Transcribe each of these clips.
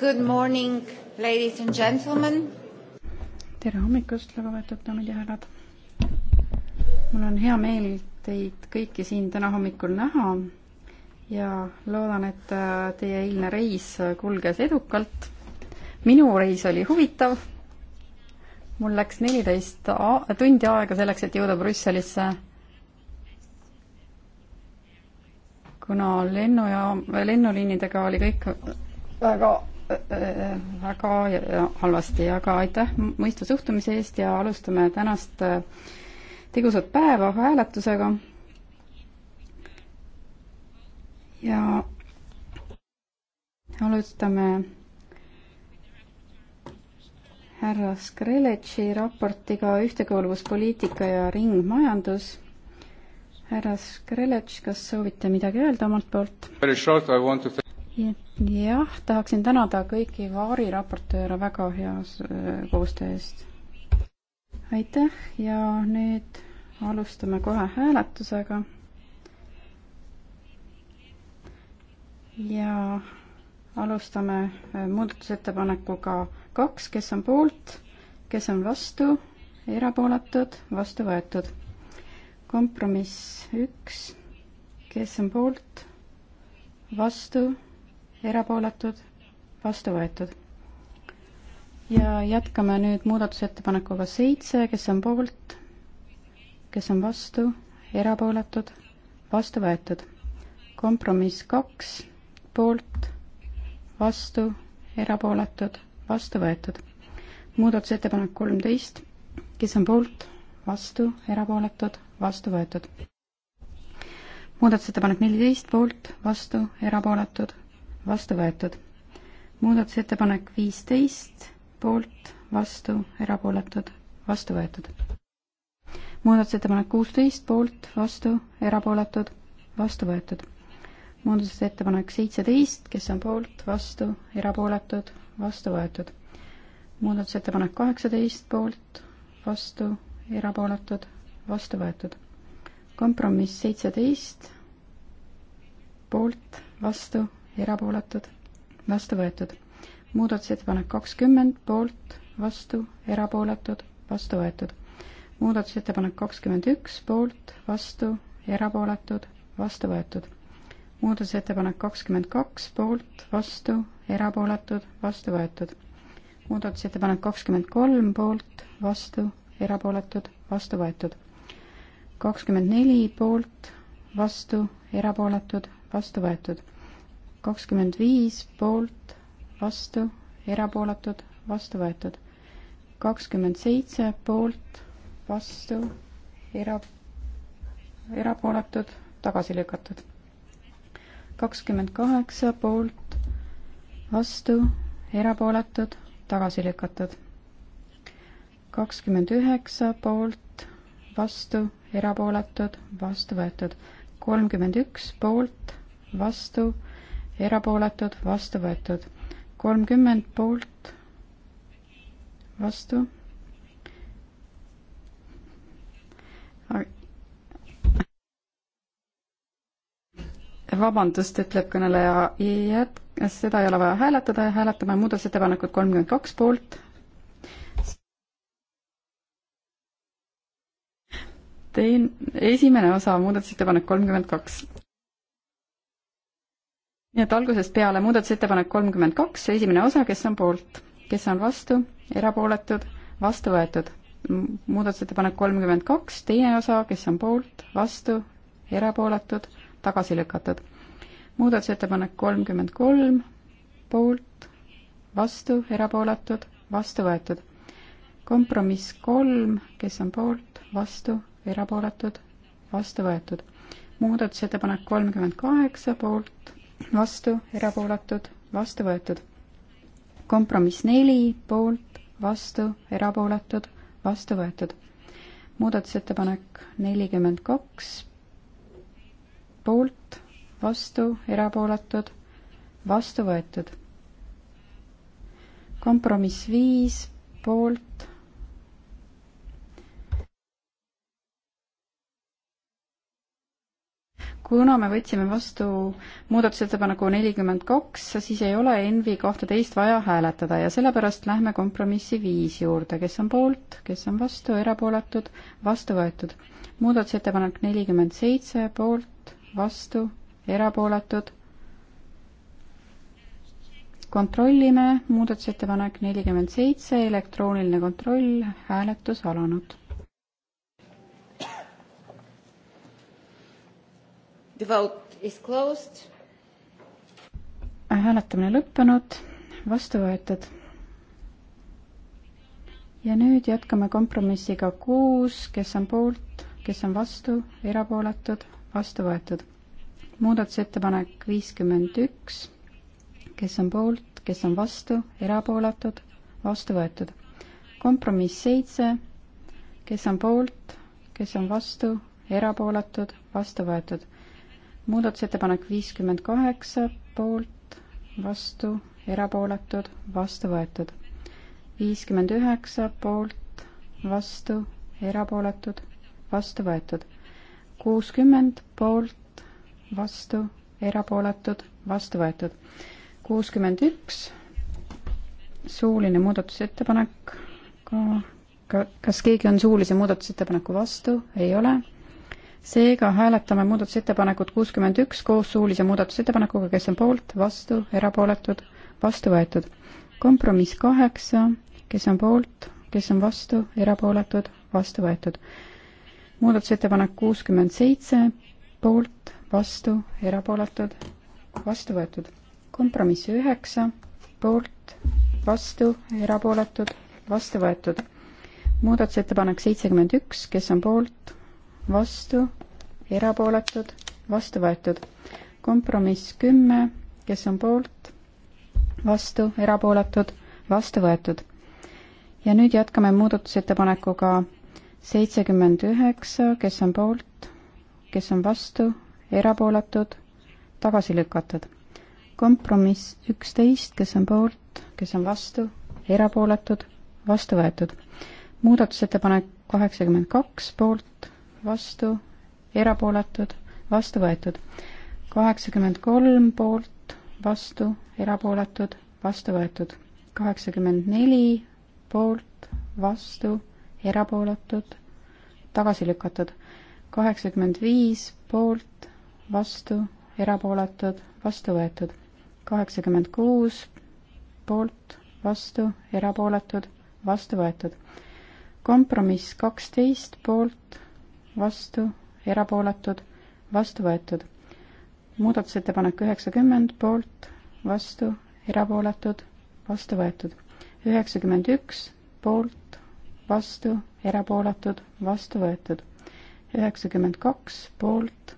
Good morning, ladies and gentlemen. tere hommikust, lugupeetud daamid ja härrad. mul on hea meel teid kõiki siin täna hommikul näha ja loodan, et äh, teie eilne reis kulges edukalt. minu reis oli huvitav. mul läks neliteist tundi aega selleks, et jõuda Brüsselisse kuna lennujaam, lennuliinidega oli kõik väga väga halvasti, aga aitäh mõistva suhtumise eest ja alustame tänast äh, tegusat päeva hääletusega. ja alustame härra Skreletši raportiga Ühtekuuluvuspoliitika ja ringmajandus. härra Skreletš, kas soovite midagi öelda omalt poolt? jah, tahaksin tänada kõiki variraportööre väga hea koostöö eest. aitäh ja nüüd alustame kohe hääletusega. ja alustame äh, muudatusettepanekuga kaks, kes on poolt, kes on vastu, erapooletud, vastu võetud. kompromiss üks, kes on poolt, vastu erapooletud, vastu võetud. ja jätkame nüüd muudatusettepanekuga seitse, kes on poolt, kes on vastu, erapooletud, vastu võetud. kompromiss kaks, poolt, vastu, erapooletud, vastu võetud. muudatusettepanek kolmteist, kes on poolt, vastu, erapooletud, vastu võetud muudatusettepanek neliteist poolt, vastu, erapooletud, vastu võetud. muudatusettepanek viisteist, poolt, vastu, erapooletud, vastu võetud. muudatusettepanek kuusteist, poolt, vastu, erapooletud, vastu võetud. muudatusettepanek seitseteist, kes on poolt, vastu, erapooletud, vastu võetud. muudatusettepanek kaheksateist, poolt, vastu, erapooletud, vastu võetud. kompromiss seitseteist, poolt, vastu, erapooletud, vastu võetud. muudatusettepanek kakskümmend, poolt, vastu, erapooletud, vastu võetud. muudatusettepanek kakskümmend üks, poolt, vastu, erapooletud, vastu võetud. muudatusettepanek kakskümmend kaks, poolt, vastu, erapooletud, vastu võetud. muudatusettepanek kakskümmend kolm, poolt, vastu, erapooletud, vastu võetud. kakskümmend neli, poolt, vastu, erapooletud, vastu võetud kakskümmend viis poolt, vastu, erapooletud, vastu võetud. kakskümmend seitse poolt, vastu, era, erapooletud, tagasi lükatud. kakskümmend kaheksa poolt, vastu, erapooletud, tagasi lükatud. kakskümmend üheksa poolt, vastu, erapooletud, vastu võetud. kolmkümmend üks poolt, vastu, erapooletud, vastu võetud. kolmkümmend poolt, vastu. vabandust, ütleb kõneleja, jät-, seda ei ole vaja hääletada ja hääletame muudatusettepanekut kolmkümmend kaks poolt, tein, esimene osa muudatusettepanek kolmkümmend kaks nii et algusest peale muudatusettepanek kolmkümmend kaks, esimene osa, kes on poolt, kes on vastu, erapooletud, vastu võetud. muudatusettepanek kolmkümmend kaks, teine osa, kes on poolt, vastu, erapooletud, tagasi lükatud. muudatusettepanek kolmkümmend kolm, poolt, vastu, erapooletud, vastu võetud. kompromiss kolm, kes on poolt, vastu, erapooletud, vastu võetud. muudatusettepanek kolmkümmend kaheksa, poolt, vastu, erapooletud, vastu võetud. kompromiss neli, poolt, vastu, erapooletud, vastu võetud. muudatusettepanek nelikümmend kaks, poolt, vastu, erapooletud, vastu võetud. kompromiss viis, poolt, kuna me võtsime vastu muudatusettepaneku nelikümmend kaks, siis ei ole NV kahteteist vaja hääletada ja sellepärast lähme kompromissi viis juurde, kes on poolt, kes on vastu, erapooletud, vastu võetud. muudatusettepanek nelikümmend seitse, poolt, vastu, erapooletud. kontrollime muudatusettepanek nelikümmend seitse, elektrooniline kontroll, hääletus alanud The vote is closed. hääletamine lõppenud, vastu võetud. ja nüüd jätkame kompromissiga kuus, kes on poolt, kes on vastu, erapooletud, vastu võetud. muudatusettepanek viiskümmend üks, kes on poolt, kes on vastu, erapooletud, vastu võetud. kompromiss seitse, kes on poolt, kes on vastu, erapooletud, vastu võetud muudatusettepanek viiskümmend kaheksa, poolt, vastu, erapooletud, vastu võetud. viiskümmend üheksa, poolt, vastu, erapooletud, vastu võetud. kuuskümmend, poolt, vastu, erapooletud, vastu võetud. kuuskümmend üks, suuline muudatusettepanek ka, ka, kas keegi on suulise muudatusettepaneku vastu, ei ole seega hääletame muudatusettepanekut kuuskümmend üks koos suulise muudatusettepanekuga, kes on poolt, vastu, erapooletud, vastu võetud. kompromiss kaheksa, kes on poolt, kes on vastu, erapooletud, vastu võetud. muudatusettepanek kuuskümmend seitse, poolt, vastu, erapooletud, vastu võetud. kompromiss üheksa, poolt, vastu, erapooletud, vastu võetud. muudatusettepanek seitsekümmend üks, kes on poolt, vastu, erapooletud, vastu võetud. kompromiss kümme, kes on poolt, vastu, erapooletud, vastu võetud. ja nüüd jätkame muudatusettepanekuga seitsekümmend üheksa, kes on poolt, kes on vastu, erapooletud, tagasi lükatud. kompromiss üksteist, kes on poolt, kes on vastu, erapooletud, vastu võetud. muudatusettepanek kaheksakümmend kaks poolt, vastu, erapooletud, vastu võetud. kaheksakümmend kolm poolt, vastu, erapooletud, vastu võetud. kaheksakümmend neli poolt, vastu, erapooletud, tagasi lükatud. kaheksakümmend viis poolt, vastu, erapooletud, vastu võetud. kaheksakümmend kuus poolt, vastu, erapooletud, vastu võetud. kompromiss kaksteist poolt, vastu, erapooletud, vastu võetud. muudatusettepanek üheksakümmend, poolt, vastu, erapooletud, vastu võetud. üheksakümmend üks, poolt, vastu, erapooletud, vastu võetud. üheksakümmend kaks, poolt,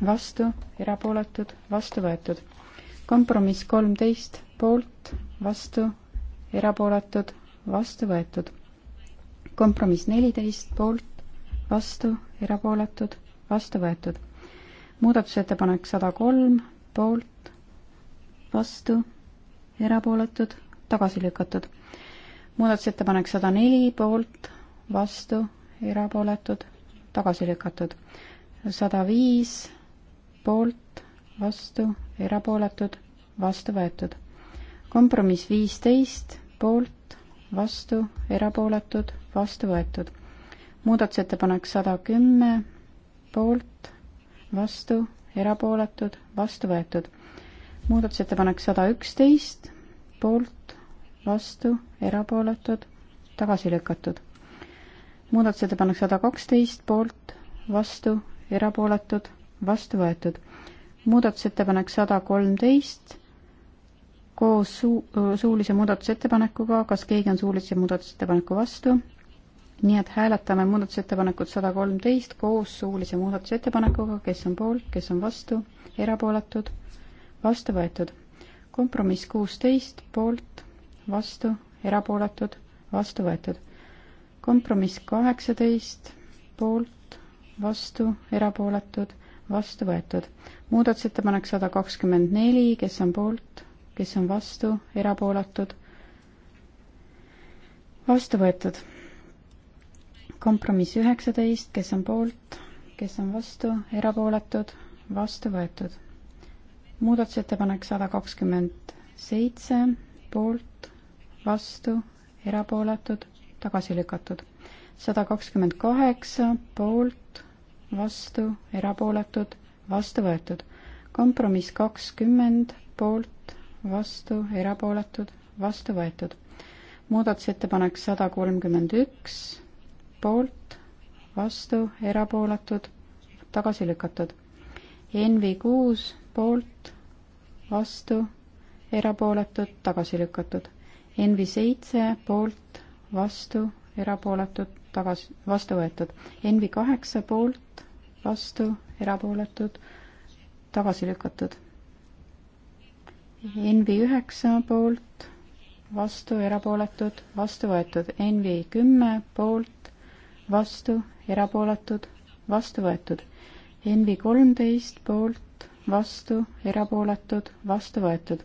vastu, erapooletud, vastu võetud. kompromiss kolmteist, poolt, vastu, erapooletud, vastu võetud. kompromiss neliteist, poolt, vastu, erapooletud, vastu võetud. muudatusettepanek sada kolm, poolt, vastu, erapooletud, tagasi lükatud. muudatusettepanek sada neli, poolt, vastu, erapooletud, tagasi lükatud. sada viis, poolt, vastu, erapooletud, vastu võetud. kompromiss viisteist, poolt, vastu, erapooletud, vastu võetud muudatusettepanek sada kümme, poolt, vastu, erapooletud, vastu võetud. muudatusettepanek sada üksteist, poolt, vastu, erapooletud, tagasi lükatud. muudatusettepanek sada kaksteist, poolt, vastu, erapooletud, vastu võetud. muudatusettepanek sada kolmteist, koos suu-, suulise muudatusettepanekuga, kas keegi on suulise muudatusettepaneku vastu? nii et hääletame muudatusettepanekut sada kolmteist koos suulise muudatusettepanekuga, kes on poolt, kes on vastu, erapooletud, vastu võetud. kompromiss kuusteist, poolt, vastu, erapooletud, vastu võetud. kompromiss kaheksateist, poolt, vastu, erapooletud, vastu võetud. muudatusettepanek sada kakskümmend neli, kes on poolt, kes on vastu, erapooletud, vastu võetud kompromiss üheksateist, kes on poolt, kes on vastu, erapooletud, vastu võetud. muudatusettepanek sada kakskümmend seitse, poolt, vastu, erapooletud, tagasi lükatud. sada kakskümmend kaheksa, poolt, vastu, erapooletud, vastu võetud. kompromiss kakskümmend, poolt, vastu, erapooletud, vastu võetud. muudatusettepanek sada kolmkümmend üks, poolt, vastu, erapooletud, tagasi lükatud. NV kuus poolt, vastu, erapooletud, tagasi lükatud. NV seitse poolt, vastu, erapooletud, tagasi, vastu võetud. NV kaheksa poolt, vastu, erapooletud, tagasi lükatud. NV üheksa poolt, vastu, erapooletud, vastu võetud. NV kümme poolt, vastu, erapooletud, vastu võetud. NV kolmteist poolt, vastu, erapooletud, vastu võetud.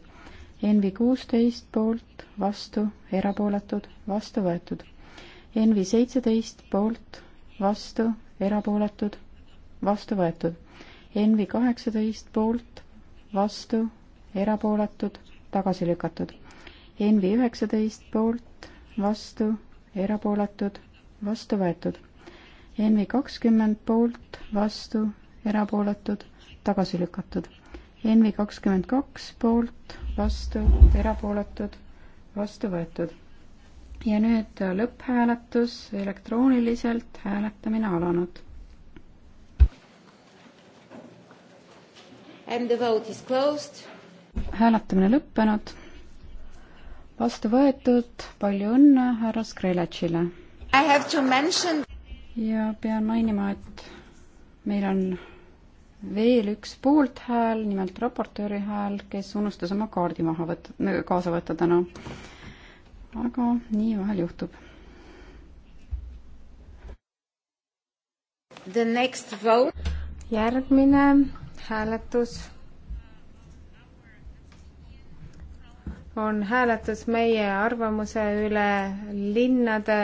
NV kuusteist poolt, vastu, erapooletud, vastu võetud. NV seitseteist poolt, vastu, erapooletud, vastu võetud. NV kaheksateist poolt, vastu, erapooletud, tagasi lükatud. NV üheksateist poolt, vastu, erapooletud, vastu võetud. NV kakskümmend poolt, vastu, erapooletud, tagasi lükatud. NV kakskümmend kaks poolt, vastu, erapooletud, vastu võetud. ja nüüd lõpphääletus elektrooniliselt, hääletamine alanud And the vote is closed. hääletamine lõppenud. vastu võetud, palju õnne härra Skreletšile Mention... ja pean mainima, et meil on veel üks poolthääl, nimelt raportööri hääl, kes unustas oma kaardi maha võtta, kaasa võtta täna. aga nii vahel juhtub. järgmine hääletus on hääletus meie arvamuse üle linnade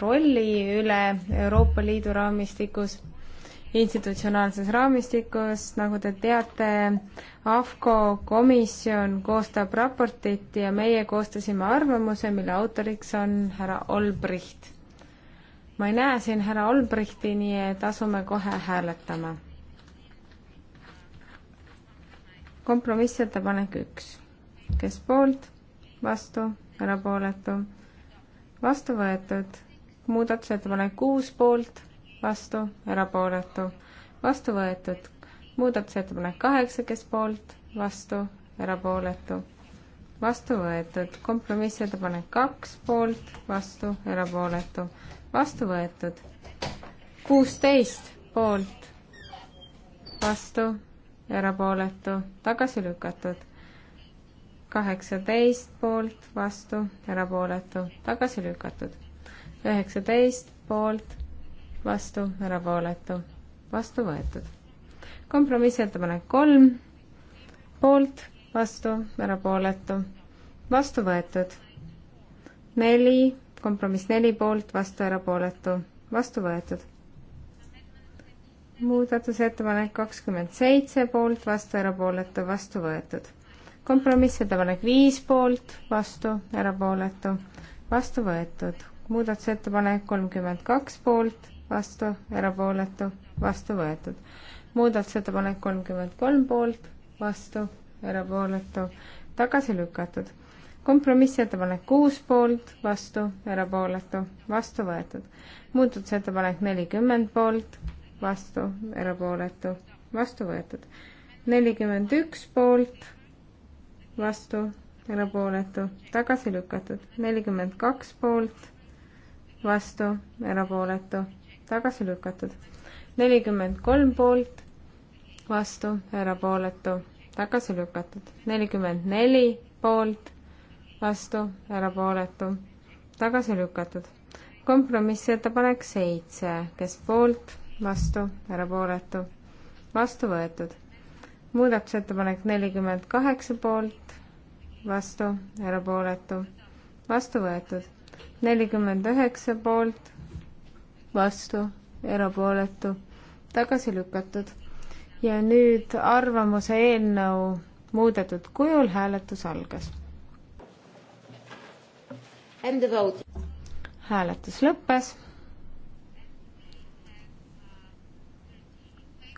rolli üle Euroopa Liidu raamistikus, institutsionaalses raamistikus, nagu te teate, AFCO komisjon koostab raportit ja meie koostasime arvamuse, mille autoriks on härra Olbricht. ma ei näe siin härra Olbrichti, nii et asume kohe hääletama. kompromissettepanek üks, kes poolt vastu, erapooletu, vastu võetud. muudatusettepanek kuus poolt, vastu, erapooletu, vastu võetud. muudatusettepanek kaheksa, kes poolt, vastu, erapooletu, vastu võetud. kompromissettepanek kaks poolt, vastu, erapooletu, vastu võetud. kuusteist poolt, vastu, erapooletu, tagasi lükatud kaheksateist poolt, vastu, erapooletu, tagasi lükatud. üheksateist poolt, vastu, erapooletu, vastu võetud. kompromissettepanek kolm, poolt, vastu, erapooletu, vastu võetud. neli, kompromiss neli poolt, vastu, erapooletu, vastu võetud muudatusettepanek kakskümmend seitse poolt, vastu erapooletu, vastu võetud kompromissettepanek viis poolt, vastu, erapooletu, vastu võetud. muudatusettepanek kolmkümmend kaks poolt, vastu, erapooletu, vastu võetud. muudatusettepanek kolmkümmend kolm poolt, vastu, erapooletu, tagasi lükatud. kompromissettepanek kuus poolt, vastu, erapooletu, vastu võetud. muudatusettepanek nelikümmend poolt, vastu, erapooletu, vastu võetud. nelikümmend üks poolt vastu, erapooletu, tagasi lükatud. nelikümmend kaks poolt, vastu, erapooletu, tagasi lükatud. nelikümmend kolm poolt, vastu, erapooletu, tagasi lükatud. nelikümmend neli poolt, vastu, erapooletu, tagasi lükatud. kompromissettepanek seitse, kes poolt, vastu, erapooletu, vastu võetud muudatusettepanek nelikümmend kaheksa poolt, vastu, erapooletu, vastu võetud. nelikümmend üheksa poolt, vastu, erapooletu, tagasi lükatud. ja nüüd arvamuse eelnõu muudetud kujul hääletus algas. hääletus lõppes.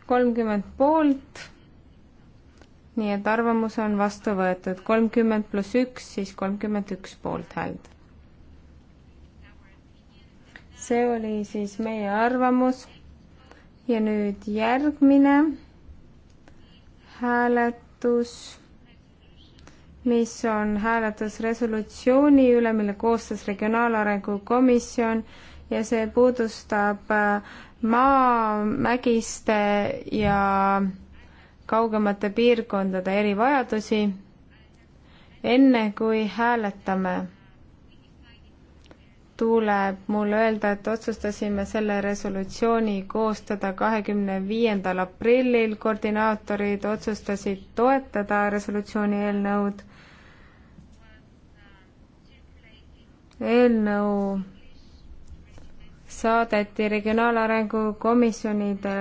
kolmkümmend poolt nii et arvamus on vastu võetud kolmkümmend pluss üks, siis kolmkümmend üks poolthäält. see oli siis meie arvamus ja nüüd järgmine hääletus, mis on hääletus resolutsiooni üle, mille koostas Regionaalarengu Komisjon ja see puudustab äh, maamägiste ja äh, kaugemate piirkondade erivajadusi, enne kui hääletame, tuleb mul öelda, et otsustasime selle resolutsiooni koostada kahekümne viiendal aprillil, koordinaatorid otsustasid toetada resolutsiooni eelnõud. eelnõu saadeti Regionaalarengu komisjonide,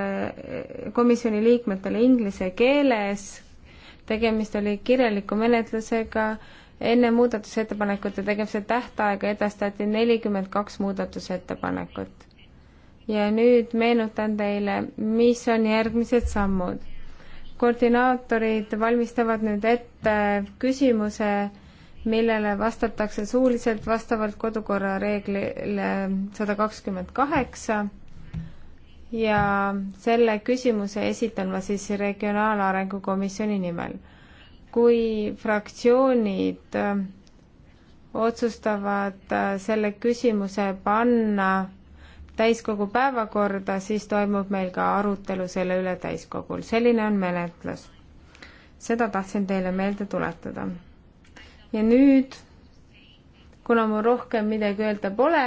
komisjoni liikmetele inglise keeles, tegemist oli kirjaliku menetlusega, enne muudatusettepanekute tegemise tähtaega edastati nelikümmend kaks muudatusettepanekut. ja nüüd meenutan teile, mis on järgmised sammud. koordinaatorid valmistavad nüüd ette küsimuse, millele vastatakse suuliselt vastavalt kodukorra reeglile sada kakskümmend kaheksa ja selle küsimuse esitan ma siis Regionaalarengu Komisjoni nimel. kui fraktsioonid äh, otsustavad äh, selle küsimuse panna täiskogu päevakorda, siis toimub meil ka arutelu selle üle täiskogul. selline on menetlus. seda tahtsin teile meelde tuletada ja nüüd, kuna mul rohkem midagi öelda pole,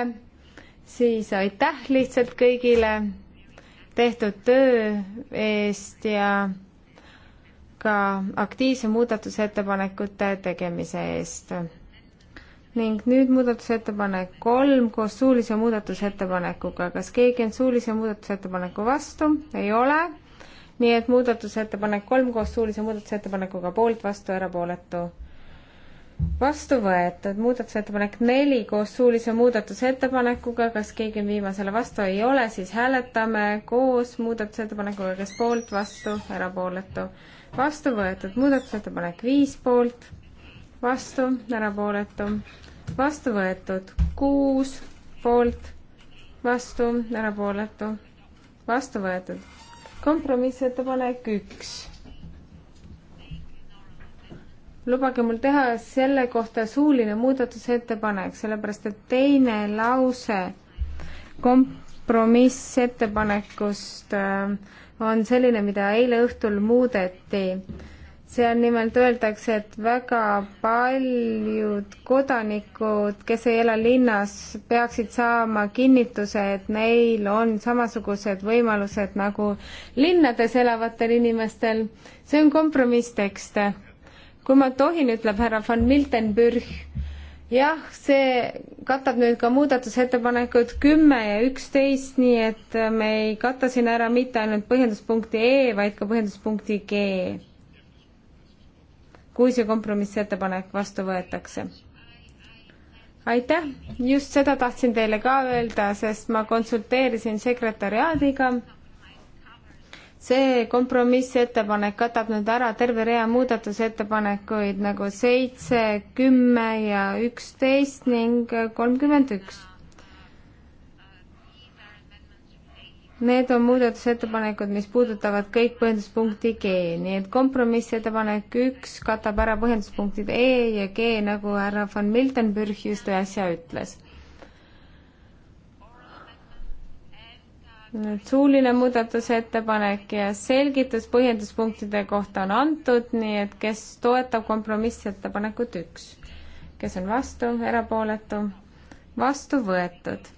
siis aitäh lihtsalt kõigile tehtud töö eest ja ka aktiivse muudatusettepanekute tegemise eest. ning nüüd muudatusettepanek kolm koos suulise muudatusettepanekuga. kas keegi on suulise muudatusettepaneku vastu? ei ole. nii et muudatusettepanek kolm koos suulise muudatusettepanekuga poolt, vastu, erapooletu vastu võetud, muudatusettepanek neli koos suulise muudatusettepanekuga, kas keegi on viimasele vastu, ei ole, siis hääletame koos muudatusettepanekuga, kes poolt, vastu, erapooletu. vastu võetud, muudatusettepanek viis poolt, vastu, erapooletu. vastu võetud, kuus poolt, vastu, erapooletu. vastu võetud, kompromissettepanek üks lubage mul teha selle kohta suuline muudatusettepanek, sellepärast et teine lause kompromissettepanekust äh, on selline, mida eile õhtul muudeti. seal nimelt öeldakse, et väga paljud kodanikud, kes ei ela linnas, peaksid saama kinnituse, et neil on samasugused võimalused nagu linnades elavatel inimestel. see on kompromisstekst kui ma tohin, ütleb härra von Miltenburg, jah, see katab nüüd ka muudatusettepanekud kümme ja üksteist, nii et me ei kata siin ära mitte ainult põhjenduspunkti E, vaid ka põhjenduspunkti G. kui see kompromissettepanek vastu võetakse. aitäh, just seda tahtsin teile ka öelda, sest ma konsulteerisin sekretäriaadiga see kompromissettepanek katab nüüd ära terve rea muudatusettepanekuid nagu seitse, kümme ja üksteist ning kolmkümmend üks. Need on muudatusettepanekud, mis puudutavad kõik põhjenduspunkti G, nii et kompromissettepanek üks katab ära põhjenduspunktid E ja G, nagu härra von Miltenburg just äsja ütles nüüd suuline muudatusettepanek ja selgitus põhjenduspunktide kohta on antud, nii et kes toetab kompromissettepanekut üks, kes on vastu, erapooletu, vastu võetud.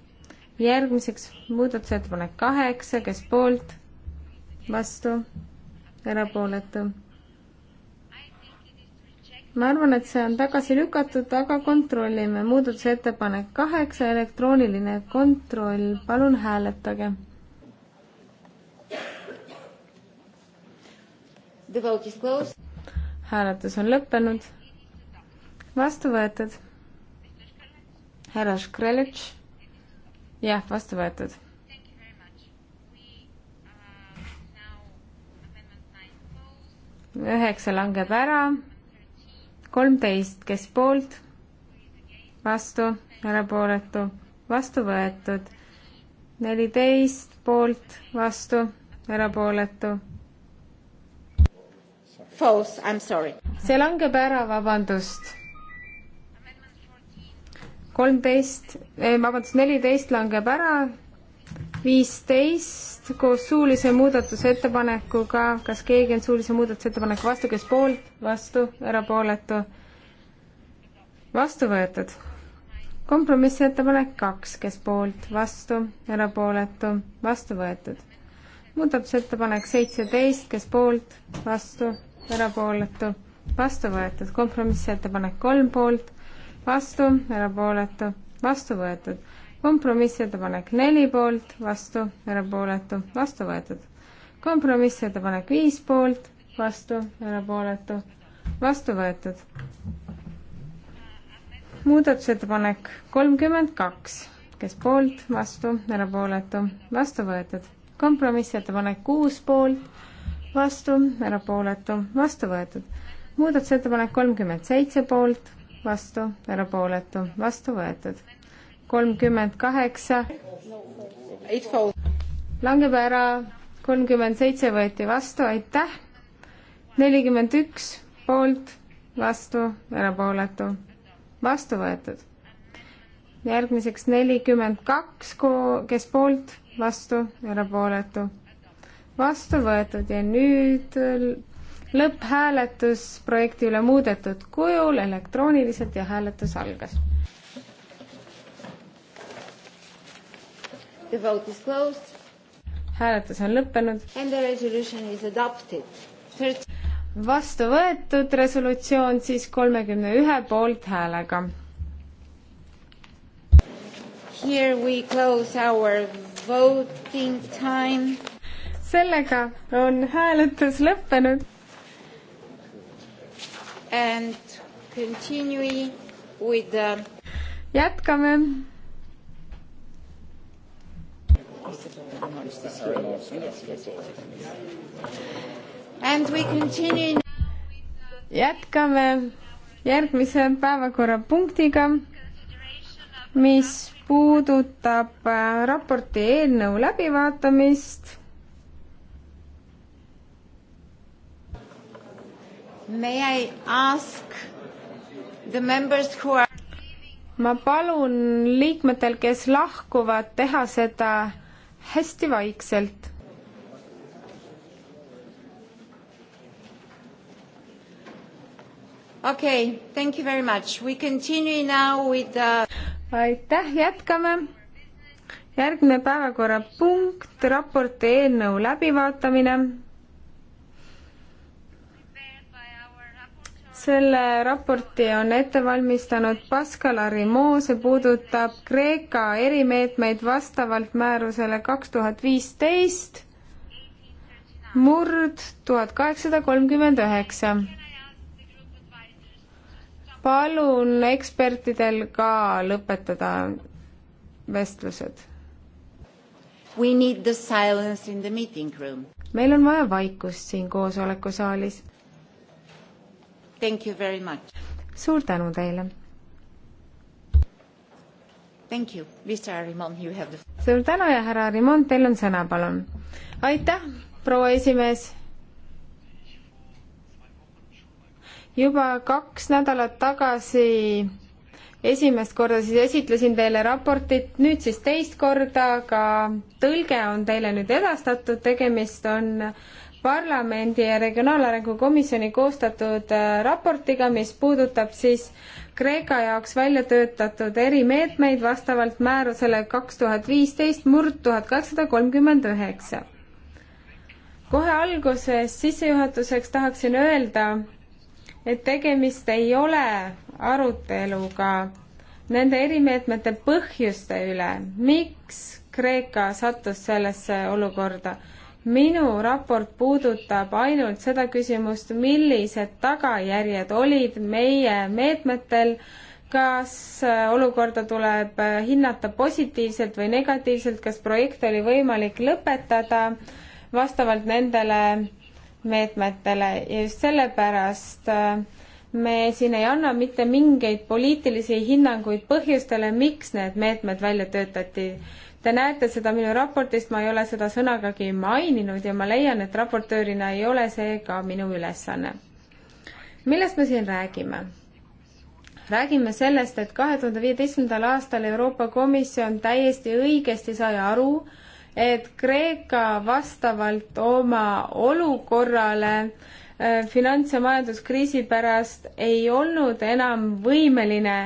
järgmiseks muudatusettepanek kaheksa, kes poolt, vastu, erapooletu. ma arvan, et see on tagasi lükatud, aga kontrollime. muudatusettepanek kaheksa, elektrooniline kontroll, palun hääletage hääletus on lõppenud. vastu võetud. härra Škrelitš. jah, vastu võetud üheksa langeb ära, kolmteist, kes poolt, vastu, erapooletu, vastu võetud, neliteist poolt, vastu, erapooletu False, I am sorry. see langeb ära, vabandust. kolmteist, vabandust, neliteist langeb ära, viisteist koos suulise muudatusettepanekuga, kas keegi on suulise muudatusettepaneku vastu, kes poolt, vastu, erapooletu? vastu võetud. kompromissettepanek kaks, kes poolt, vastu, erapooletu, vastu võetud muudatusettepanek seitseteist, kes poolt, vastu, erapooletu, vastu võetud. kompromissettepanek kolm poolt, vastu, erapooletu, vastu võetud. kompromissettepanek neli poolt, vastu, erapooletu, vastu võetud. kompromissettepanek viis poolt, vastu, erapooletu, vastu võetud. muudatusettepanek kolmkümmend kaks, kes poolt, vastu, erapooletu, vastu võetud. kompromissettepanek kuus poolt vastu, erapooletu, vastu võetud. muudatusettepanek kolmkümmend seitse poolt, vastu, erapooletu, vastu võetud. kolmkümmend kaheksa langeb ära, kolmkümmend seitse võeti vastu, aitäh. nelikümmend üks poolt, vastu, erapooletu, vastu võetud. järgmiseks nelikümmend kaks, kes poolt, vastu, erapooletu vastu võetud ja nüüd lõpphääletus projekti üle muudetud kujul elektrooniliselt ja hääletus algas. The vote is closed. hääletus on lõppenud. And the resolution is adopted. vastu võetud resolutsioon siis kolmekümne ühe poolthäälega. Here we close our voting time sellega on hääletus lõppenud. And continuing with the jätkame. And we continue jätkame järgmise päevakorrapunktiga, mis puudutab äh, raporti eelnõu läbivaatamist May I ask the members who are ma palun liikmetel, kes lahkuvad, teha seda hästi vaikselt. okei okay,, thank you very much, we continue now with the aitäh, jätkame. järgmine päevakorrapunkt, raporti eelnõu läbivaatamine selle raporti on ette valmistanud Pascal Arimoo, see puudutab Kreeka erimeetmeid vastavalt määrusele kaks tuhat viisteist murd tuhat kaheksasada kolmkümmend üheksa. palun ekspertidel ka lõpetada vestlused. We need the silence in the meeting room. meil on vaja vaikust siin koosolekusaalis Thank you very much. suur tänu teile. Thank you, Mr Arimon, you have the. suur tänu ja härra Arimon, teil on sõna, palun. aitäh, proua esimees. juba kaks nädalat tagasi esimest korda siis esitlesin teile raportit, nüüd siis teist korda, aga tõlge on teile nüüd edastatud, tegemist on parlamendi ja Regionaalarengu Komisjoni koostatud äh, raportiga, mis puudutab siis Kreeka jaoks välja töötatud erimeetmeid vastavalt määrusele kaks tuhat viisteist murd tuhat kakssada kolmkümmend üheksa. kohe alguses sissejuhatuseks tahaksin öelda, et tegemist ei ole aruteluga nende erimeetmete põhjuste üle, miks Kreeka sattus sellesse olukorda minu raport puudutab ainult seda küsimust, millised tagajärjed olid meie meetmetel, kas äh, olukorda tuleb äh, hinnata positiivselt või negatiivselt, kas projekt oli võimalik lõpetada vastavalt nendele meetmetele ja just sellepärast äh, me siin ei anna mitte mingeid poliitilisi hinnanguid põhjustele, miks need meetmed välja töötati Te näete seda minu raportist, ma ei ole seda sõnagagi maininud ja ma leian, et raportöörina ei ole see ka minu ülesanne. millest me siin räägime? räägime sellest, et kahe tuhande viieteistkümnendal aastal Euroopa Komisjon täiesti õigesti sai aru, et Kreeka vastavalt oma olukorrale äh, finants- ja majanduskriisi pärast ei olnud enam võimeline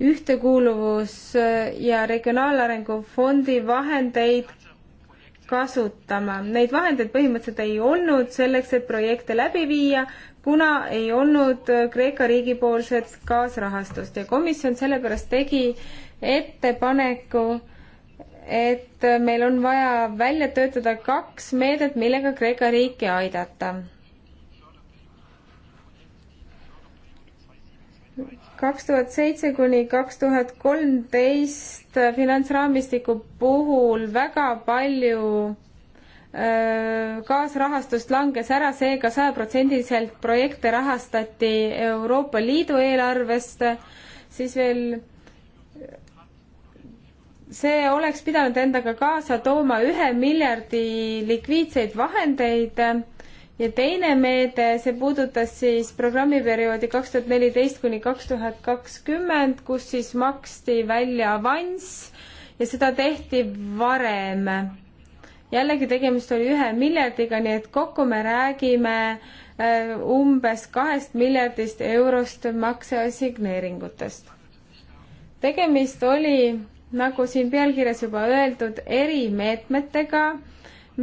ühtekuuluvus- ja regionaalarengu fondi vahendeid kasutama. Neid vahendeid põhimõtteliselt ei olnud selleks, et projekte läbi viia, kuna ei olnud Kreeka riigipoolset kaasrahastust ja komisjon sellepärast tegi ettepaneku, et meil on vaja välja töötada kaks meedet, millega Kreeka riiki aidata kaks tuhat seitse kuni kaks tuhat kolmteist finantsraamistiku puhul väga palju äh, kaasrahastust langes ära seega, seega sajaprotsendiliselt projekte rahastati Euroopa Liidu eelarvest, siis veel see oleks pidanud endaga kaasa tooma ühe miljardi likviidseid vahendeid ja teine meede, see puudutas siis programmiperioodi kaks tuhat neliteist kuni kaks tuhat kakskümmend, kus siis maksti välja avanss ja seda tehti varem. jällegi tegemist oli ühe miljardiga, nii et kokku me räägime äh, umbes kahest miljardist eurost makseassigneeringutest. tegemist oli, nagu siin pealkirjas juba öeldud, erimeetmetega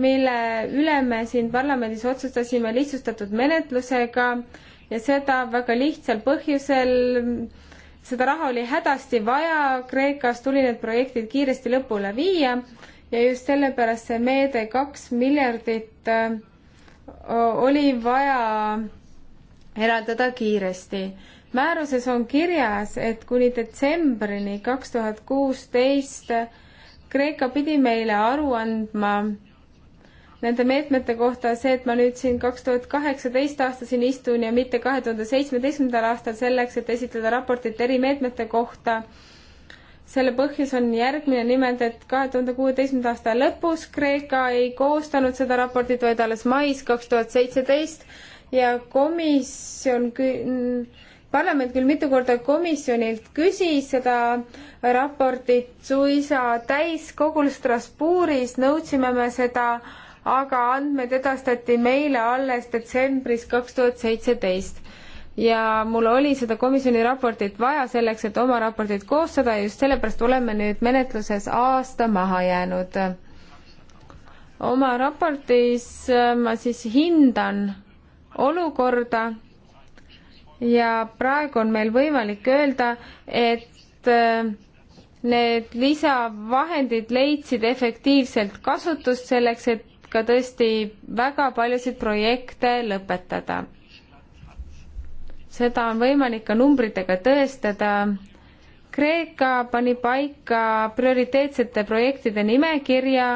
mille üle me siin parlamendis otsustasime lihtsustatud menetlusega ja seda väga lihtsal põhjusel. seda raha oli hädasti vaja, Kreekas tuli need projektid kiiresti lõpule viia ja just sellepärast see meede kaks miljardit äh, oli vaja eraldada kiiresti. määruses on kirjas, et kuni detsembrini kaks tuhat kuusteist Kreeka pidi meile aru andma nende meetmete kohta see, et ma nüüd siin kaks tuhat kaheksateist aasta siin istun ja mitte kahe tuhande seitsmeteistkümnendal aastal selleks, et esitleda raportit erimeetmete kohta. selle põhjus on järgmine, nimelt et kahe tuhande kuueteistkümnenda aasta lõpus Kreeka ei koostanud seda raportit, vaid alles mais kaks tuhat seitseteist ja komisjon kü-, parlament küll mitu korda komisjonilt küsis seda raportit suisa täiskogul Strasbourgis, nõudsime me seda äh, aga andmed edastati meile alles detsembris kaks tuhat seitseteist ja mul oli seda komisjoni raportit vaja selleks, et oma raportit koostada ja just sellepärast oleme nüüd menetluses aasta maha jäänud. oma raportis äh, ma siis hindan olukorda ja praegu on meil võimalik öelda, et äh, need lisavahendid leidsid efektiivselt kasutust selleks, et ka tõesti väga paljusid projekte lõpetada. seda on võimalik ka numbritega tõestada Kreeka pani paika prioriteetsete projektide nimekirja,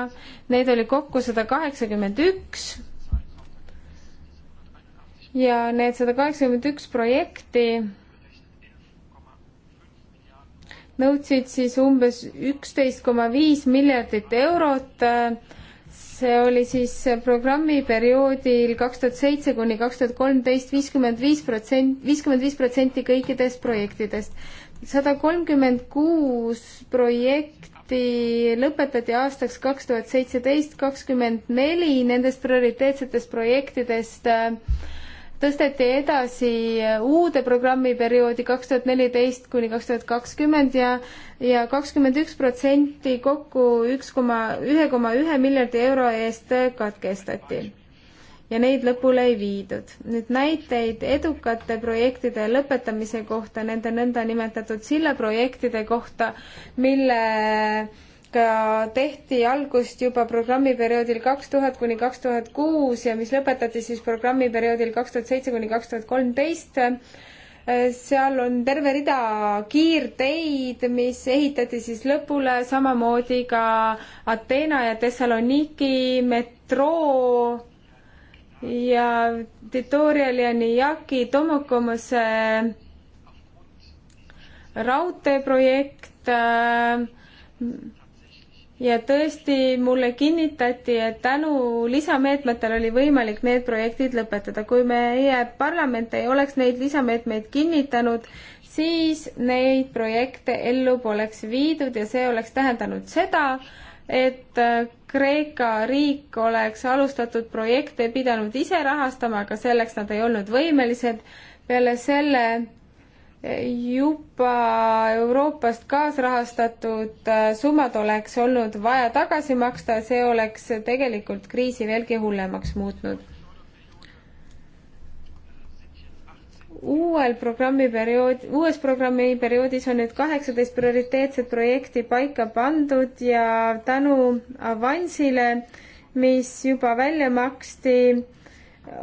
neid oli kokku sada kaheksakümmend üks ja need sada kaheksakümmend üks projekti nõudsid siis umbes üksteist koma viis miljardit eurot see oli siis programmiperioodil kaks tuhat seitse kuni kaks tuhat kolmteist viiskümmend viis protsenti, viiskümmend viis protsenti kõikidest projektidest. sada kolmkümmend kuus projekti lõpetati aastaks kaks tuhat seitseteist, kakskümmend neli nendest prioriteetsetest projektidest äh, tõsteti edasi uude programmiperioodi kaks tuhat neliteist kuni kaks tuhat kakskümmend ja ja kakskümmend üks protsenti kokku üks koma, ühe koma ühe miljardi euro eest katkestati. ja neid lõpule ei viidud. nüüd näiteid edukate projektide lõpetamise kohta, nende nõndanimetatud sillaprojektide kohta, mille tehti algust juba programmiperioodil kaks tuhat kuni kaks tuhat kuus ja mis lõpetati siis programmiperioodil kaks tuhat seitse kuni kaks tuhat kolmteist. seal on terve rida kiirteid, mis ehitati siis lõpule, samamoodi ka Ateena ja Thessaloniki metroo ja Titorial ja Nijaki Tomokomose raudteeprojekt äh, ja tõesti mulle kinnitati, et tänu lisameetmetele oli võimalik need projektid lõpetada. kui meie parlament ei oleks neid lisameetmeid kinnitanud, siis neid projekte ellu poleks viidud ja see oleks tähendanud seda, et Kreeka riik oleks alustatud projekte pidanud ise rahastama, aga selleks nad ei olnud võimelised. peale selle juba Euroopast kaasrahastatud äh, summad oleks olnud vaja tagasi maksta, see oleks tegelikult kriisi veelgi hullemaks muutnud. uuel programmiperiood, uues programmiperioodis on nüüd kaheksateist prioriteetset projekti paika pandud ja tänu avansile, mis juba välja maksti,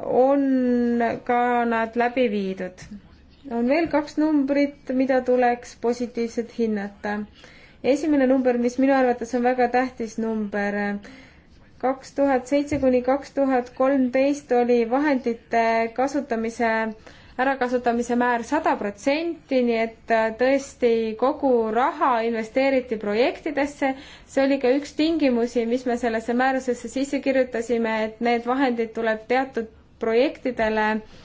on ka nad läbi viidud on veel kaks numbrit, mida tuleks positiivselt hinnata. esimene number, mis minu arvates on väga tähtis number, kaks tuhat seitse kuni kaks tuhat kolmteist oli vahendite kasutamise, ärakasutamise määr sada protsenti, nii et äh, tõesti kogu raha investeeriti projektidesse. see oli ka üks tingimusi, mis me sellesse määrusesse sisse kirjutasime, et need vahendid tuleb teatud projektidele äh,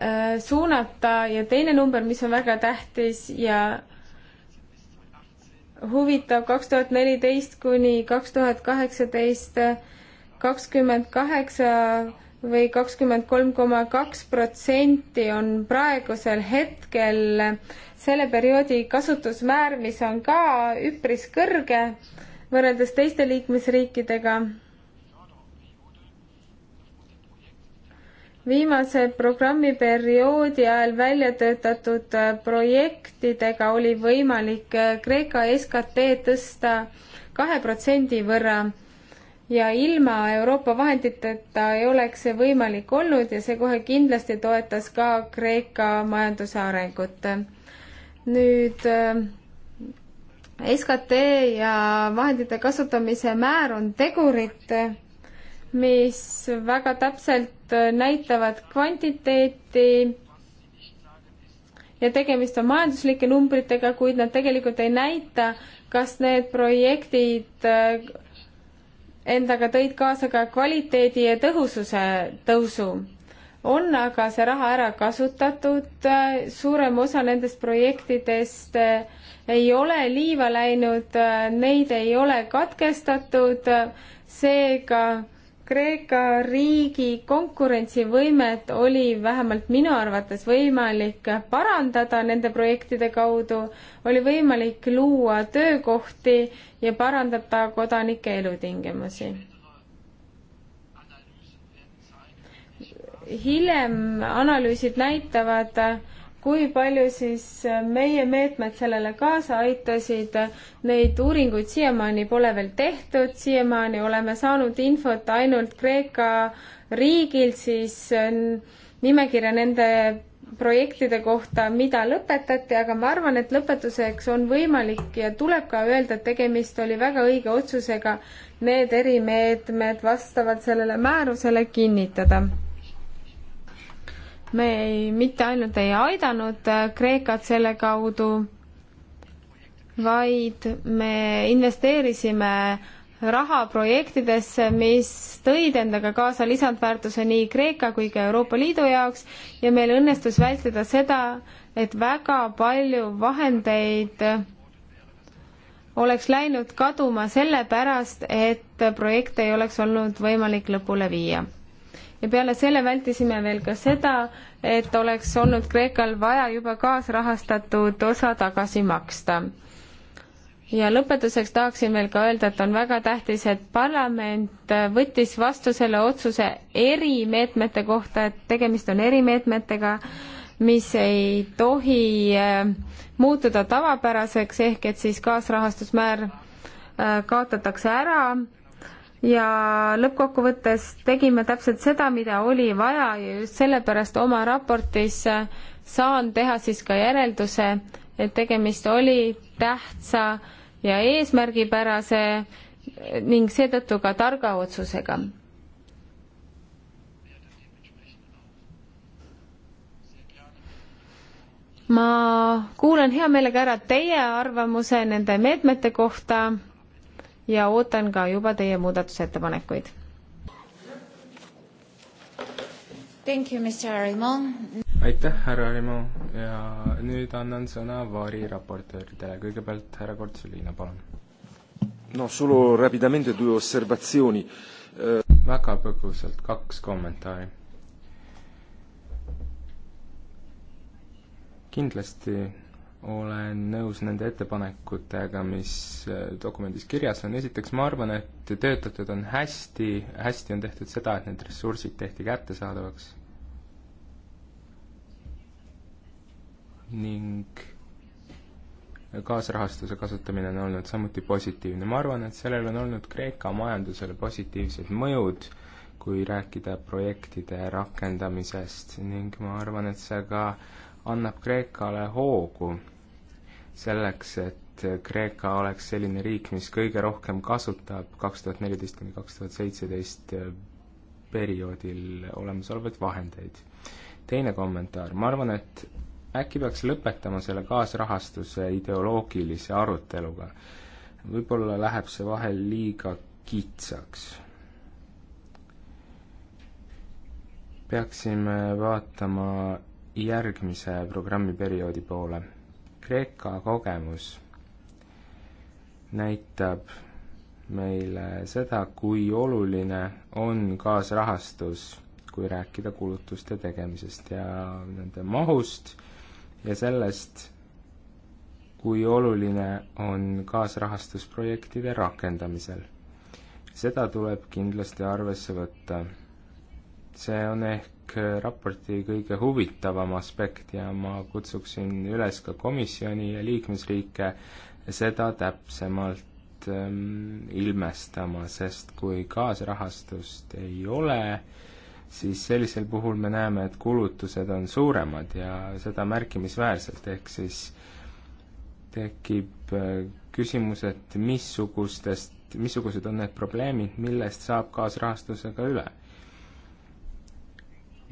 Äh, suunata ja teine number, mis on väga tähtis ja huvitav, kaks tuhat neliteist kuni kaks tuhat kaheksateist kakskümmend kaheksa või kakskümmend kolm koma kaks protsenti on praegusel hetkel selle perioodi kasutusmäär, mis on ka üpris kõrge võrreldes teiste liikmesriikidega viimase programmiperioodi ajal välja töötatud äh, projektidega oli võimalik äh, Kreeka SKT tõsta kahe protsendi võrra ja ilma Euroopa vahenditeta ei oleks see võimalik olnud ja see kohe kindlasti toetas ka Kreeka majanduse arengut. nüüd äh, SKT ja vahendite kasutamise määr on tegurid, mis väga täpselt Äh, näitavad kvantiteeti ja tegemist on majanduslike numbritega, kuid nad tegelikult ei näita, kas need projektid äh, endaga tõid kaasa ka kvaliteedi ja tõhususe tõusu. on aga see raha ära kasutatud, äh, suurem osa nendest projektidest ei ole liiva läinud, neid ei ole katkestatud, seega ka Kreeka riigi konkurentsivõimet oli vähemalt minu arvates võimalik parandada nende projektide kaudu, oli võimalik luua töökohti ja parandada kodanike elutingimusi. hiljem analüüsid näitavad, kui palju siis meie meetmed sellele kaasa aitasid. Neid uuringuid siiamaani pole veel tehtud, siiamaani oleme saanud infot ainult Kreeka riigilt, siis äh, nimekirja nende projektide kohta, mida lõpetati, aga ma arvan, et lõpetuseks on võimalik ja tuleb ka öelda, et tegemist oli väga õige otsusega need erimeetmed vastavalt sellele määrusele kinnitada me ei, mitte ainult ei aidanud äh, Kreekat selle kaudu, vaid me investeerisime raha projektidesse, mis tõid endaga kaasa lisandväärtuse nii Kreeka kui ka Euroopa Liidu jaoks ja meil õnnestus vältida seda, et väga palju vahendeid oleks läinud kaduma sellepärast, et projekte ei oleks olnud võimalik lõpule viia ja peale selle vältisime veel ka seda, et oleks olnud Kreekal vaja juba kaasrahastatud osa tagasi maksta. ja lõpetuseks tahaksin veel ka öelda, et on väga tähtis, et parlament võttis vastu selle otsuse erimeetmete kohta, et tegemist on erimeetmetega, mis ei tohi äh, muutuda tavapäraseks, ehk et siis kaasrahastusmäär äh, kaotatakse ära ja lõppkokkuvõttes tegime täpselt seda, mida oli vaja ja just sellepärast oma raportis äh, saan teha siis ka järelduse, et tegemist oli tähtsa ja eesmärgipärase äh, ning seetõttu ka targa otsusega. ma kuulan hea meelega ära teie arvamuse nende meetmete kohta ja ootan ka juba teie muudatusettepanekuid. aitäh, härra Rimo ja nüüd annan sõna variraportööridele, kõigepealt härra Kortsuliina, palun. no solo rapidamente due osservatsiooni äh.... väga põgusalt kaks kommentaari kindlasti olen nõus nende ettepanekutega, mis äh, dokumendis kirjas on, esiteks ma arvan, et töötatud on hästi, hästi on tehtud seda, et need ressursid tehti kättesaadavaks ning kaasrahastuse kasutamine on olnud samuti positiivne, ma arvan, et sellel on olnud Kreeka majandusele positiivsed mõjud, kui rääkida projektide rakendamisest ning ma arvan, et see ka annab Kreekale hoogu selleks, et Kreeka oleks selline riik, mis kõige rohkem kasutab kaks tuhat neliteist kuni kaks tuhat seitseteist perioodil olemasolevaid vahendeid. teine kommentaar, ma arvan, et äkki peaks lõpetama selle kaasrahastuse ideoloogilise aruteluga. võib-olla läheb see vahel liiga kitsaks. peaksime vaatama järgmise programmiperioodi poole Kreeka kogemus näitab meile seda, kui oluline on kaasrahastus, kui rääkida kulutuste tegemisest ja nende mahust ja sellest, kui oluline on kaasrahastusprojektide rakendamisel. seda tuleb kindlasti arvesse võtta see on ehk raporti kõige huvitavam aspekt ja ma kutsuksin üles ka komisjoni ja liikmesriike seda täpsemalt ähm, ilmestama, sest kui kaasrahastust ei ole, siis sellisel puhul me näeme, et kulutused on suuremad ja seda märkimisväärselt, ehk siis tekib ehm, küsimus, et missugustest, missugused on need probleemid, millest saab kaasrahastusega üle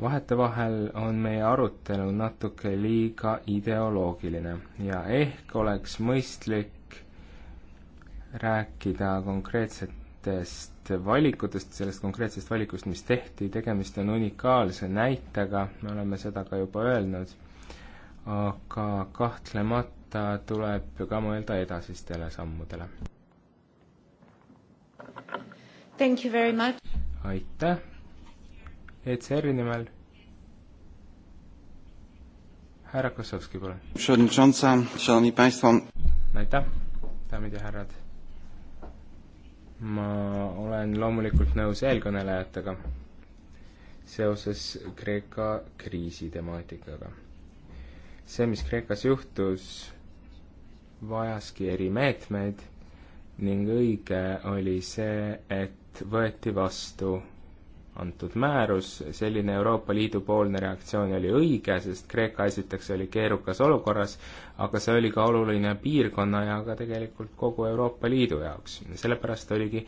vahetevahel on meie arutelu natuke liiga ideoloogiline ja ehk oleks mõistlik rääkida konkreetsetest valikutest, sellest konkreetsest valikust, mis tehti, tegemist on unikaalse näitega, me oleme seda ka juba öelnud, aga kahtlemata tuleb ka mõelda edasistele sammudele. aitäh! ECR-i nimel. härra Kossovski, palun. aitäh, daamid ja härrad. ma olen loomulikult nõus eelkõnelejatega seoses Kreeka kriisi temaatikaga. see, mis Kreekas juhtus, vajaski erimeetmeid ning õige oli see, et võeti vastu antud määrus, selline Euroopa Liidu poolne reaktsioon oli õige, sest Kreeka esiteks oli keerukas olukorras, aga see oli ka oluline piirkonna ja ka tegelikult kogu Euroopa Liidu jaoks. sellepärast oligi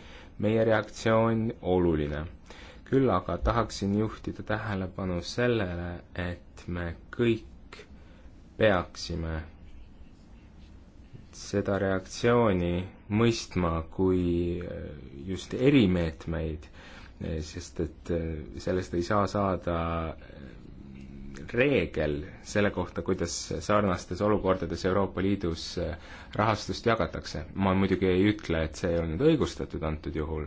meie reaktsioon oluline. küll aga tahaksin juhtida tähelepanu sellele, et me kõik peaksime seda reaktsiooni mõistma kui äh, just erimeetmeid Eh, sest et eh, sellest ei saa saada eh, reegel selle kohta, kuidas sarnastes olukordades Euroopa Liidus rahastust jagatakse. ma muidugi ei ütle, et see ei olnud õigustatud antud juhul,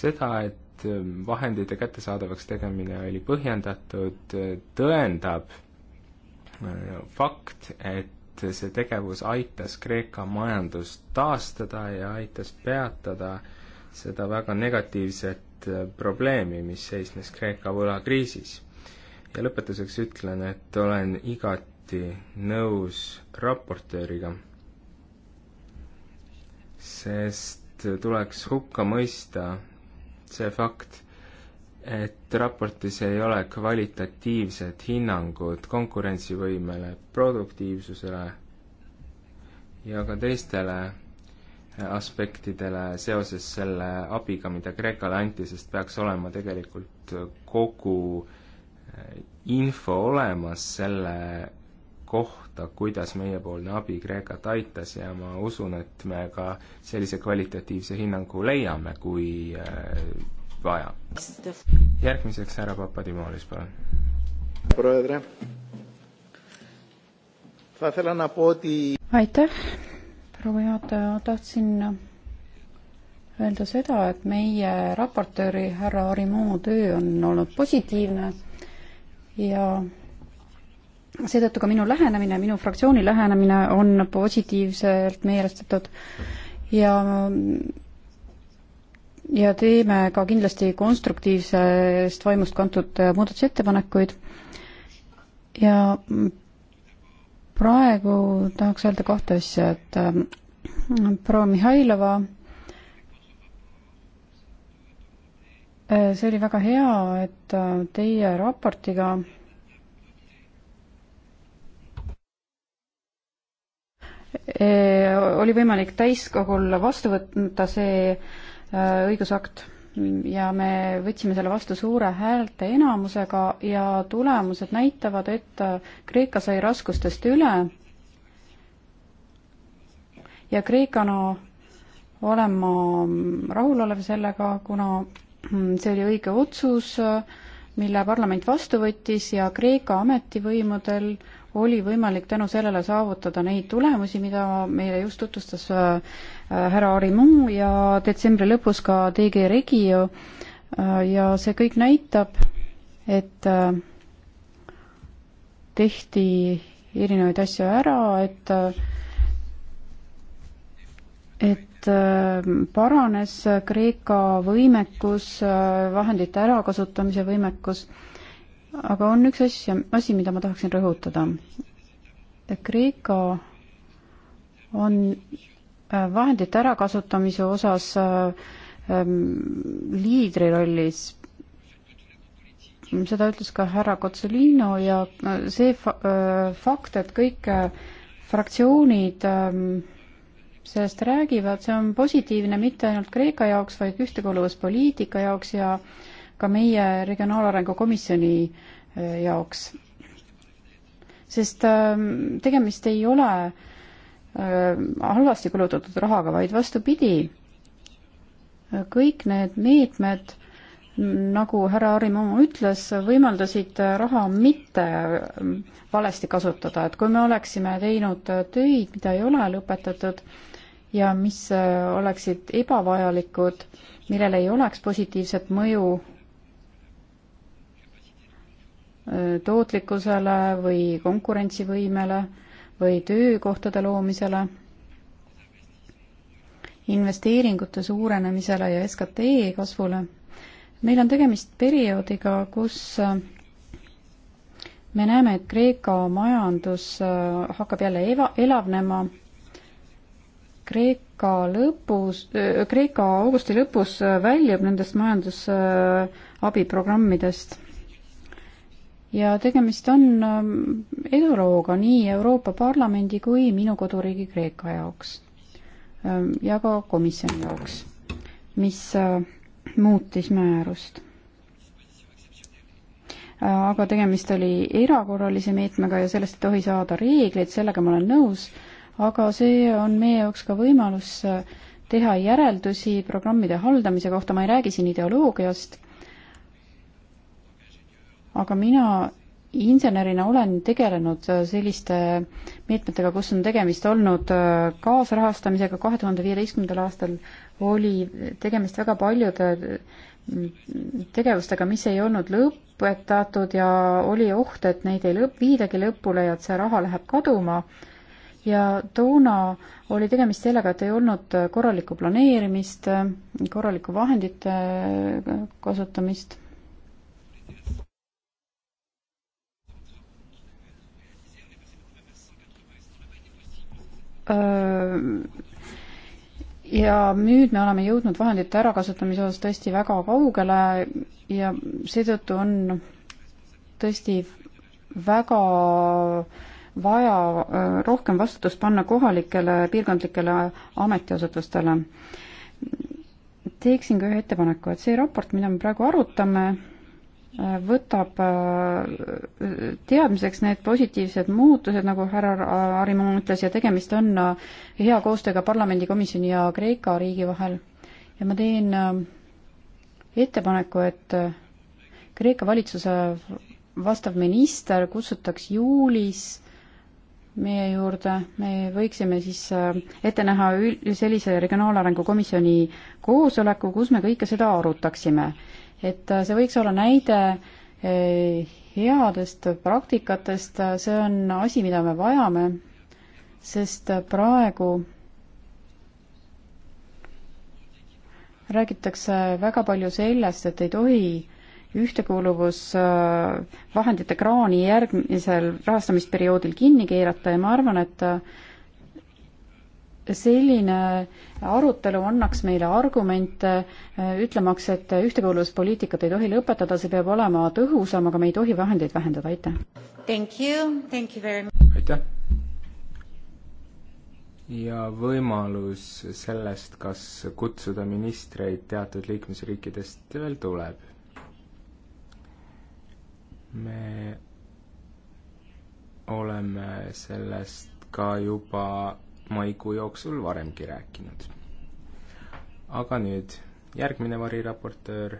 seda, et vahendite kättesaadavaks tegemine oli põhjendatud, tõendab fakt, et et see tegevus aitas Kreeka majandust taastada ja aitas peatada seda väga negatiivset äh, probleemi, mis seisnes Kreeka võlakriisis. ja lõpetuseks ütlen, et olen igati nõus raportööriga, sest tuleks hukka mõista see fakt, et raportis ei ole kvalitatiivset hinnangut konkurentsivõimele, produktiivsusele ja ka teistele aspektidele seoses selle abiga, mida Kreekale anti, sest peaks olema tegelikult kogu eh, info olemas selle kohta, kuidas meiepoolne abi Kreekat aitas ja ma usun, et me ka sellise kvalitatiivse hinnangu leiame, kui eh, vaja. järgmiseks härra Papadimolis, palun. aitäh, proua juhataja, tahtsin öelda seda, et meie raportööri härra Arimoo töö on olnud positiivne ja seetõttu ka minu lähenemine, minu fraktsiooni lähenemine on positiivselt meelestatud ja ja teeme ka kindlasti konstruktiivsest vaimust kantud muudatusettepanekuid ja praegu tahaks öelda kahte asja, et ähm, proua Mihhailova, äh, see oli väga hea, et äh, teie raportiga äh, oli võimalik täiskogul vastu võtta see Äh, õigusakt ja me võtsime selle vastu suure häälte enamusega ja tulemused näitavad, et äh, Kreeka sai raskustest üle ja Kreekana olen ma mm, rahulolev sellega, kuna mm, see oli õige otsus, äh, mille parlament vastu võttis ja Kreeka ametivõimudel oli võimalik tänu sellele saavutada neid tulemusi, mida meile just tutvustas äh, äh, härra Arimu ja detsembri lõpus ka DG Regio äh, ja see kõik näitab, et tehti erinevaid asju ära, et et paranes Kreeka võimekus, vahendite ärakasutamise võimekus aga on üks asja, asi, mida ma tahaksin rõhutada. Kreeka on äh, vahendite ärakasutamise osas äh, ähm, liidri rollis. seda ütles ka härra Kotsolino ja äh, see fa fakt, et kõik fraktsioonid ähm, sellest räägivad, see on positiivne mitte ainult Kreeka jaoks, vaid ühtekuuluvuspoliitika jaoks ja äh, ka meie Regionaalarengu Komisjoni äh, jaoks. sest ähm, tegemist ei ole äh, halvasti kulutatud rahaga, vaid vastupidi, äh, kõik need meetmed, nagu härra Harimaa ütles, võimaldasid raha mitte ähm, valesti kasutada, et kui me oleksime teinud töid, mida ei ole lõpetatud ja mis oleksid ebavajalikud, millel ei oleks positiivset mõju tootlikkusele või konkurentsivõimele või töökohtade loomisele, investeeringute suurenemisele ja SKT kasvule. meil on tegemist perioodiga, kus me näeme, et Kreeka majandus äh, hakkab jälle eva-, elavnema. Kreeka lõpus, äh, Kreeka augusti lõpus äh, väljub nendest majandusabiprogrammidest ja tegemist on ähm, edulooga nii Euroopa Parlamendi kui minu koduriigi Kreeka jaoks ähm, ja ka komisjoni jaoks, mis äh, muutis määrust. Äh, aga tegemist oli erakorralise meetmega ja sellest ei tohi saada reegleid, sellega ma olen nõus, aga see on meie jaoks ka võimalus äh, teha järeldusi programmide haldamise kohta, ma ei räägi siin ideoloogiast aga mina insenerina olen tegelenud äh, selliste meetmetega, kus on tegemist olnud äh, kaasrahastamisega, kahe tuhande viieteistkümnendal aastal oli tegemist väga paljude mm, tegevustega, mis ei olnud lõpetatud ja oli oht, et neid ei lõpp, viidagi lõpule ja et see raha läheb kaduma. ja toona oli tegemist sellega, et ei olnud äh, korralikku planeerimist, korralikku vahendite kasutamist ja nüüd me oleme jõudnud vahendite ärakasutamise osas tõesti väga kaugele ja seetõttu on tõesti väga vaja rohkem vastutust panna kohalikele piirkondlikele ametiasutustele. teeksin ka ühe ettepaneku, et see raport, mida me praegu arutame, võtab äh, teadmiseks need positiivsed muutused, nagu härra Arimaa ütles, ja tegemist on äh, hea koostööga parlamendikomisjoni ja Kreeka riigi vahel. ja ma teen äh, ettepaneku, et Kreeka valitsuse vastav minister kutsutaks juulis meie juurde, me võiksime siis ette näha sellise regionaalarengu komisjoni koosoleku, kus me kõike seda arutaksime et äh, see võiks olla näide äh, headest praktikatest, äh, see on asi, mida me vajame, sest praegu räägitakse väga palju sellest, et ei tohi ühtekuuluvusvahendite kraani järgmisel rahastamisperioodil kinni keerata ja ma arvan, et selline arutelu annaks meile argumente äh, ütlemaks, et ühtekuuluvuspoliitikat ei tohi lõpetada, see peab olema tõhusam, aga me ei tohi vahendeid vähendada, aitäh! aitäh! ja võimalus sellest, kas kutsuda ministreid teatud liikmesriikidest veel tuleb. me oleme sellest ka juba maikuu jooksul varemgi rääkinud. aga nüüd järgmine variraportöör,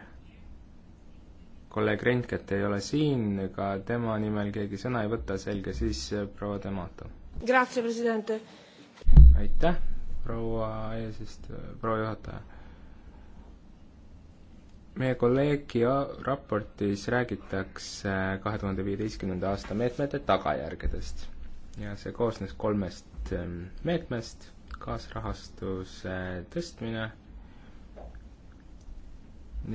kolleeg Rentget ei ole siin, ega tema nimel keegi sõna ei võta, selge siis proua Demato. aitäh, proua eesistuja, proua juhataja. meie kolleegi raportis räägitakse kahe tuhande viieteistkümnenda aasta meetmete tagajärgedest ja see koosnes kolmest Ähm, meetmest, kaasrahastuse tõstmine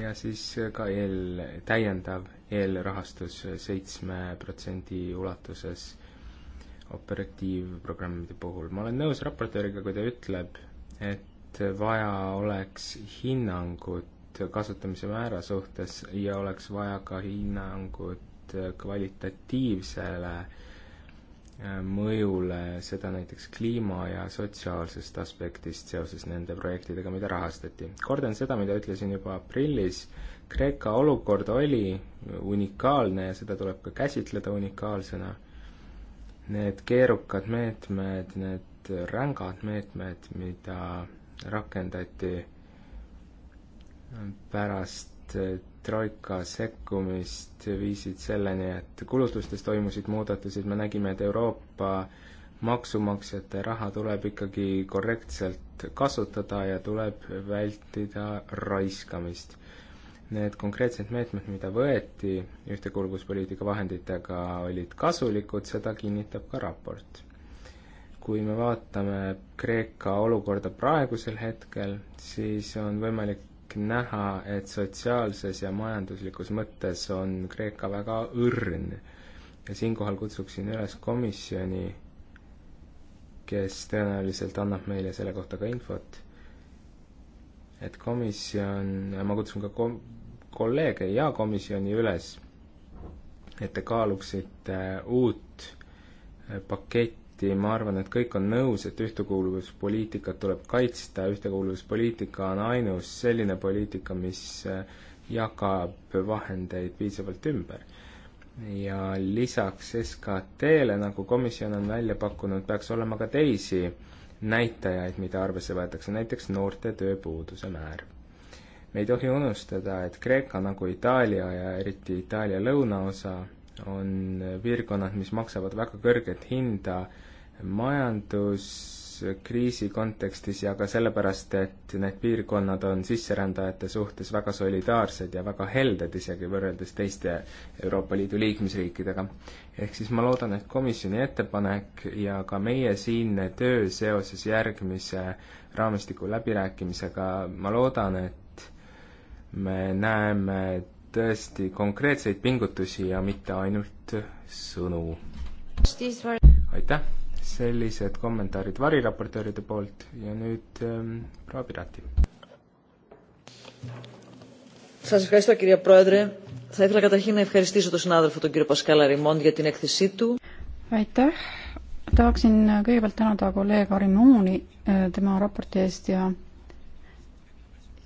ja siis ka eel, täiendav eelrahastus seitsme protsendi ulatuses operatiivprogrammide puhul. ma olen nõus raportööriga, kui ta ütleb, et vaja oleks hinnangut kasutamise määra suhtes ja oleks vaja ka hinnangut kvalitatiivsele äh, Äh, mõjule, seda näiteks kliima ja sotsiaalsest aspektist seoses nende projektidega, mida rahastati. kordan seda, mida ütlesin juba aprillis, Kreeka olukord oli unikaalne ja seda tuleb ka käsitleda unikaalsena. Need keerukad meetmed, need rängad meetmed, mida rakendati pärast troika sekkumist viisid selleni, et kulutustes toimusid muudatused, me nägime, et Euroopa maksumaksjate raha tuleb ikkagi korrektselt kasutada ja tuleb vältida raiskamist. Need konkreetsed meetmed, mida võeti ühtekuuluvuspoliitika vahenditega, olid kasulikud, seda kinnitab ka raport kui me vaatame Kreeka olukorda praegusel hetkel, siis on võimalik võimalik näha, et sotsiaalses ja majanduslikus mõttes on Kreeka väga õrn. ja siinkohal kutsuksin üles komisjoni, kes tõenäoliselt annab meile selle kohta ka infot, et komisjon, ma kutsun ka kom-, kolleege ja komisjoni üles, et te kaaluksite uut eh, paketti, samuti ma arvan, et kõik on nõus, et ühtekuuluvuspoliitikat tuleb kaitsta, ühtekuuluvuspoliitika on ainus selline poliitika, mis äh, jagab vahendeid piisavalt ümber. ja lisaks SKT-le, nagu komisjon on välja pakkunud, peaks olema ka teisi näitajaid, mida arvesse võetakse, näiteks noorte tööpuuduse määr. me ei tohi unustada, et Kreeka nagu Itaalia ja eriti Itaalia lõunaosa on piirkonnad, mis maksavad väga kõrget hinda majanduskriisi kontekstis ja ka sellepärast, et need piirkonnad on sisserändajate suhtes väga solidaarsed ja väga helded isegi võrreldes teiste Euroopa Liidu liikmesriikidega. ehk siis ma loodan, et komisjoni ettepanek ja ka meie siinne töö seoses järgmise raamistiku läbirääkimisega, ma loodan, et me näeme tõesti konkreetseid pingutusi ja mitte ainult sõnu. aitäh, sellised kommentaarid variraportööride poolt ja nüüd ähm, proua Pirati. Σας ευχαριστώ κυρία Πρόεδρε. Θα ήθελα καταρχήν να ευχαριστήσω τον συνάδελφο τον κύριο Πασκάλα Ριμόντ για την έκθεσή του. Aitäh. Tahaksin kõigepealt tänada kolleeg Arimooni äh, tema raporti eest ja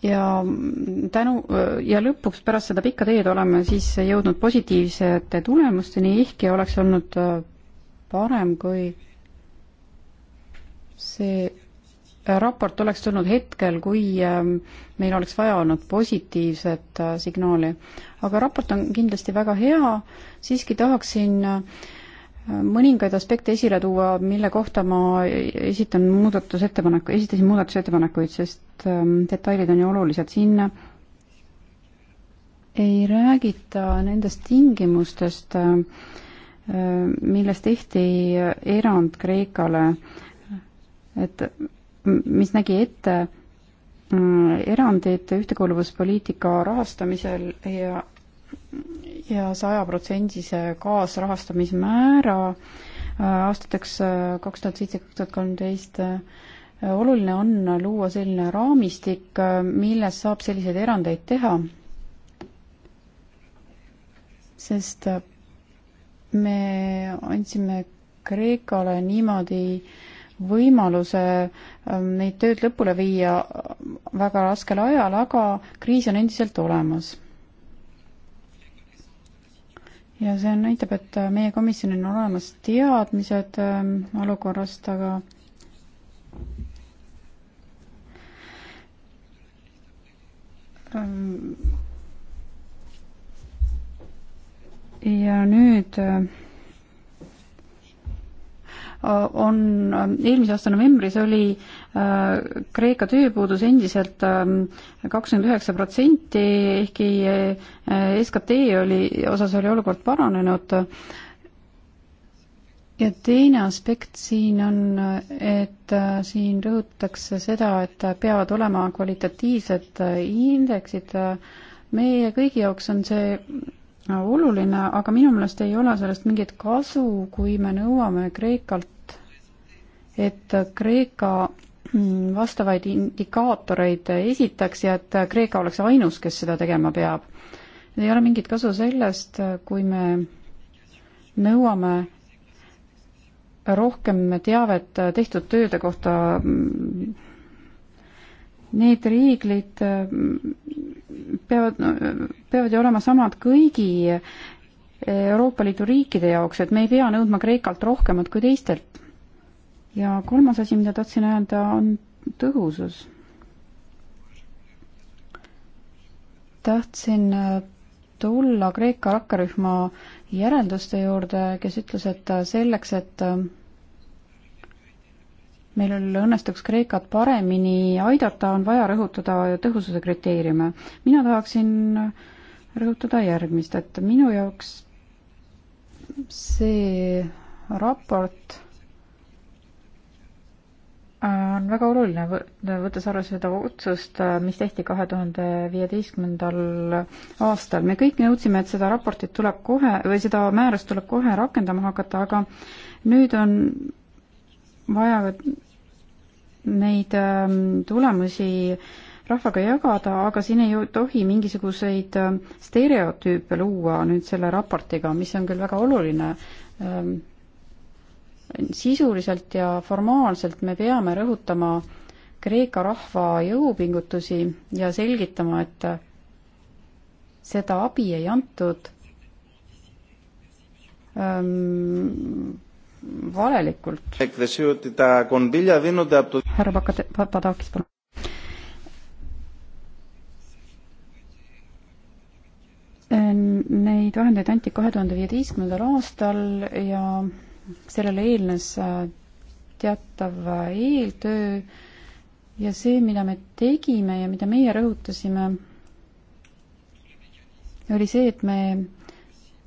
ja tänu ja lõpuks pärast seda pikka teed oleme siis jõudnud positiivsete tulemusteni, ehkki oleks olnud äh, parem, kui see äh, raport oleks tulnud hetkel, kui ähm, meil oleks vaja olnud positiivset äh, signaali. aga raport on kindlasti väga hea, siiski tahaksin äh, mõningaid aspekte esile tuua, mille kohta ma esitan muudatusettepaneku, esitasin muudatusettepanekuid, sest ähm, detailid on ju olulised. siin ei räägita nendest tingimustest, ähm, milles tehti erand Kreekale, et mis nägi ette mm, erandid ühtekuuluvuspoliitika rahastamisel ja ja sajaprotsendise kaasrahastamismäära äh, aastateks äh, kaks tuhat seitse, kaks tuhat kolmteist äh, oluline on luua selline raamistik, milles saab selliseid erandeid teha, sest me andsime Kreekale niimoodi võimaluse ähm, neid tööd lõpule viia väga raskel ajal, aga kriis on endiselt olemas ja see näitab, et äh, meie komisjonil on olemas teadmised ähm, olukorrast, aga ähm, ja nüüd äh, Äh, on, ähm, eelmise aasta novembris oli äh, Kreeka tööpuudus endiselt ähm, kakskümmend üheksa protsenti, ehkki äh, SKT oli, osas oli olukord paranenud. ja teine aspekt siin on, et siin rõhutatakse seda, et peavad olema kvalitatiivsed indeksid, meie kõigi jaoks on see oluline, aga minu meelest ei ole sellest mingit kasu, kui me nõuame Kreekalt, et Kreeka mm, vastavaid indikaatoreid esitaks ja et Kreeka oleks ainus, kes seda tegema peab. ei ole mingit kasu sellest, kui me nõuame rohkem teavet tehtud tööde kohta mm, need reeglid äh, peavad, peavad ju olema samad kõigi Euroopa Liidu riikide jaoks, et me ei pea nõudma Kreekalt rohkemat kui teistelt. ja kolmas asi, mida tahtsin öelda, on tõhusus. tahtsin äh, tulla Kreeka rakkerühma järelduste juurde, kes ütles, et äh, selleks, et meil õnnestuks Kreekat paremini aidata, on vaja rõhutada tõhususe kriteeriume. mina tahaksin rõhutada järgmist, et minu jaoks see raport on väga oluline, võttes arvesse seda otsust, mis tehti kahe tuhande viieteistkümnendal aastal. me kõik nõudsime, et seda raportit tuleb kohe või seda määrust tuleb kohe rakendama hakata, aga nüüd on vajavad neid ähm, tulemusi rahvaga jagada, aga siin ei tohi mingisuguseid ähm, stereotüüpe luua nüüd selle raportiga, mis on küll väga oluline. Ähm, sisuliselt ja formaalselt me peame rõhutama Kreeka rahva jõupingutusi ja selgitama, et seda abi ei antud valelikult. härra Pakade-, Papadakis, palun. Neid vahendeid anti kahe tuhande viieteistkümnendal aastal ja sellele eelnes äh, teatav äh, eeltöö ja see, mida me tegime ja mida meie rõhutasime, oli see, et me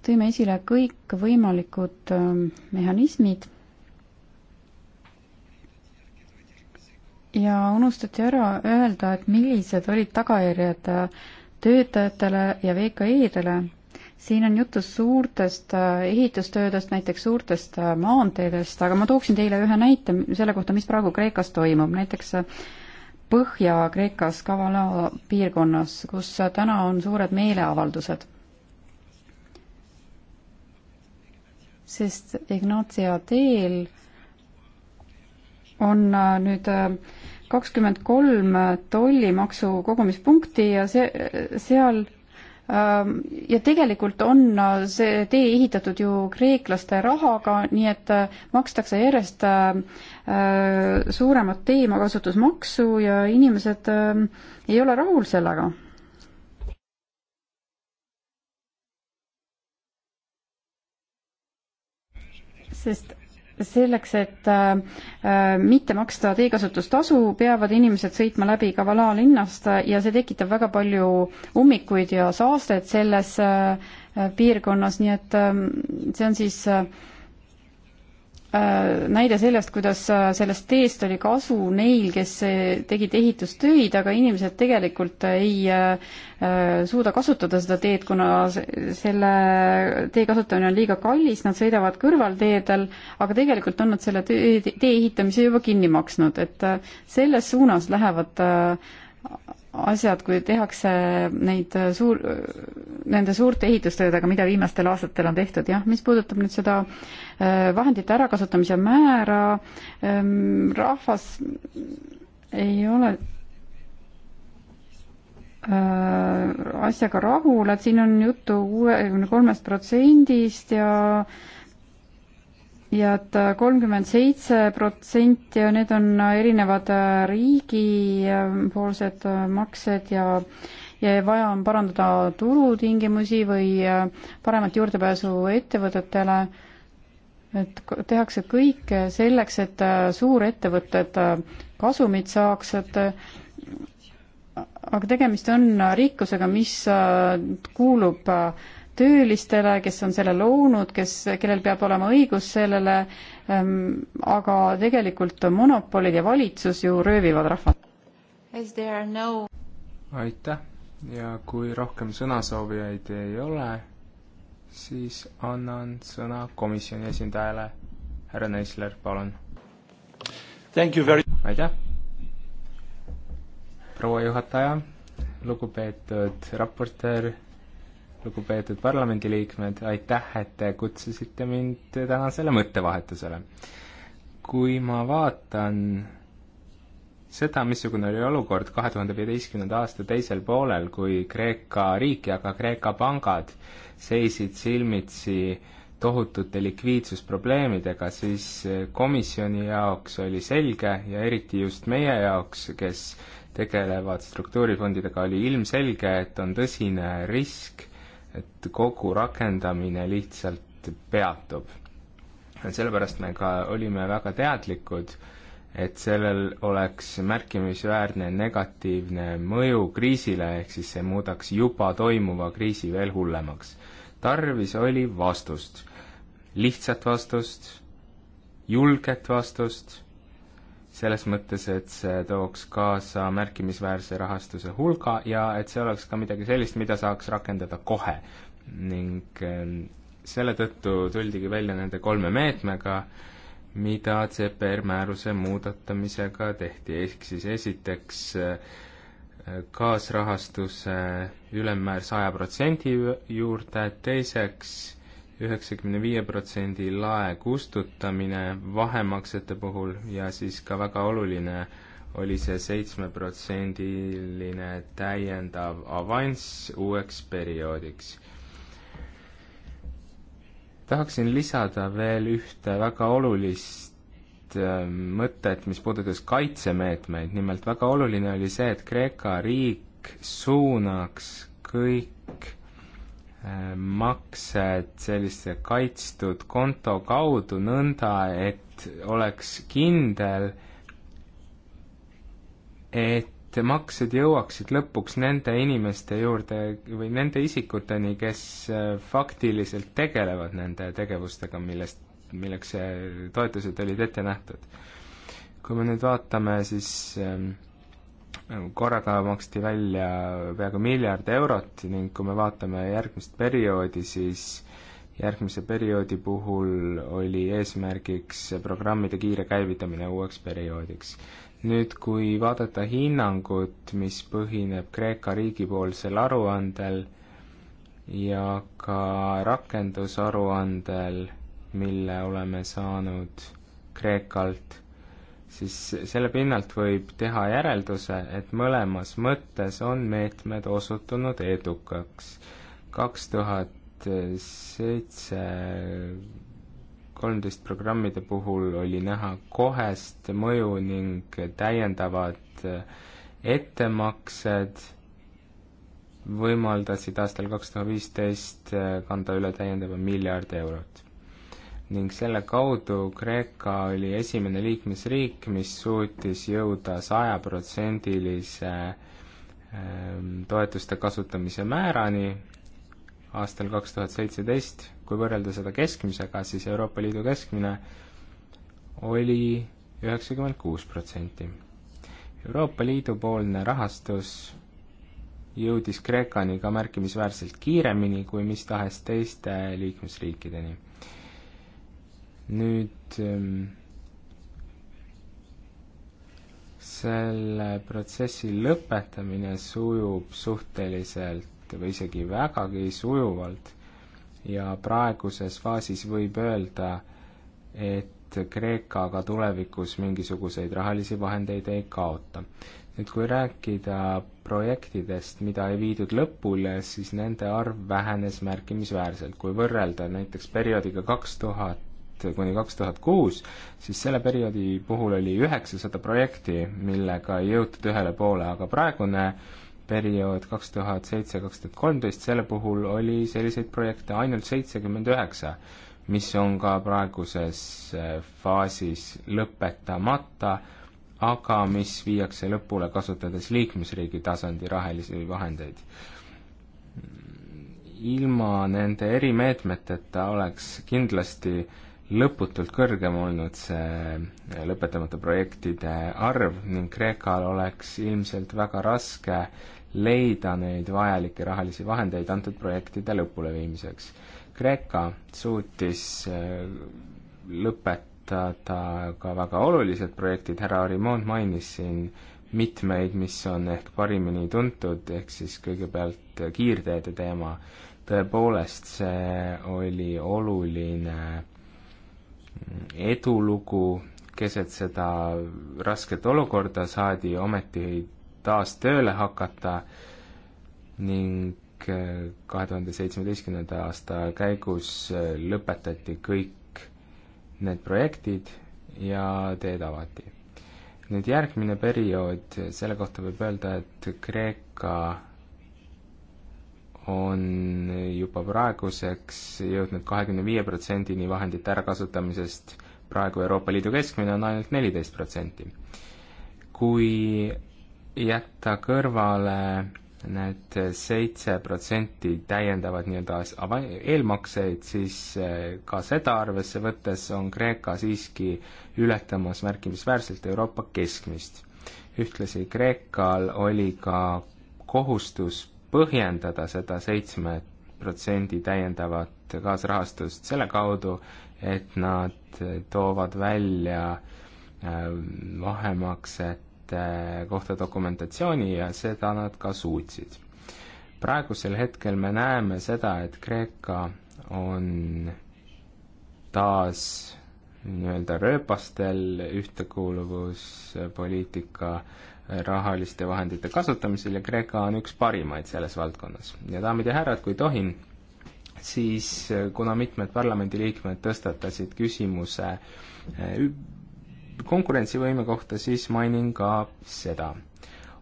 tõime esile kõik võimalikud ähm, mehhanismid ja unustati ära öelda, et millised olid tagajärjed töötajatele ja VKI-dele. siin on juttu suurtest äh, ehitustöödest, näiteks suurtest äh, maanteedest, aga ma tooksin teile ühe näite selle kohta, mis praegu Kreekas toimub, näiteks äh, Põhja-Kreekas Kavala piirkonnas, kus täna on suured meeleavaldused sest Ignatia teel on äh, nüüd äh, kakskümmend kolm tollimaksu kogumispunkti ja see, äh, seal ähm, ja tegelikult on see tee ehitatud ju kreeklaste rahaga, nii et makstakse järjest suuremat teemakasutusmaksu ja inimesed ähm, ei ole rahul sellega sest selleks, et äh, äh, mitte maksta teekasutustasu, peavad inimesed sõitma läbi Kavala linnast ja see tekitab väga palju ummikuid ja saastet selles äh, äh piirkonnas, nii et äh, see on siis äh, Äh, näide sellest, kuidas äh, sellest teest oli kasu neil, kes äh, tegid ehitustöid, aga inimesed tegelikult ei suuda kasutada seda teed, kuna selle tee kasutamine on liiga kallis, nad sõidavad kõrvalteedel, aga tegelikult on nad selle tee ehitamise juba kinni maksnud, et selles suunas lähevad äh, asjad, kui tehakse neid suur, nende suurte ehitustöödega, mida viimastel aastatel on tehtud, jah, mis puudutab nüüd seda äh, vahendite ärakasutamise määra, ähm, rahvas ei ole äh, asjaga rahul, et siin on juttu kuuekümne kolmest protsendist ja äh, ja et kolmkümmend seitse protsenti, need on erinevad riigipoolsed maksed ja ja vaja on parandada turutingimusi või paremat juurdepääsu ettevõtetele, et tehakse kõik selleks, et suurettevõtted kasumit saaks, et aga tegemist on rikkusega, mis kuulub äh, töölistele, kes on selle loonud, kes, kellel peab olema õigus sellele, ähm, aga tegelikult monopolid ja valitsus ju röövivad rahva. No... aitäh ja kui rohkem sõnasoovijaid ei ole, siis annan sõna komisjoni esindajale, härra Neisler, palun. Very... aitäh! proua juhataja, lugupeetud raportöör lugupeetud parlamendiliikmed, aitäh, et te kutsusite mind tänasele mõttevahetusele. kui ma vaatan seda, missugune oli olukord kahe tuhande viieteistkümnenda aasta teisel poolel, kui Kreeka riik ja ka Kreeka pangad seisid silmitsi tohutute likviidsusprobleemidega, siis komisjoni jaoks oli selge ja eriti just meie jaoks, kes tegelevad struktuurifondidega, oli ilmselge, et on tõsine risk et kogu rakendamine lihtsalt peatub. et sellepärast me ka olime väga teadlikud, et sellel oleks märkimisväärne negatiivne mõju kriisile, ehk siis see muudaks juba toimuva kriisi veel hullemaks. tarvis oli vastust, lihtsat vastust, julget vastust selles mõttes, et see tooks kaasa märkimisväärse rahastuse hulga ja et see oleks ka midagi sellist, mida saaks rakendada kohe. ning ähm, selle tõttu tuldigi välja nende kolme meetmega, mida CPR määruse muudatamisega tehti, ehk siis esiteks äh, kaasrahastuse ülemmäär saja protsendi juurde, teiseks üheksakümne viie protsendi lae kustutamine vahemaksete puhul ja siis ka väga oluline oli see seitsmeprotsendiline täiendav avanss uueks perioodiks. tahaksin lisada veel ühte väga olulist ähm, mõtet, mis puudutas kaitsemeetmeid, nimelt väga oluline oli see, et Kreeka riik suunaks kõik maksed sellise kaitstud konto kaudu nõnda, et oleks kindel, et maksed jõuaksid lõpuks nende inimeste juurde või nende isikuteni, kes äh, faktiliselt tegelevad nende tegevustega, millest, milleks see toetused olid ette nähtud. kui me nüüd vaatame siis ähm, Äh, korraga maksti välja peaaegu miljard eurot ning kui me vaatame järgmist perioodi, siis järgmise perioodi puhul oli eesmärgiks programmide kiire käivitamine uueks perioodiks. nüüd, kui vaadata hinnangut, mis põhineb Kreeka riigipoolsel aruandel ja ka rakendusaruandel, mille oleme saanud Kreekalt siis selle pinnalt võib teha järelduse, et mõlemas mõttes on meetmed osutunud edukaks. kaks tuhat seitse kolmteist programmide puhul oli näha kohest mõju ning täiendavad ettemaksed võimaldasid aastal kaks tuhat viisteist kanda üle täiendava miljard eurot ning selle kaudu Kreeka oli esimene liikmesriik, mis suutis jõuda sajaprotsendilise ähm, toetuste kasutamise määrani aastal kaks tuhat seitseteist, kui võrrelda seda keskmisega, siis Euroopa Liidu keskmine oli üheksakümmend kuus protsenti. Euroopa Liidu poolne rahastus jõudis Kreekani ka märkimisväärselt kiiremini kui mis tahes teiste liikmesriikideni nüüd ehm, selle protsessi lõpetamine sujub suhteliselt või isegi vägagi sujuvalt ja praeguses faasis võib öelda, et Kreeka ka tulevikus mingisuguseid rahalisi vahendeid ei kaota. nüüd kui rääkida projektidest, mida ei viidud lõpule, siis nende arv vähenes märkimisväärselt, kui võrrelda näiteks perioodiga kaks tuhat tuhat kuni kaks tuhat kuus, siis selle perioodi puhul oli üheksasada projekti, millega ei jõutud ühele poole, aga praegune periood kaks tuhat seitse, kaks tuhat kolmteist, selle puhul oli selliseid projekte ainult seitsekümmend üheksa, mis on ka praeguses äh, faasis lõpetamata, aga mis viiakse lõpule, kasutades liikmesriigi tasandi rahalisi vahendeid ilma nende erimeetmeteta oleks kindlasti lõputult kõrgem olnud see lõpetamata projektide arv ning Kreekal oleks ilmselt väga raske leida neid vajalikke rahalisi vahendeid antud projektide lõpuleviimiseks. Kreeka suutis äh, lõpetada ka väga olulised projektid, härra Arimond mainis siin mitmeid, mis on ehk parimini tuntud, ehk siis kõigepealt kiirteede teema, tõepoolest see oli oluline edulugu keset seda rasket olukorda saadi ometi taas tööle hakata ning äh, kahe tuhande seitsmeteistkümnenda aasta käigus äh, lõpetati kõik need projektid ja teed avati. nüüd järgmine periood, selle kohta võib öelda, et Kreeka on juba praeguseks jõudnud kahekümne viie protsendini vahendite ärakasutamisest, praegu Euroopa Liidu keskmine on ainult neliteist protsenti. kui jätta kõrvale need seitse protsenti täiendavad nii-öelda eelmakseid, siis eh, ka seda arvesse võttes on Kreeka siiski ületamas märkimisväärselt Euroopa keskmist. ühtlasi Kreekal oli ka kohustus põhjendada seda seitsme protsendi täiendavat kaasrahastust selle kaudu, et nad toovad välja äh, vahemaksete kohta dokumentatsiooni ja seda nad ka suutsid. praegusel hetkel me näeme seda, et Kreeka on taas nii-öelda rööpastel ühtekuuluvuspoliitika rahaliste vahendite kasutamisel ja Kreeka on üks parimaid selles valdkonnas. ja daamid ja härrad, kui tohin, siis eh, kuna mitmed parlamendiliikmed tõstatasid küsimuse eh, konkurentsivõime kohta, siis mainin ka seda.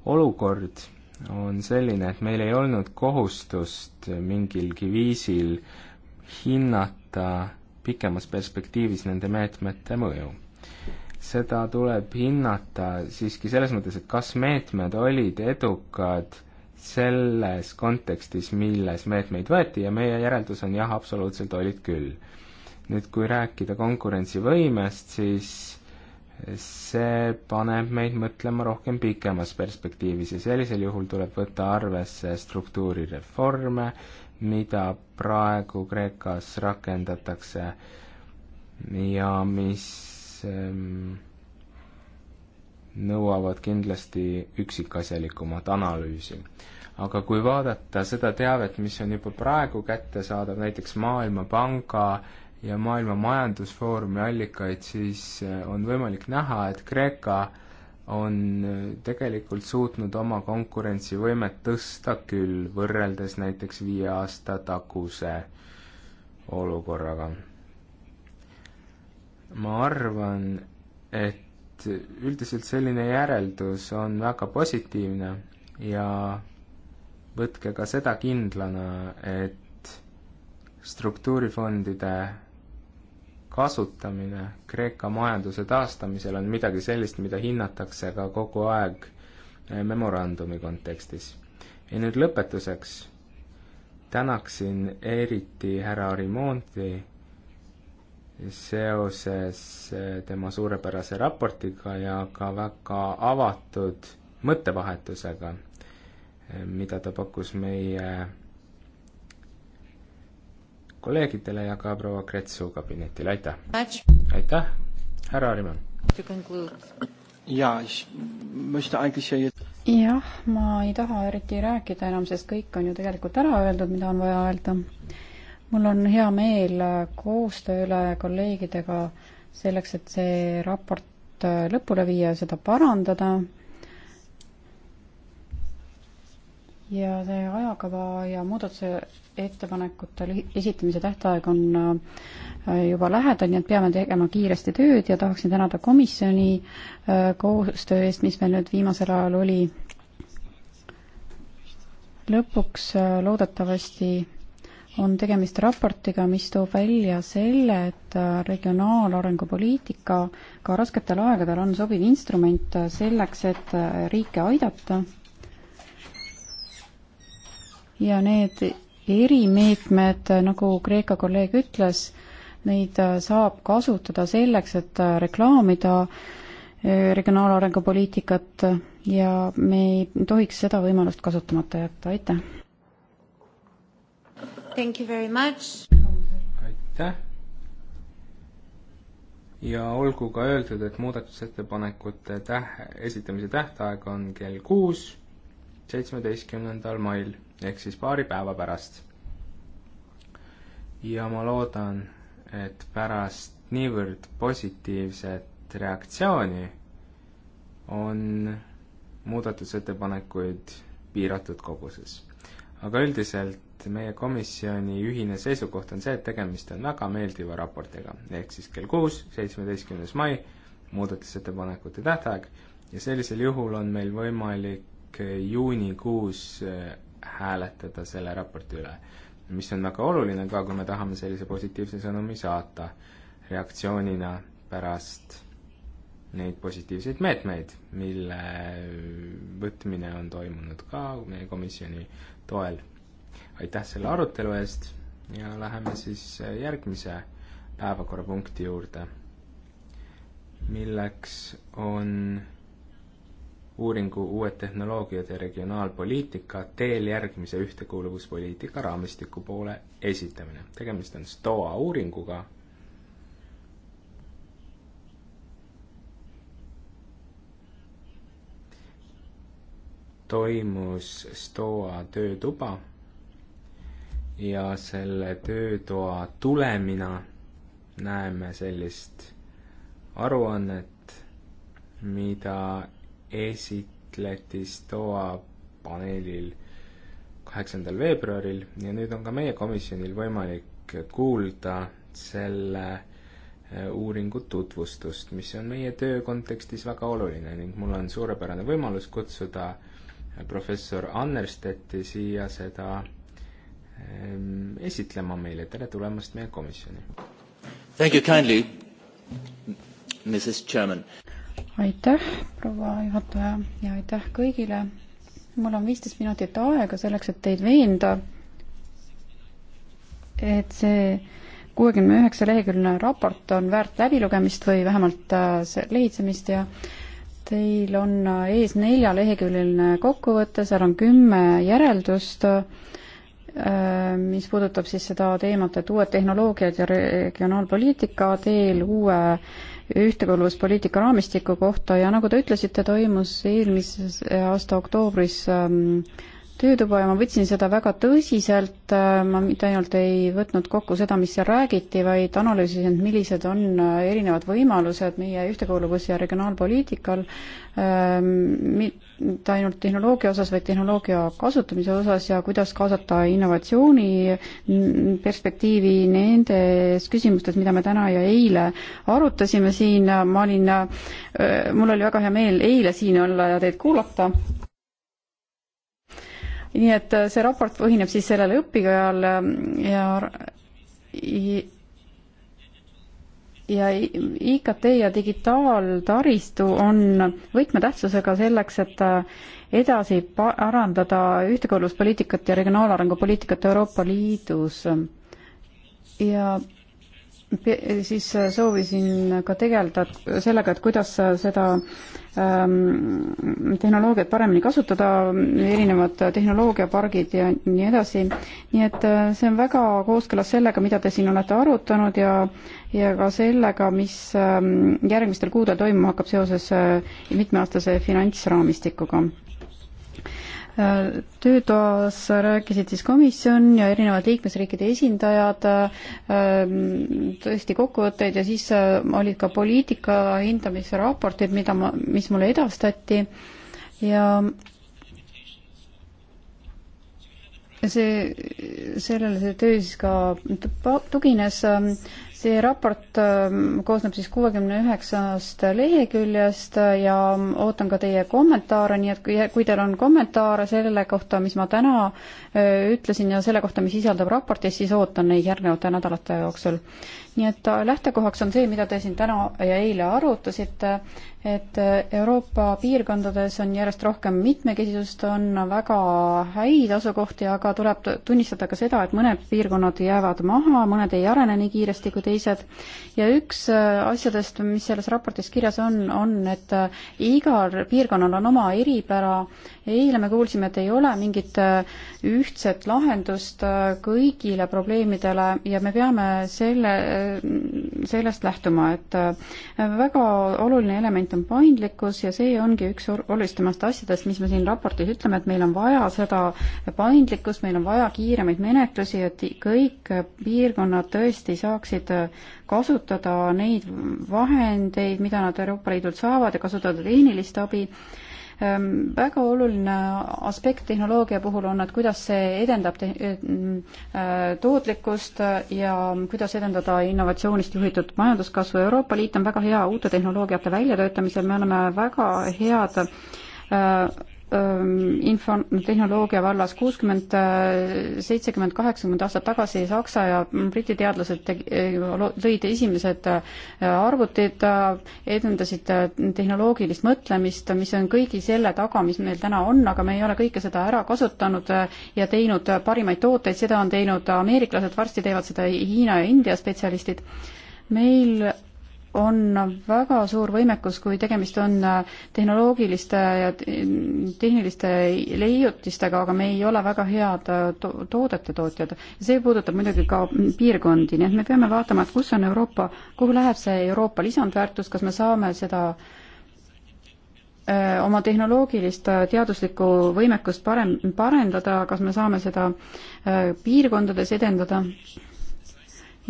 olukord on selline, et meil ei olnud kohustust mingilgi viisil hinnata pikemas perspektiivis nende meetmete mõju seda tuleb hinnata siiski selles mõttes, et kas meetmed olid edukad selles kontekstis, milles meetmeid võeti ja meie järeldus on jah, absoluutselt olid küll. nüüd, kui rääkida konkurentsivõimest, siis see paneb meid mõtlema rohkem pikemas perspektiivis ja sellisel juhul tuleb võtta arvesse struktuurireforme, mida praegu Kreekas rakendatakse ja mis Ehm, nõuavad kindlasti üksikasjalikumat analüüsi. aga kui vaadata seda teavet, mis on juba praegu kättesaadav näiteks Maailmapanga ja Maailma Majandusfoorumi allikaid, siis eh, on võimalik näha, et Kreeka on eh, tegelikult suutnud oma konkurentsivõimet tõsta küll, võrreldes näiteks viie aasta taguse olukorraga ma arvan, et üldiselt selline järeldus on väga positiivne ja võtke ka seda kindlana, et struktuurifondide kasutamine Kreeka majanduse taastamisel on midagi sellist, mida hinnatakse ka kogu aeg eh, memorandumi kontekstis. ja nüüd lõpetuseks tänaksin eriti härra Arimonti seoses eh, tema suurepärase raportiga ja ka väga avatud mõttevahetusega, eh, mida ta pakkus meie kolleegidele ja ka proua Kretsu kabinetile, aitäh! aitäh, härra Harimann! jah, ma ei taha eriti rääkida enam, sest kõik on ju tegelikult ära öeldud, mida on vaja öelda mul on hea meel koostöö üle kolleegidega selleks, et see raport äh, lõpule viia ja seda parandada. ja see ajakava ja muudatusettepanekute esitamise tähtaeg on äh, juba lähedal, nii et peame tegema kiiresti tööd ja tahaksin tänada komisjoni äh, koostöö eest, mis meil nüüd viimasel ajal oli. lõpuks loodetavasti on tegemist raportiga, mis toob välja selle, et regionaalarengu poliitika ka rasketel aegadel on sobiv instrument selleks, et riike aidata. ja need erimeetmed, nagu Kreeka kolleeg ütles, neid saab kasutada selleks, et reklaamida eh, regionaalarengu poliitikat ja me ei tohiks seda võimalust kasutamata jätta, aitäh! Thank you very much. aitäh. ja olgu ka öeldud, et muudatusettepanekute täh-, esitamise tähtaeg on kell kuus, seitsmeteistkümnendal mail ehk siis paari päeva pärast. ja ma loodan, et pärast niivõrd positiivset reaktsiooni on muudatusettepanekuid piiratud koguses. aga üldiselt et meie komisjoni ühine seisukoht on see, et tegemist on väga meeldiva raportiga, ehk siis kell kuus, seitsmeteistkümnes mai, muudatusettepanekute tähtaeg, ja sellisel juhul on meil võimalik juunikuus eh, hääletada selle raporti üle, mis on väga oluline ka, kui me tahame sellise positiivse sõnumi saata reaktsioonina pärast neid positiivseid meetmeid, mille võtmine on toimunud ka meie komisjoni toel aitäh selle arutelu eest ja läheme siis äh, järgmise päevakorrapunkti juurde, milleks on uuringu Uued tehnoloogiad ja regionaalpoliitika teel järgmise ühtekuuluvuspoliitika raamistiku poole esitamine. tegemist on STOA uuringuga. toimus STOA töötuba ja selle töötoa tulemina näeme sellist aruannet, mida esitleti STOA paneelil kaheksandal veebruaril ja nüüd on ka meie komisjonil võimalik kuulda selle äh, uuringu tutvustust, mis on meie töö kontekstis väga oluline ning mul on suurepärane võimalus kutsuda professor Annerstetti siia seda Ehm, esitlema meile, tere tulemast meie komisjoni! Thank you kindly, Mrs Chairman! aitäh, proua juhataja ja aitäh kõigile! mul on viisteist minutit aega selleks, et teid veenda, et see kuuekümne üheksa leheküljeline raport on väärt läbilugemist või vähemalt äh, lehitsemist ja teil on äh, ees nelja leheküljeline kokkuvõte, seal on kümme järeldust äh, Äh, mis puudutab siis seda teemat, et uued tehnoloogiad ja regionaalpoliitika teel uue ühtekuuluvuspoliitika raamistiku kohta ja nagu te ütlesite, toimus eelmises aasta oktoobris ähm, töötuba ja ma võtsin seda väga tõsiselt, äh, ma mitte ainult ei võtnud kokku seda, mis seal räägiti, vaid analüüsisin, millised on äh, erinevad võimalused meie ühtekuuluvus- ja regionaalpoliitikal, ähm, mitte ainult tehnoloogia osas, vaid tehnoloogia kasutamise osas ja kuidas kaasata innovatsiooni perspektiivi nendes küsimustes, mida me täna ja eile arutasime siin, ma olin, äh, mul oli väga hea meel eile siin olla ja teid kuulata, nii et äh, see raport põhineb siis sellele õpikojal ähm, ja ja IKT ja digitaaltaristu on võtmetähtsusega selleks, et äh, edasi parandada ühtekuuluvuspoliitikat ja regionaalarengu poliitikat Euroopa Liidus. ja siis soovisin ka tegeleda sellega, et kuidas seda ähm, tehnoloogiat paremini kasutada, erinevad tehnoloogiapargid ja nii edasi. nii et äh, see on väga kooskõlas sellega, mida te siin olete arutanud ja, ja ka sellega, mis ähm, järgmistel kuudel toimuma hakkab seoses äh, mitmeaastase finantsraamistikuga töötoas rääkisid siis komisjon ja erinevad liikmesriikide esindajad, ähm, tõesti kokkuvõtteid ja siis äh, olid ka poliitika hindamise raportid, mida ma, mis mulle edastati ja see, sellele see töö siis ka tugines see raport ähm, koosneb siis kuuekümne üheksast leheküljest äh, ja mm, ootan ka teie kommentaare, nii et kui, kui teil on kommentaare selle kohta, mis ma täna äh, ütlesin ja selle kohta, mis sisaldab raportis, siis ootan neid järgnevate nädalate jooksul nii et äh, lähtekohaks on see, mida te siin täna ja eile arutasite, et äh, Euroopa piirkondades on järjest rohkem mitmekesisust, on väga häid asukohti, aga tuleb tunnistada ka seda, et mõned piirkonnad jäävad maha, mõned ei arene nii kiiresti kui teised. ja üks äh, asjadest, mis selles raportis kirjas on, on, et igal piirkonnal on oma eripära. eile me kuulsime, et ei ole mingit ühtset lahendust kõigile probleemidele ja me peame selle sellest lähtuma, et äh, väga oluline element on paindlikkus ja see ongi üks olulisemast asjadest, mis me siin raportis ütleme, et meil on vaja seda paindlikkust, meil on vaja kiiremaid menetlusi, et kõik piirkonnad tõesti saaksid äh, kasutada neid vahendeid, mida nad Euroopa Liidult saavad ja kasutada tehnilist abi Ehm, väga oluline aspekt tehnoloogia puhul on, et kuidas see edendab te-, ehm, äh, tootlikkust ja kuidas edendada innovatsioonist juhitud majanduskasvu. Euroopa Liit on väga hea uute tehnoloogiate väljatöötamisel, me oleme väga head äh, info, tehnoloogia vallas kuuskümmend, seitsekümmend, kaheksakümmend aastat tagasi Saksa ja Briti teadlased teg-, lõid esimesed arvutid, edendasid tehnoloogilist mõtlemist, mis on kõigi selle taga, mis meil täna on, aga me ei ole kõike seda ära kasutanud ja teinud parimaid tooteid, seda on teinud ameeriklased, varsti teevad seda Hiina ja India spetsialistid. meil on väga suur võimekus, kui tegemist on äh, tehnoloogiliste ja tehniliste leiutistega, aga me ei ole väga head äh, to toodete tootjad. see puudutab muidugi ka piirkondi, nii et me peame vaatama, et kus on Euroopa, kuhu läheb see Euroopa lisandväärtus, kas me saame seda öö, äh, oma tehnoloogilist teaduslikku võimekust parem, parendada, kas me saame seda öö, piirkondades edendada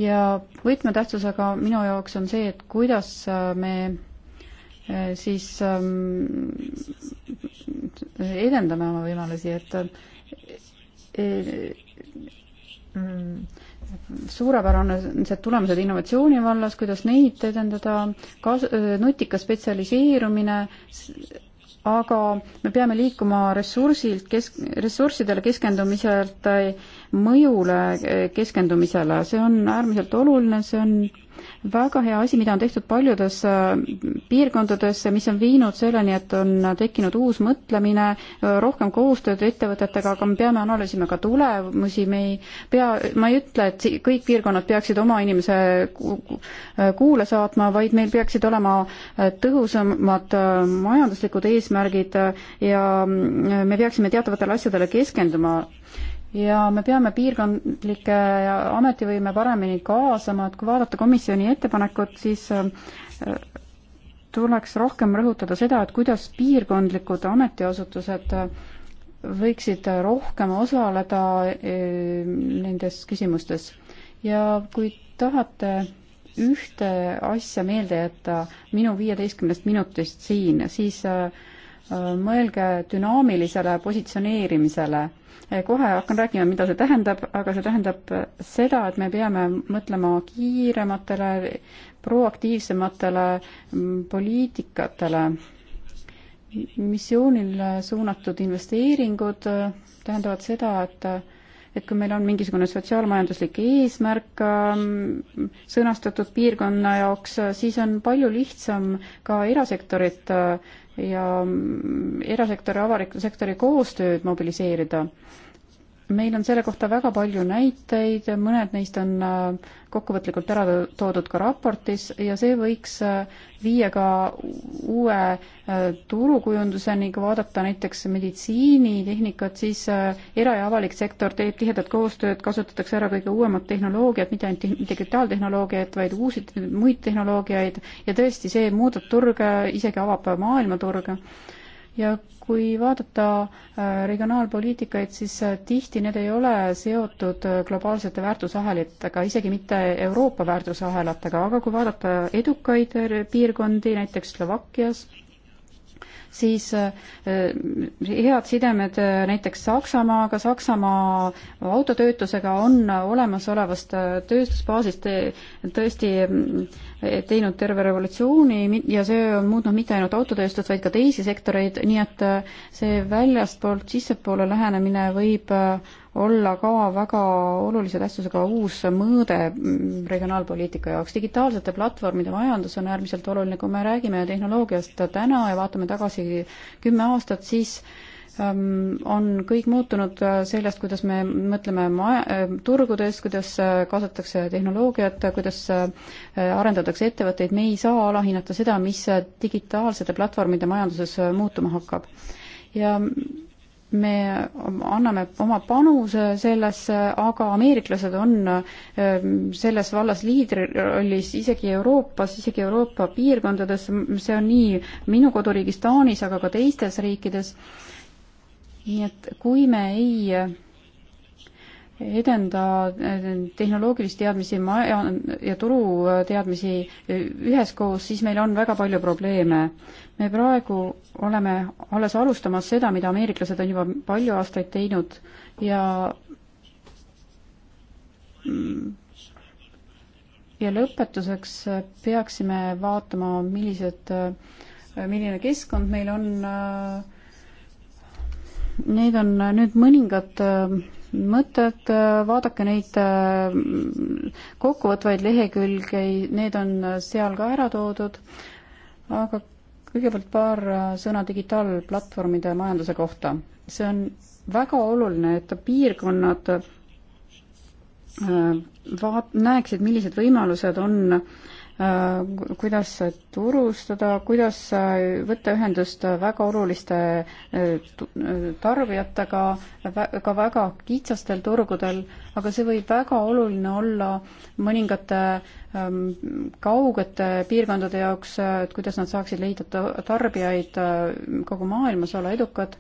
ja võtmetähtsusega minu jaoks on see, et kuidas äh, me äh, siis ähm, edendame oma võimalusi, et äh, mm, suurepärane on see tulemused innovatsiooni vallas, kuidas neid edendada, kas-, nutika spetsialiseerumine, aga me peame liikuma ressursilt kesk, ressurssidele keskendumiselt mõjule keskendumisele, see on äärmiselt oluline, see on väga hea asi, mida on tehtud paljudes äh, piirkondades, mis on viinud selleni, et on tekkinud uus mõtlemine, äh, rohkem koostööd ettevõtetega, aga me peame analüüsima ka tulemusi, me ei pea, ma ei ütle, et kõik piirkonnad peaksid oma inimese äh, kuule saatma, vaid meil peaksid olema tõhusamad majanduslikud eesmärgid ja mm, me peaksime teatavatele asjadele keskenduma ja me peame piirkondlikke ametivõime paremini kaasama, et kui vaadata komisjoni ettepanekut, siis äh, tuleks rohkem rõhutada seda, et kuidas piirkondlikud ametiasutused äh, võiksid rohkem osaleda äh, nendes küsimustes. ja kui tahate ühte asja meelde jätta minu viieteistkümnest minutist siin, siis mõelge dünaamilisele positsioneerimisele Eh, kohe hakkan rääkima, mida see tähendab, aga see tähendab seda, et me peame mõtlema kiirematele, proaktiivsematele mm, poliitikatele. missioonil suunatud investeeringud eh, tähendavad seda, et et kui meil on mingisugune sotsiaalmajanduslik eesmärk mm, sõnastatud piirkonna jaoks, siis on palju lihtsam ka erasektorit eh, ja erasektori, avaliku sektori koostööd mobiliseerida meil on selle kohta väga palju näiteid, mõned neist on äh, kokkuvõtlikult ära toodud ka raportis ja see võiks äh, viia ka uue äh, turukujunduseni, kui vaadata näiteks meditsiinitehnikat, siis era- ja avalik sektor teeb tihedat koostööd, kasutatakse ära kõige uuemat tehnoloogiat, mitte ainult digitaaltehnoloogiat, vaid uusi, muid tehnoloogiaid ja tõesti, see muudab turge, isegi avab maailmaturge ja kui vaadata äh, regionaalpoliitikaid, siis äh, tihti need ei ole seotud äh, globaalsete väärtusahelitega, isegi mitte Euroopa väärtusahelatega, aga kui vaadata edukaid piirkondi, näiteks Slovakkias, siis eh, head sidemed eh, näiteks Saksamaaga, Saksamaa autotöötlusega on olemasolevast eh, tööstusbaasist tõesti mm, teinud terve revolutsiooni ja see on muutnud mitte ainult autotööstust, vaid ka teisi sektoreid, nii et see väljastpoolt sissepoole lähenemine võib olla ka väga olulise tähtsusega uus mõõde regionaalpoliitika jaoks. digitaalsete platvormide majandus on äärmiselt oluline, kui me räägime tehnoloogiast täna ja vaatame tagasi kümme aastat, siis ähm, on kõik muutunud äh, sellest, kuidas me mõtleme maja, äh, turgudest, kuidas äh, kasutatakse tehnoloogiat, kuidas arendatakse ettevõtteid, me ei saa alahinnata seda, mis digitaalsete platvormide majanduses muutuma hakkab. ja me anname oma panuse sellesse, aga ameeriklased on äh, selles vallas liidrirollis isegi Euroopas, isegi Euroopa piirkondades, see on nii minu koduriigis Taanis, aga ka teistes riikides. nii et kui me ei edenda eh, tehnoloogilisi teadmisi maja ja turuteadmisi üheskoos, siis meil on väga palju probleeme. me praegu oleme alles alustamas seda, mida ameeriklased on juba palju aastaid teinud ja mm, ja lõpetuseks peaksime vaatama, millised, milline keskkond meil on. Need on nüüd mõningad äh, mõtted, äh, vaadake neid äh, kokkuvõtvaid lehekülgi, need on äh, seal ka ära toodud, aga kõigepealt paar sõna digitaalplatvormide majanduse kohta. see on väga oluline, et piirkonnad vaat-, näeksid, millised võimalused on äh, Äh, kuidas turustada, kuidas äh, võtta ühendust äh, väga oluliste tarbijatega, ka väga kitsastel turgudel, aga see võib väga oluline olla mõningate ähm, kaugete piirkondade jaoks, et kuidas nad saaksid leida tarbijaid kogu maailmas, olla edukad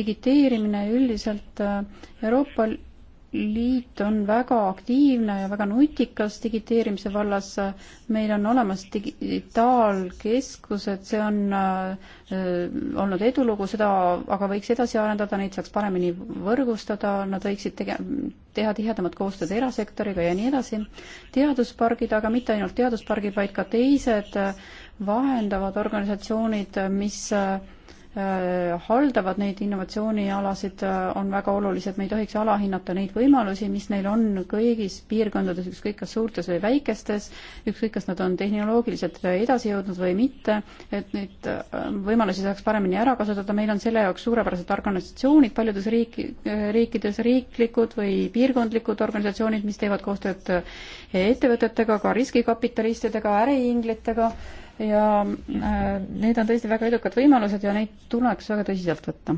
digiteerimine üldiselt Euroopa liit on väga aktiivne ja väga nutikas digiteerimise vallas. meil on olemas digitaalkeskused, see on äh, olnud edulugu, seda aga võiks edasi arendada, neid saaks paremini võrgustada, nad võiksid tege-, teha tihedamat koostööd erasektoriga ja nii edasi. teaduspargid, aga mitte ainult teaduspargid, vaid ka teised äh, vahendavad organisatsioonid, mis äh, Äh, haldavad neid innovatsioonialasid, äh, on väga olulised, me ei tohiks alahinnata neid võimalusi, mis neil on kõigis piirkondades, ükskõik kas suurtes või väikestes, ükskõik kas nad on tehnoloogiliselt edasi jõudnud või mitte, et neid äh, võimalusi saaks paremini ära kasutada, meil on selle jaoks suurepärased organisatsioonid paljudes riik, riikides, riiklikud või piirkondlikud organisatsioonid, mis teevad koostööd ettevõtetega, ka riskikapitalistidega, äriinglitega ja äh, need on tõesti väga edukad võimalused ja neid tuleks väga tõsiselt võtta.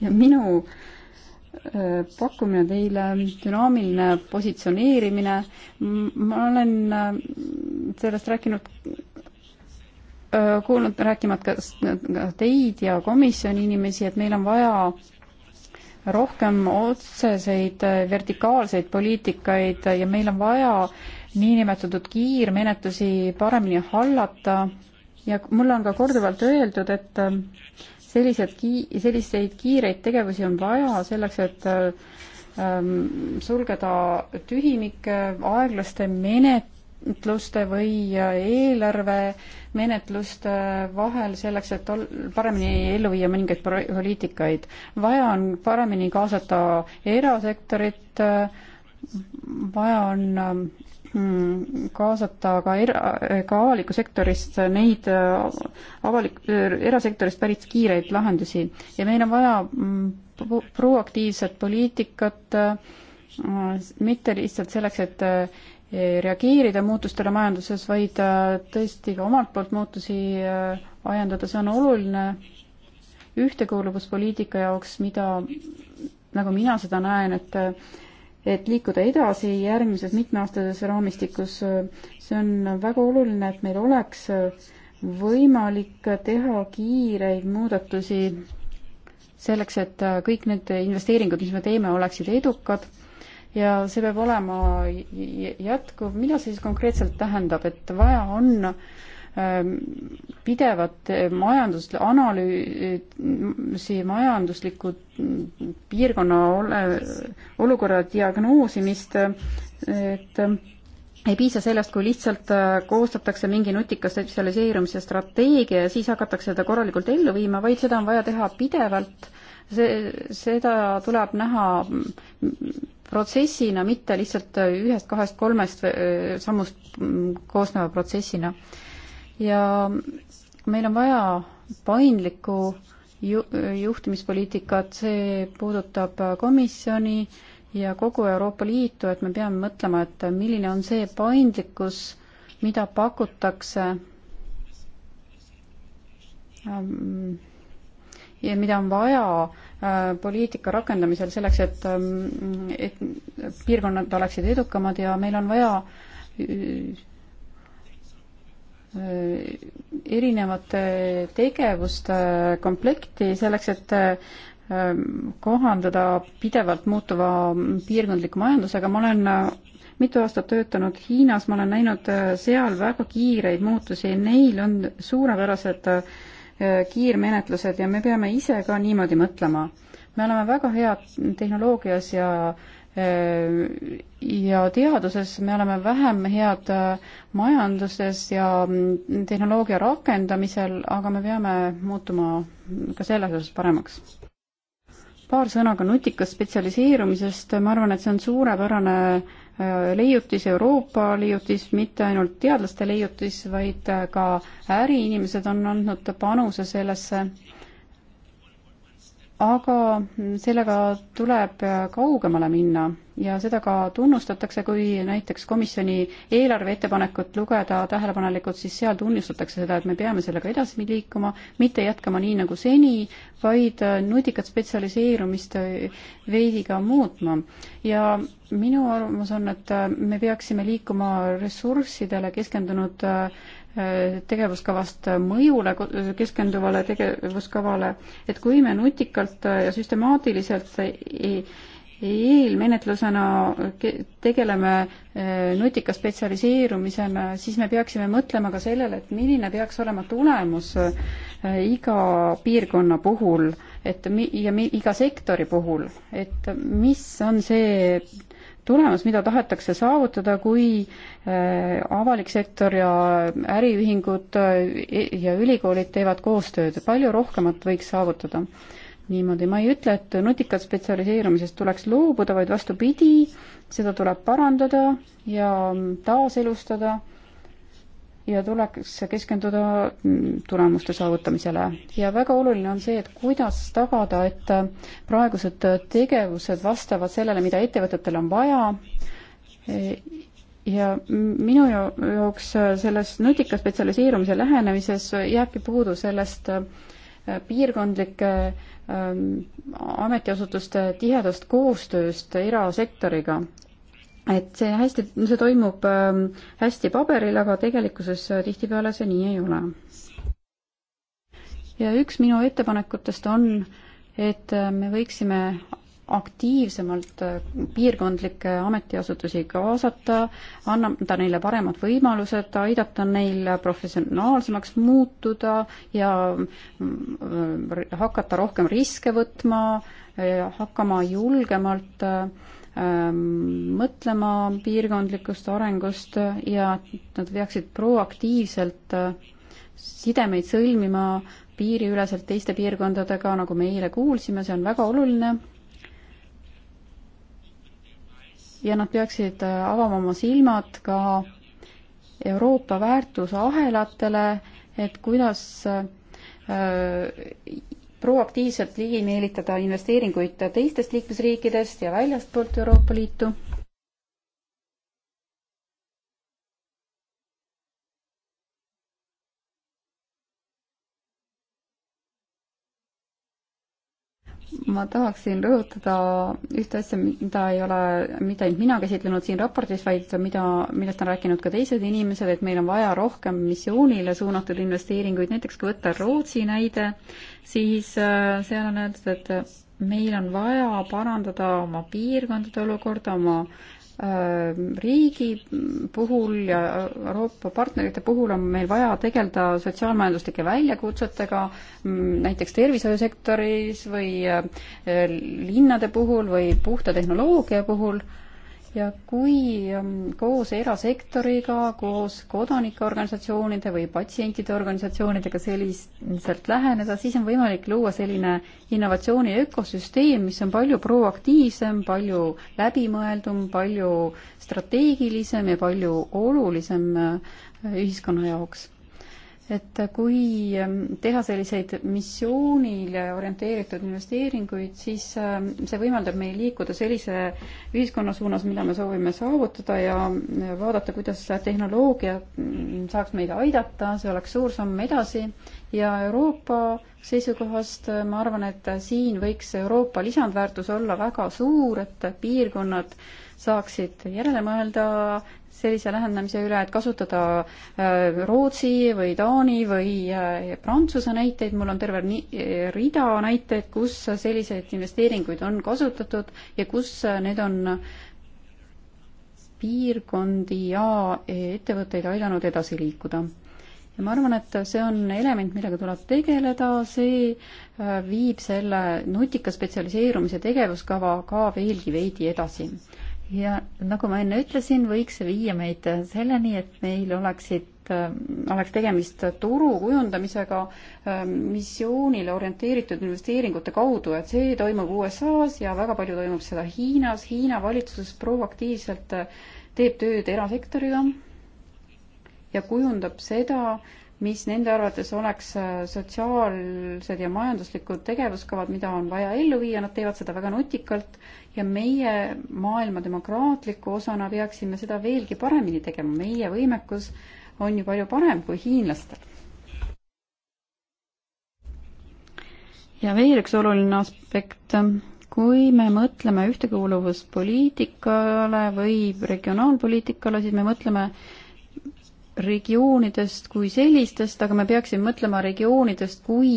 ja minu äh, pakkumine teile, dünaamiline positsioneerimine, ma olen äh, sellest rääkinud, kuulnud rääkimat ka teid ja komisjoni inimesi, et meil on vaja rohkem otseseid vertikaalseid poliitikaid ja meil on vaja äh, niinimetatud kiirmenetlusi paremini hallata ja mulle on ka korduvalt öeldud, et äh, sellised ki-, selliseid kiireid tegevusi on vaja selleks, et ähm, sulgeda tühimikke äh, aeglaste menetluste või äh, eelarvemenetluste vahel selleks, et ol-, paremini ellu viia mõningaid poliitikaid. vaja on paremini kaasata erasektorit, vaja on ähm, Mm, kaasata ka era, ka avaliku sektorist neid äh, avalik, äh, erasektorist pärit kiireid lahendusi ja meil on vaja mm, proaktiivset poliitikat, äh, mitte lihtsalt selleks, et reageerida muutustele majanduses, vaid tõesti ka omalt poolt muutusi ajendada, see on oluline ühtekuuluvuspoliitika jaoks, mida, nagu mina seda näen, et et liikuda edasi järgmises mitmeaastases raamistikus. see on väga oluline, et meil oleks võimalik teha kiireid muudatusi selleks, et kõik need investeeringud, mis me teeme, oleksid edukad ja see peab olema jätkuv. mida see siis konkreetselt tähendab, et vaja on äh, Ähm, pidevat äh, majandusanalüüsi, majanduslikku piirkonna ole, olukorra diagnoosimist, et äh, ei piisa sellest, kui lihtsalt äh, koostatakse mingi nutika spetsialiseerumise strateegia ja siis hakatakse seda korralikult ellu viima, vaid seda on vaja teha pidevalt. see, seda tuleb näha protsessina, mitte lihtsalt ühest-kahest-kolmest sammust mm, koosneva protsessina ja meil on vaja paindlikku ju-, juhtimispoliitikat, see puudutab komisjoni ja kogu Euroopa Liitu, et me peame mõtlema, et milline on see paindlikkus, mida pakutakse ähm, ja mida on vaja äh, poliitika rakendamisel selleks, et, ähm, et piirkonnad oleksid edukamad ja meil on vaja äh, Äh, erinevate tegevuste komplekti selleks, et ähm, kohandada pidevalt muutuva piirkondliku majandusega. ma olen äh, mitu aastat töötanud Hiinas, ma olen näinud äh, seal väga kiireid muutusi, neil on suurepärased kiirmenetlused ja me peame ise ka niimoodi mõtlema. me oleme väga head tehnoloogias ja äh, ja teaduses me oleme vähem head äh, majanduses ja mm, tehnoloogia rakendamisel, aga me peame muutuma ka selles osas paremaks. paar sõna ka nutikast spetsialiseerumisest, ma arvan, et see on suurepärane äh, leiutis, Euroopa leiutis, mitte ainult teadlaste leiutis, vaid äh, ka äriinimesed on andnud panuse sellesse aga sellega tuleb kaugemale minna ja seda ka tunnustatakse, kui näiteks komisjoni eelarve ettepanekut lugeda tähelepanelikult, siis seal tunnistatakse seda, et me peame sellega edasi liikuma, mitte jätkama nii nagu seni, vaid nutikat spetsialiseerumist veidi ka muutma. ja minu arvamus on, et me peaksime liikuma ressurssidele keskendunud tegevuskavast mõjule keskenduvale tegevuskavale, et kui me nutikalt ja süstemaatiliselt eelmenetlusena tegeleme e, nutika spetsialiseerumisena, siis me peaksime mõtlema ka sellele, et milline peaks olema tulemus e, iga piirkonna puhul, et mi-, ja mi-, iga sektori puhul, et mis on see tulemus, mida tahetakse saavutada, kui äh, avalik sektor ja äriühingud äh, e-, ja ülikoolid teevad koostööd, palju rohkemat võiks saavutada. niimoodi, ma ei ütle, et nutikat spetsialiseerumisest tuleks loobuda, vaid vastupidi, seda tuleb parandada ja taaselustada ja tuleks keskenduda mm, tulemuste saavutamisele. ja väga oluline on see, et kuidas tagada, et äh, praegused äh, tegevused vastavad sellele, mida ettevõtetel on vaja e, ja minu jaoks äh, selles nutika spetsialiseerumise lähenemises jääbki puudu sellest piirkondlike ähm, ametiasutuste tihedast koostööst erasektoriga et see hästi, see toimub ähm, hästi paberil, aga tegelikkuses äh, tihtipeale see nii ei ole. ja üks minu ettepanekutest on, et äh, me võiksime aktiivsemalt äh, piirkondlikke ametiasutusi kaasata, anda neile paremad võimalused, aidata neil professionaalsemaks muutuda ja mm, hakata rohkem riske võtma, hakkama julgemalt Ähm, mõtlema piirkondlikust arengust ja nad peaksid proaktiivselt äh, sidemeid sõlmima piiriüleselt teiste piirkondadega, nagu me eile kuulsime, see on väga oluline. ja nad peaksid äh, avama oma silmad ka Euroopa väärtusahelatele, et kuidas äh, proaktiivselt ligi meelitada investeeringuid teistest liikmesriikidest ja väljastpoolt Euroopa Liitu ma tahaksin rõhutada ühte asja, mida ei ole mitte ainult mina käsitlenud siin raportis, vaid mida, millest on rääkinud ka teised inimesed, et meil on vaja rohkem missioonile suunatud investeeringuid, näiteks kui võtta Rootsi näide, siis äh, seal on öeldud, et meil on vaja parandada oma piirkondade olukorda, oma Äh, riigi puhul ja Euroopa partnerite puhul on meil vaja tegeleda sotsiaalmajanduslike väljakutsetega, näiteks tervishoiusektoris või äh, linnade puhul või puhta tehnoloogia puhul ja kui ähm, koos erasektoriga, koos kodanikeorganisatsioonide või patsientide organisatsioonidega selliselt läheneda, siis on võimalik luua selline innovatsiooni ökosüsteem, mis on palju proaktiivsem, palju läbimõeldum, palju strateegilisem ja palju olulisem äh, ühiskonna jaoks et kui ähm, teha selliseid missioonile orienteeritud investeeringuid, siis ähm, see võimaldab meil liikuda sellise ühiskonna suunas, mida me soovime saavutada ja äh, vaadata, kuidas tehnoloogia mm, saaks meid aidata, see oleks suur samm edasi ja Euroopa seisukohast äh, ma arvan, et siin võiks Euroopa lisandväärtus olla väga suur, et piirkonnad saaksid järele mõelda, sellise lähenemise üle, et kasutada äh, Rootsi või Taani või äh, Prantsuse näiteid, mul on terve rida näiteid, kus selliseid investeeringuid on kasutatud ja kus äh, need on piirkondi ja ettevõtteid aidanud edasi liikuda. ja ma arvan, et see on element, millega tuleb tegeleda, see viib selle nutika spetsialiseerumise tegevuskava ka veelgi veidi edasi ja nagu ma enne ütlesin, võiks see viia meid selleni, et meil oleksid, äh, oleks tegemist turu kujundamisega ähm, missioonile orienteeritud investeeringute kaudu, et see toimub USA-s ja väga palju toimub seda Hiinas, Hiina valitsus proaktiivselt äh, teeb tööd erasektoriga ja kujundab seda, mis nende arvates oleks äh, sotsiaalsed ja majanduslikud tegevuskavad, mida on vaja ellu viia, nad teevad seda väga nutikalt ja meie maailma demokraatliku osana peaksime seda veelgi paremini tegema, meie võimekus on ju palju parem kui hiinlastel. ja veel üks oluline aspekt, kui me mõtleme ühtekuuluvuspoliitikale või regionaalpoliitikale, siis me mõtleme äh, regioonidest kui sellistest, aga me peaksime mõtlema regioonidest kui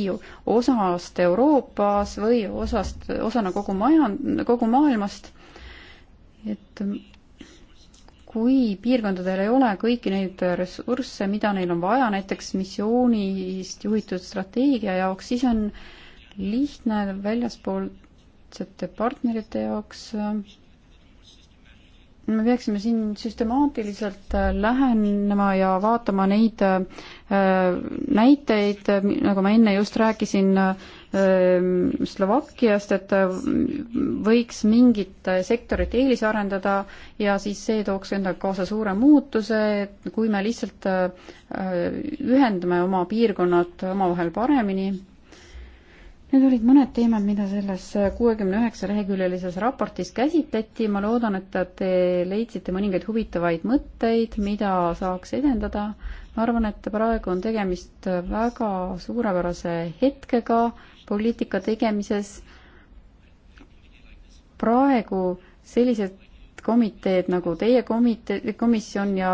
osast Euroopas või osast, osana kogu maja, kogu maailmast. et kui piirkondadel ei ole kõiki neid ressursse, mida neil on vaja näiteks missioonist juhitud strateegia jaoks, siis on lihtne väljaspoolsete partnerite jaoks me peaksime siin süstemaatiliselt äh, lähenema ja vaatama neid äh, näiteid, nagu ma enne just rääkisin äh, Slovakkiast, et võiks mingit sektorit eelis arendada ja siis see tooks endaga kaasa suure muutuse, et kui me lihtsalt ühendame oma piirkonnad omavahel paremini Need olid mõned teemad, mida selles kuuekümne üheksa leheküljelises raportis käsitleti, ma loodan, et te leidsite mõningaid huvitavaid mõtteid, mida saaks edendada. ma arvan, et praegu on tegemist väga suurepärase hetkega poliitika tegemises. praegu sellised komiteed nagu teie komitee, komisjon ja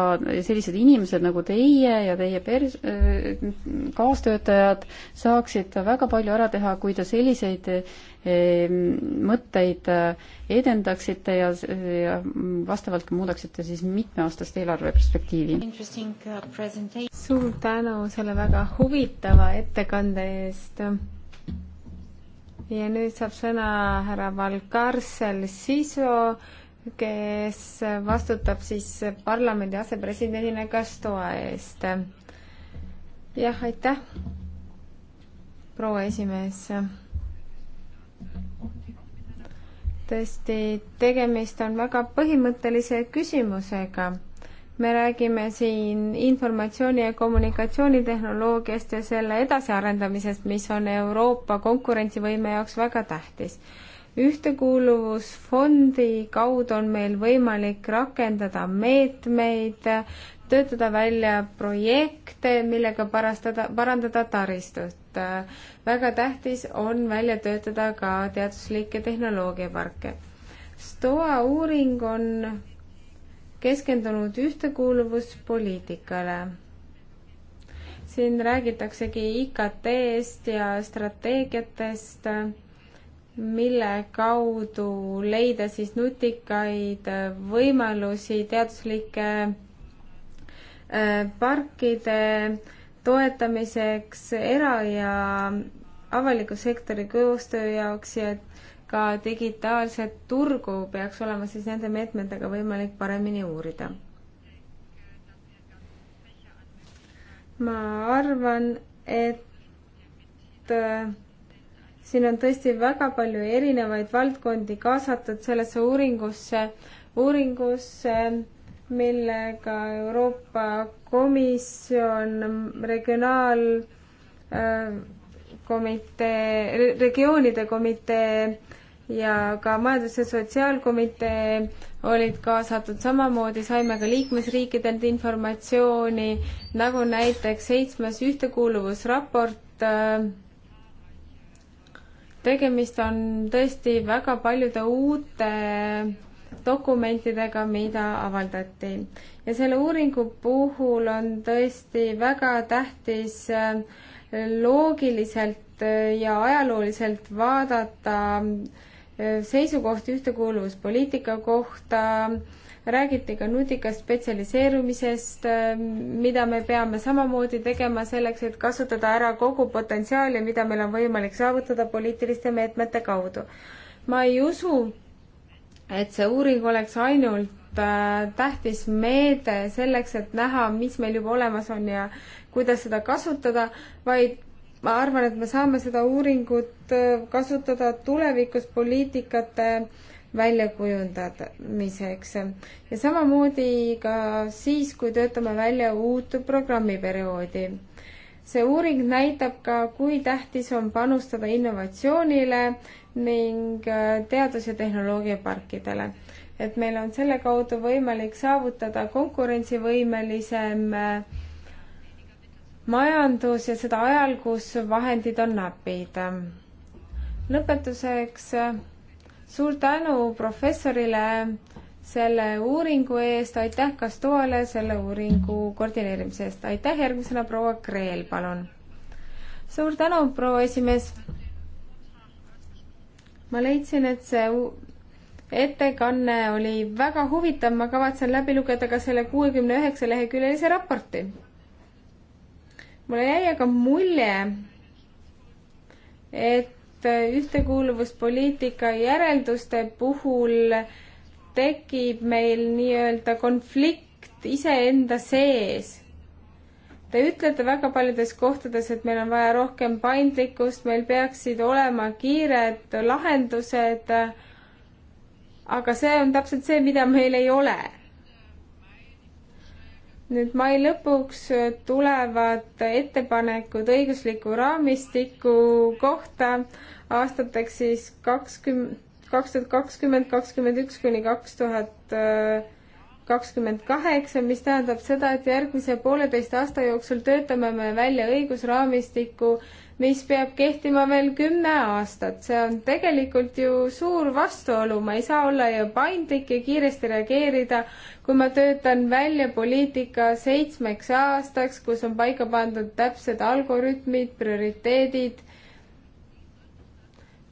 sellised inimesed nagu teie ja teie pers-, äh, kaastöötajad saaksid väga palju ära teha, kui te selliseid ähm, mõtteid äh, edendaksite ja, ja vastavalt ka muudaksite siis mitmeaastast eelarveperspektiivi. Uh, suur tänu selle väga huvitava ettekande eest ja nüüd saab sõna härra Valkarsel Siso kes vastutab siis parlamendi asepresidendina Kastoa eest. jah, aitäh, proua esimees. tõesti, tegemist on väga põhimõttelise küsimusega. me räägime siin informatsiooni- ja kommunikatsioonitehnoloogiast ja selle edasiarendamisest, mis on Euroopa konkurentsivõime jaoks väga tähtis ühtekuuluvusfondi kaudu on meil võimalik rakendada meetmeid, töötada välja projekte, millega parastada, parandada taristut. väga tähtis on välja töötada ka teaduslikke tehnoloogiaparke. STOA uuring on keskendunud ühtekuuluvuspoliitikale siin räägitaksegi IKT-st ja strateegiatest mille kaudu leida siis nutikaid võimalusi teaduslike äh, parkide toetamiseks era- ja avaliku sektori koostöö jaoks ja ka digitaalset turgu peaks olema siis nende meetmetega võimalik paremini uurida. ma arvan, et äh, siin on tõesti väga palju erinevaid valdkondi kaasatud sellesse uuringusse, uuringusse, millega Euroopa Komisjon regionaalkomitee, äh, regioonide komitee ja ka Majandus- ja Sotsiaalkomitee olid kaasatud, samamoodi saime ka liikmesriikidelt informatsiooni, nagu näiteks seitsmes ühtekuuluvusraport äh, tegemist on tõesti väga paljude uute dokumentidega, mida avaldati. ja selle uuringu puhul on tõesti väga tähtis äh, loogiliselt äh, ja ajalooliselt vaadata äh, seisukohti ühtekuuluvuspoliitika kohta, räägiti ka nutikast spetsialiseerumisest, ähm, mida me peame samamoodi tegema selleks, et kasutada ära kogu potentsiaali, mida meil on võimalik saavutada poliitiliste meetmete kaudu. ma ei usu, et see uuring oleks ainult äh, tähtis meede selleks, et näha, mis meil juba olemas on ja kuidas seda kasutada, vaid ma arvan, et me saame seda uuringut äh, kasutada tulevikus poliitikate äh, väljakujundamiseks. ja samamoodi ka siis, kui töötame välja uut programmiperioodi. see uuring näitab ka, kui tähtis on panustada innovatsioonile ning äh, teadus- ja tehnoloogiaparkidele. et meil on selle kaudu võimalik saavutada konkurentsivõimelisem äh, majandus ja seda ajal, kus vahendid on napid. lõpetuseks äh, suur tänu professorile selle uuringu eest, aitäh Kastoale selle uuringu koordineerimise eest, aitäh, järgmisena proua Kreel, palun. suur tänu, proua esimees. ma leidsin, et see ettekanne oli väga huvitav, ma kavatsen läbi lugeda ka selle kuuekümne üheksa leheküljelise raporti. mulle jäi aga mulje, et et ühtekuuluvuspoliitika järelduste puhul tekib meil nii-öelda konflikt iseenda sees. Te ütlete väga paljudes kohtades, et meil on vaja rohkem paindlikkust, meil peaksid olema kiired lahendused, aga see on täpselt see, mida meil ei ole nüüd mai lõpuks tulevad ettepanekud õigusliku raamistiku kohta aastateks siis kakskümmend, kaks tuhat kakskümmend, kakskümmend üks kuni kaks tuhat kakskümmend kaheksa, mis tähendab seda, et järgmise pooleteist aasta jooksul töötame me välja õigusraamistiku, mis peab kehtima veel kümme aastat. see on tegelikult ju suur vastuolu, ma ei saa olla ju paindlik ja kiiresti reageerida kui ma töötan välja poliitika seitsmeks aastaks, kus on paika pandud täpsed algoritmid, prioriteedid,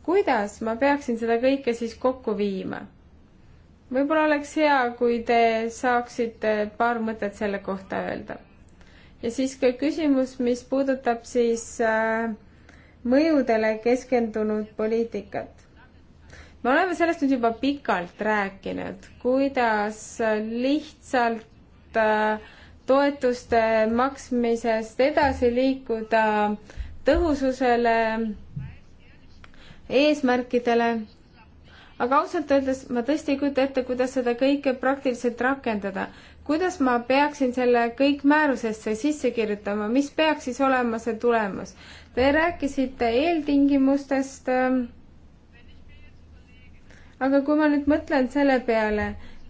kuidas ma peaksin seda kõike siis kokku viima? võib-olla oleks hea, kui te saaksite paar mõtet selle kohta öelda. ja siis ka küsimus, mis puudutab siis äh, mõjudele keskendunud poliitikat me oleme sellest nüüd juba pikalt rääkinud, kuidas lihtsalt äh, toetuste maksmisest edasi liikuda tõhususele, eesmärkidele, aga ausalt öeldes ma tõesti ei kujuta ette, kuidas seda kõike praktiliselt rakendada. kuidas ma peaksin selle kõik määrusesse sisse kirjutama, mis peaks siis olema see tulemus? Te rääkisite eeltingimustest äh, aga kui ma nüüd mõtlen selle peale,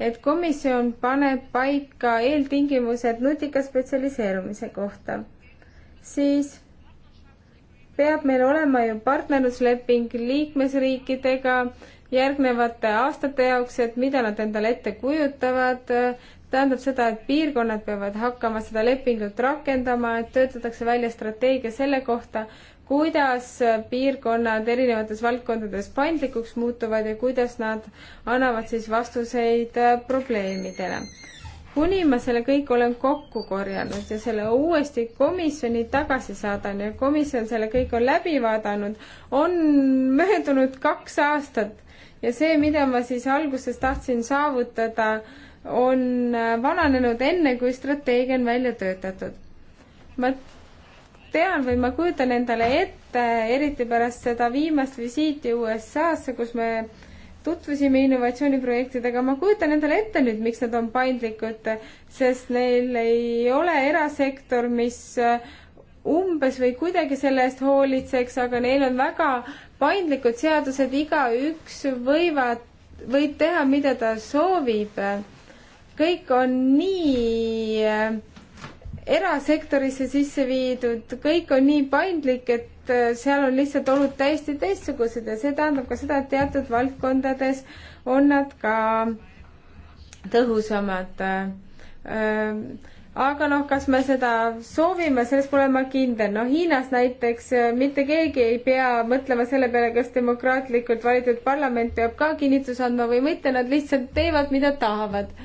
et komisjon paneb paika eeltingimused nutika spetsialiseerumise kohta, siis peab meil olema ju partnerlusleping liikmesriikidega järgnevate aastate jaoks, et mida nad endale ette kujutavad, tähendab seda, et piirkonnad peavad hakkama seda lepingut rakendama, et töötatakse välja strateegia selle kohta, kuidas piirkonnad erinevates valdkondades paindlikuks muutuvad ja kuidas nad annavad siis vastuseid probleemidele. kuni ma selle kõik olen kokku korjanud ja selle uuesti komisjoni tagasi saadan ja komisjon selle kõik on läbi vaadanud, on möödunud kaks aastat ja see, mida ma siis alguses tahtsin saavutada, on vananenud enne, kui strateegia on välja töötatud. ma tean või ma kujutan endale ette, eriti pärast seda viimast visiiti USA-sse, kus me tutvusime innovatsiooniprojektidega, ma kujutan endale ette nüüd, miks nad on paindlikud, sest neil ei ole erasektor, mis äh, umbes või kuidagi selle eest hoolitseks, aga neil on väga paindlikud seadused, igaüks võivad, võib teha, mida ta soovib. kõik on nii äh, erasektorisse sisse viidud, kõik on nii paindlik, et äh, seal on lihtsalt olud täiesti teistsugused ja see tähendab ka seda, et teatud valdkondades on nad ka tõhusamad. Äh, aga noh, kas me seda soovime, selles pole ma kindel. no Hiinas näiteks äh, mitte keegi ei pea mõtlema selle peale, kas demokraatlikult valitud parlament peab ka kinnituse andma või mitte, nad lihtsalt teevad, mida tahavad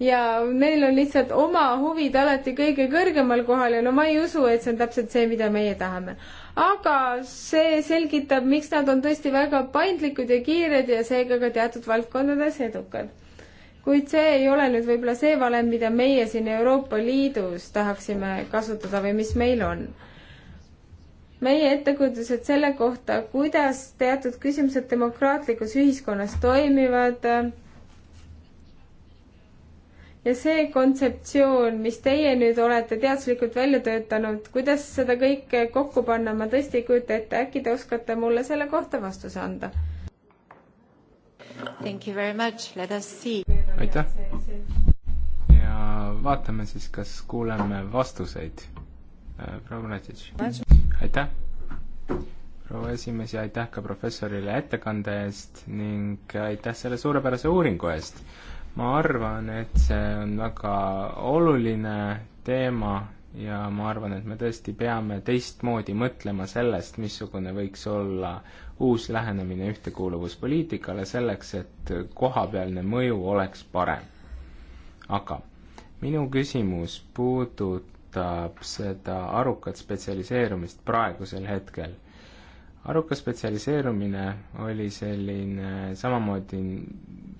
ja neil on lihtsalt oma huvid alati kõige kõrgemal kohal ja no ma ei usu, et see on täpselt see, mida meie tahame. aga see selgitab, miks nad on tõesti väga paindlikud ja kiired ja seega ka teatud valdkondades edukad. kuid see ei ole nüüd võib-olla see valem, mida meie siin Euroopa Liidus tahaksime kasutada või mis meil on meie ettekujutused selle kohta, kuidas teatud küsimused demokraatlikus ühiskonnas toimivad äh,, ja see kontseptsioon, mis teie nüüd olete teaduslikult välja töötanud, kuidas seda kõike kokku panna, ma tõesti ei kujuta ette, äkki te oskate mulle selle kohta vastuse anda? aitäh! ja vaatame siis, kas kuuleme vastuseid. Äh, proua Letic. aitäh! proua esimees ja aitäh ka professorile ettekande eest ning aitäh selle suurepärase uuringu eest ma arvan, et see on väga oluline teema ja ma arvan, et me tõesti peame teistmoodi mõtlema sellest, missugune võiks olla uus lähenemine ühtekuuluvuspoliitikale selleks, et kohapealne mõju oleks parem. aga minu küsimus puudutab seda arukat spetsialiseerumist praegusel hetkel arukas spetsialiseerumine oli selline samamoodi,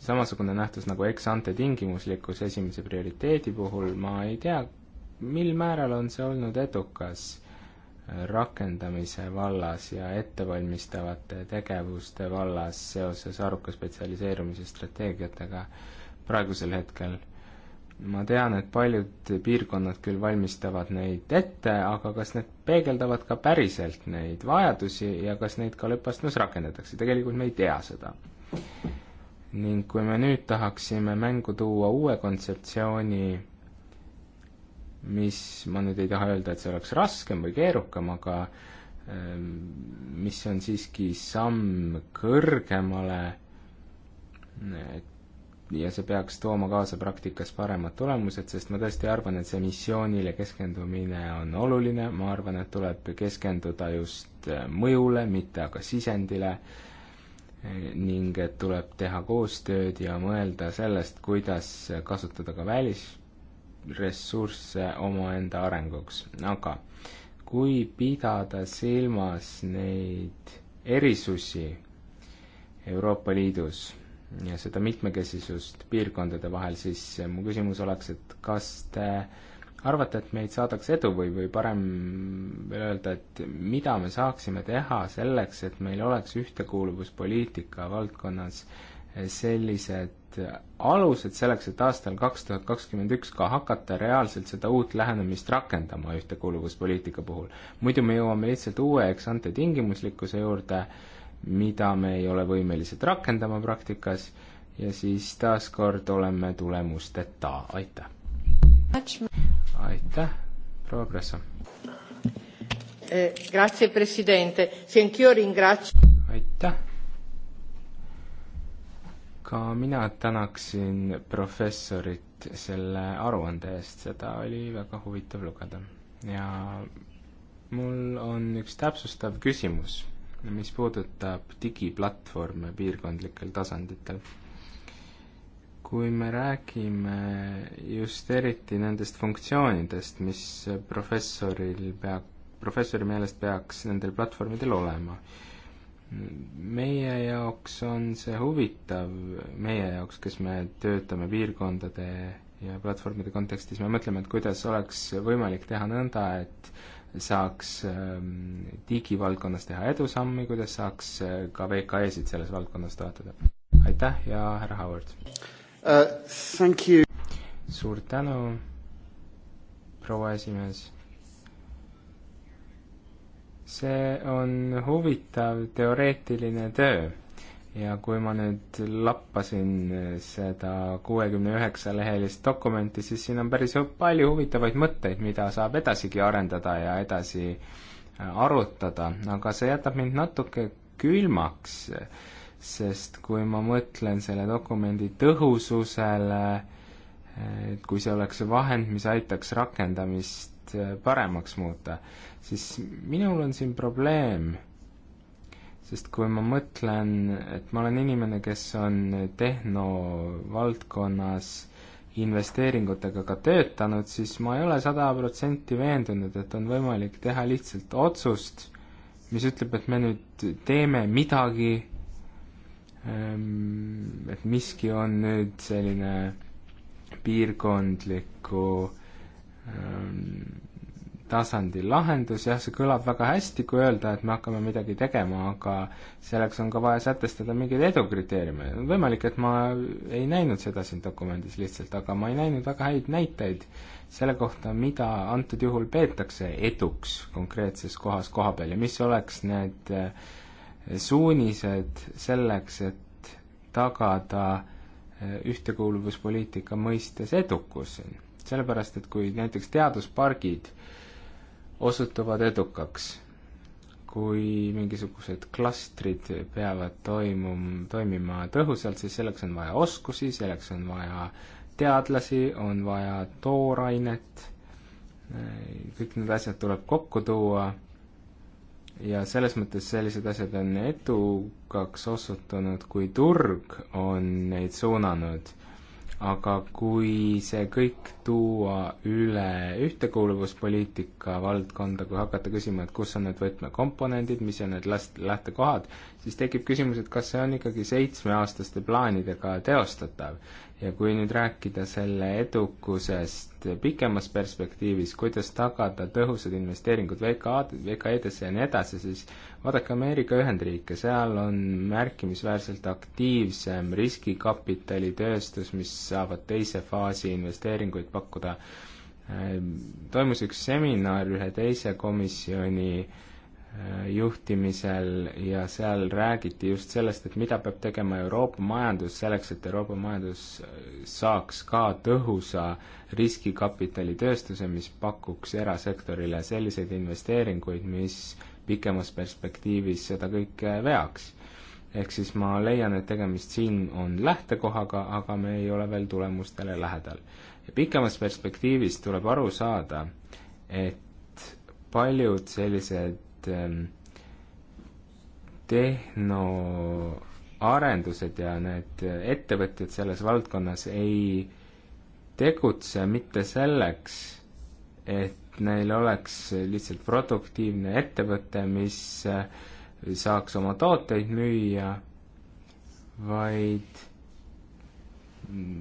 samasugune nähtus nagu ex-ante tingimuslikkus esimese prioriteedi puhul, ma ei tea, mil määral on see olnud edukas rakendamise vallas ja ettevalmistavate tegevuste vallas seoses aruka spetsialiseerumise strateegiatega praegusel hetkel ma tean, et paljud piirkonnad küll valmistavad neid ette, aga kas need peegeldavad ka päriselt neid vajadusi ja kas neid ka lõppastmes rakendatakse, tegelikult me ei tea seda. ning kui me nüüd tahaksime mängu tuua uue kontseptsiooni, mis, ma nüüd ei taha öelda, et see oleks raskem või keerukam, aga ehm, mis on siiski samm kõrgemale ja see peaks tooma kaasa praktikas paremad tulemused, sest ma tõesti arvan, et see missioonile keskendumine on oluline, ma arvan, et tuleb keskenduda just äh, mõjule, mitte aga sisendile, ning et tuleb teha koostööd ja mõelda sellest, kuidas kasutada ka välisressursse omaenda arenguks, aga kui pidada silmas neid erisusi Euroopa Liidus ja seda mitmekesisust piirkondade vahel, siis mu küsimus oleks, et kas te arvate, et meid saadakse edu või, või parem veel öelda, et mida me saaksime teha selleks, et meil oleks ühtekuuluvuspoliitika valdkonnas sellised alused selleks, et aastal kaks tuhat kakskümmend üks ka hakata reaalselt seda uut lähenemist rakendama ühtekuuluvuspoliitika puhul. muidu me jõuame lihtsalt uue eksante tingimuslikkuse juurde äh,, mida me ei ole võimelised rakendama praktikas ja siis taaskord oleme tulemusteta, aitäh. aitäh, proua eh, Presso. aitäh. ka mina tänaksin professorit selle aruande eest, seda oli väga huvitav lugeda ja mul on üks täpsustav küsimus mis puudutab digiplatvorme piirkondlikel tasanditel. kui me räägime just eriti nendest funktsioonidest, mis professoril peab, professori meelest peaks nendel platvormidel olema, meie jaoks on see huvitav, meie jaoks, kes me töötame piirkondade ja platvormide kontekstis, me mõtleme, et kuidas oleks võimalik teha nõnda, et saaks ähm, digivaldkonnas teha edusamme, kuidas saaks äh, ka VKE-sid selles valdkonnas toetada. aitäh ja härra Howard uh,! suur tänu, proua esimees see on huvitav teoreetiline töö ja kui ma nüüd lappasin eh, seda kuuekümne üheksa lehelist dokumenti, siis siin on päris palju huvitavaid mõtteid, mida saab edasigi arendada ja edasi eh, arutada, aga see jätab mind natuke külmaks, sest kui ma mõtlen selle dokumendi tõhususele, eh, et kui see oleks see vahend, mis aitaks rakendamist paremaks muuta, siis minul on siin probleem sest kui ma mõtlen, et ma olen inimene, kes on tehnovaldkonnas investeeringutega ka töötanud, siis ma ei ole sada protsenti veendunud, et on võimalik teha lihtsalt otsust, mis ütleb, et me nüüd teeme midagi, ehm, et miski on nüüd selline piirkondliku ähm, tasandi lahendus, jah, see kõlab väga hästi, kui öelda, et me hakkame midagi tegema, aga selleks on ka vaja sätestada mingeid edukriteeriume. võimalik, et ma ei näinud seda siin dokumendis lihtsalt, aga ma ei näinud väga häid näiteid selle kohta, mida antud juhul peetakse eduks konkreetses kohas koha peal ja mis oleks need eh, suunised selleks, et tagada eh, ühtekuuluvuspoliitika mõistes edukus. sellepärast, et kui näiteks teaduspargid äh, osutuvad edukaks, kui mingisugused klastrid peavad toimum-, toimima tõhusalt, siis selleks on vaja oskusi, selleks on vaja teadlasi, on vaja toorainet, kõik need asjad tuleb kokku tuua ja selles mõttes sellised asjad on edukaks osutunud, kui turg on neid suunanud aga kui see kõik tuua üle ühtekuuluvuspoliitika valdkonda, kui hakata küsima, et kus on need võtmekomponendid, mis on need last-, lähtekohad, siis tekib küsimus, et kas see on ikkagi seitsmeaastaste plaanidega teostatav ja kui nüüd rääkida selle edukusest pikemas perspektiivis, kuidas tagada tõhusad investeeringud VKA-d, VKE-desse ja nii edasi, siis vaadake Ameerika Ühendriike, seal on märkimisväärselt aktiivsem riskikapitalitööstus, mis saavad teise faasi investeeringuid pakkuda. toimus üks seminar ühe teise komisjoni äh, Äh, juhtimisel ja seal räägiti just sellest, et mida peab tegema Euroopa majandus selleks, et Euroopa majandus äh, saaks ka tõhusa riskikapitalitööstuse, mis pakuks erasektorile selliseid investeeringuid, mis pikemas perspektiivis seda kõike äh, veaks. ehk siis ma leian, et tegemist siin on lähtekohaga, aga me ei ole veel tulemustele lähedal. ja pikemas perspektiivis tuleb aru saada, et paljud sellised et ehm, tehnoarendused ja need ettevõtjad selles valdkonnas ei tegutse mitte selleks, et neil oleks lihtsalt produktiivne ettevõte, mis eh, saaks oma tooteid müüa, vaid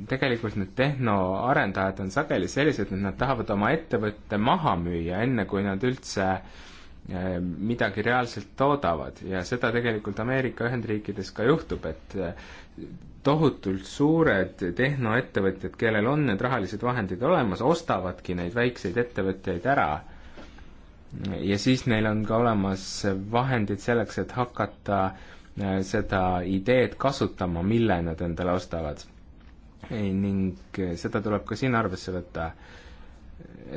tegelikult need tehnoarendajad on sageli sellised, et nad tahavad oma ettevõtte maha müüa, enne kui nad üldse äh, Äh, midagi reaalselt toodavad ja seda tegelikult Ameerika Ühendriikides ka juhtub, et äh, tohutult suured tehnoettevõtjad, kellel on need rahalised vahendid olemas, ostavadki neid väikseid ettevõtteid ära. ja siis neil on ka olemas vahendid selleks, et hakata äh, seda ideed kasutama, mille nad endale ostavad. ning seda tuleb ka siin arvesse võtta,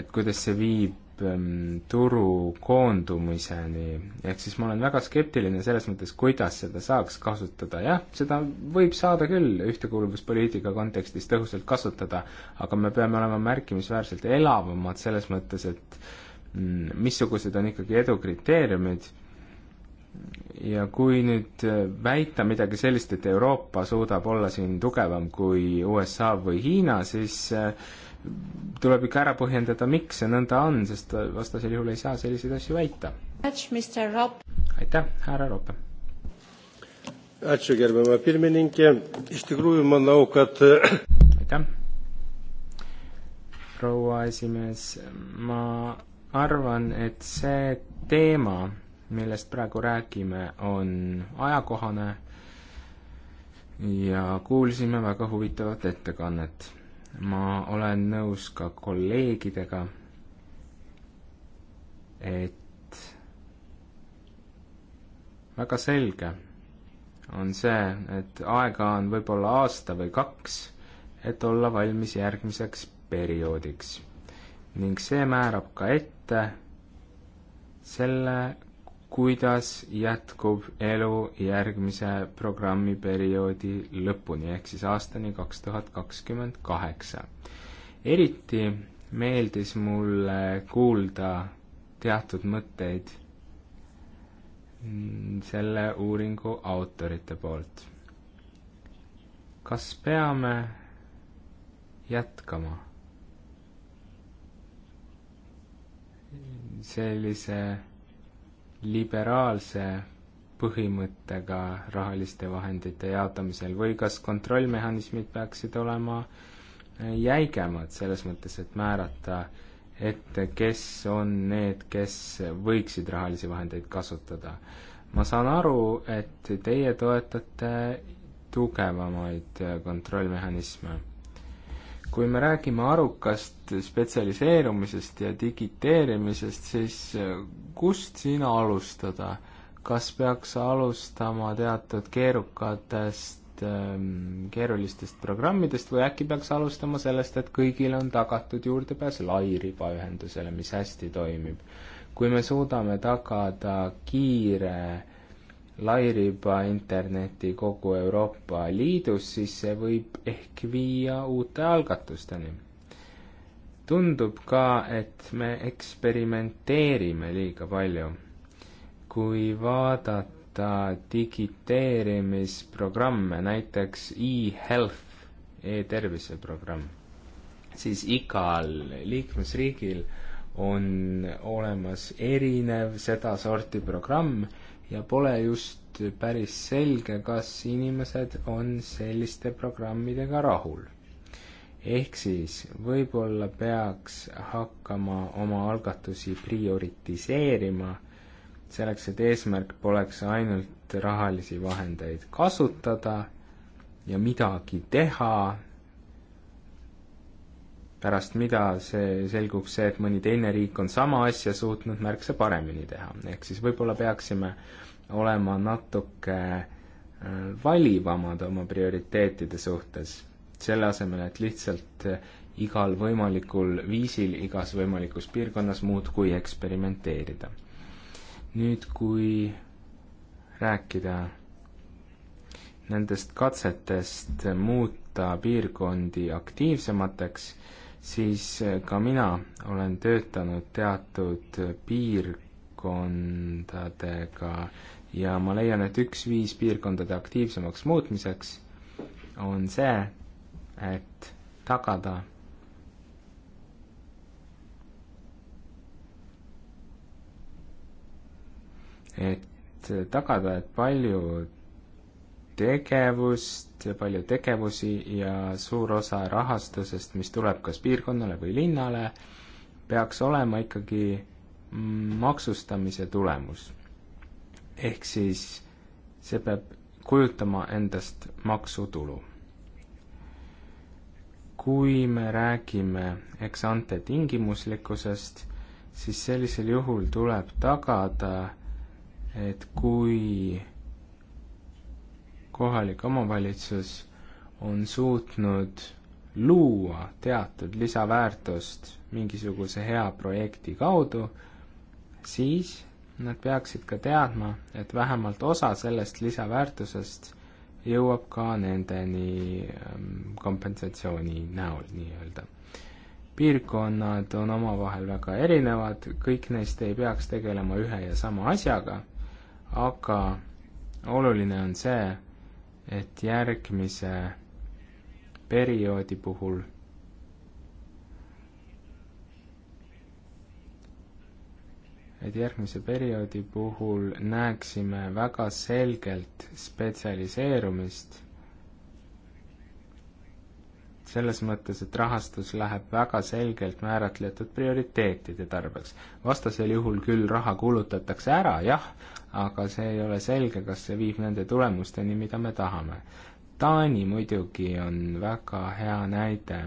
et kuidas see viib Ehm, turu koondumiseni, ehk siis ma olen väga skeptiline selles mõttes, kuidas seda saaks kasutada, jah, seda võib saada küll ühtekuuluvuspoliitika kontekstis tõhusalt kasutada, aga me peame olema märkimisväärselt elavamad selles mõttes, et mm, missugused on ikkagi edu kriteeriumid ja kui nüüd äh, väita midagi sellist, et Euroopa suudab olla siin tugevam kui USA või Hiina, siis äh, tuleb ikka ära põhjendada, miks see nõnda on, sest vastasel juhul ei saa selliseid asju väita. aitäh, härra Roppe. aitäh, proua esimees, ma arvan, et see teema, millest praegu räägime, on ajakohane ja kuulsime väga huvitavat ettekannet ma olen nõus ka kolleegidega, et väga selge on see, et aega on võib-olla aasta või kaks, et olla valmis järgmiseks perioodiks ning see määrab ka ette selle, kuidas jätkub elu järgmise programmiperioodi lõpuni, ehk siis aastani kaks tuhat kakskümmend kaheksa. eriti meeldis mulle kuulda teatud mõtteid selle uuringu autorite poolt. kas peame jätkama sellise liberaalse põhimõttega rahaliste vahendite jaotamisel või kas kontrollmehhanismid peaksid olema äh, jäigemad selles mõttes, et määrata ette, kes on need, kes võiksid rahalisi vahendeid kasutada. ma saan aru, et teie toetate tugevamaid äh, kontrollmehhanisme kui me räägime arukast spetsialiseerumisest ja digiteerimisest, siis äh, kust sina alustada? kas peaks alustama teatud keerukatest, ähm, keerulistest programmidest või äkki peaks alustama sellest, et kõigile on tagatud juurdepääs lairibaühendusele, mis hästi toimib? kui me suudame tagada kiire lairiba interneti kogu Euroopa Liidus, siis see võib ehk viia uute algatusteni. tundub ka, et me eksperimenteerime liiga palju. kui vaadata digiteerimisprogramme, näiteks e-health e, e-tervise programm, siis igal liikmesriigil on olemas erinev sedasorti programm ja pole just päris selge, kas inimesed on selliste programmidega rahul. ehk siis võib-olla peaks hakkama oma algatusi prioritiseerima, selleks et eesmärk poleks ainult rahalisi vahendeid kasutada ja midagi teha pärast mida see selguks see, et mõni teine riik on sama asja suutnud märksa paremini teha, ehk siis võib-olla peaksime olema natuke äh, valivamad oma prioriteetide suhtes, selle asemel, et lihtsalt äh, igal võimalikul viisil igas võimalikus piirkonnas muudkui eksperimenteerida. nüüd, kui rääkida nendest katsetest muuta piirkondi aktiivsemateks, siis äh, ka mina olen töötanud teatud piirkondadega ja ma leian, et üks viis piirkondade aktiivsemaks muutmiseks on see, et tagada et tagada, et paljud tegevust, palju tegevusi ja suur osa rahastusest, mis tuleb kas piirkonnale või linnale, peaks olema ikkagi maksustamise tulemus. ehk siis see peab kujutama endast maksutulu. kui me räägime eksante tingimuslikkusest, siis sellisel juhul tuleb tagada, et kui kohalik omavalitsus on suutnud luua teatud lisaväärtust mingisuguse hea projekti kaudu, siis nad peaksid ka teadma, et vähemalt osa sellest lisaväärtusest jõuab ka nendeni ähm, kompensatsiooni näol nii-öelda. piirkonnad on omavahel väga erinevad, kõik neist ei peaks tegelema ühe ja sama asjaga, aga oluline on see, et järgmise perioodi puhul et järgmise perioodi puhul näeksime väga selgelt spetsialiseerumist, selles mõttes, et rahastus läheb väga selgelt määratletud prioriteetide tarbeks. vastasel juhul küll raha kulutatakse ära, jah, aga see ei ole selge, kas see viib nende tulemusteni, mida me tahame. Taani muidugi on väga hea näide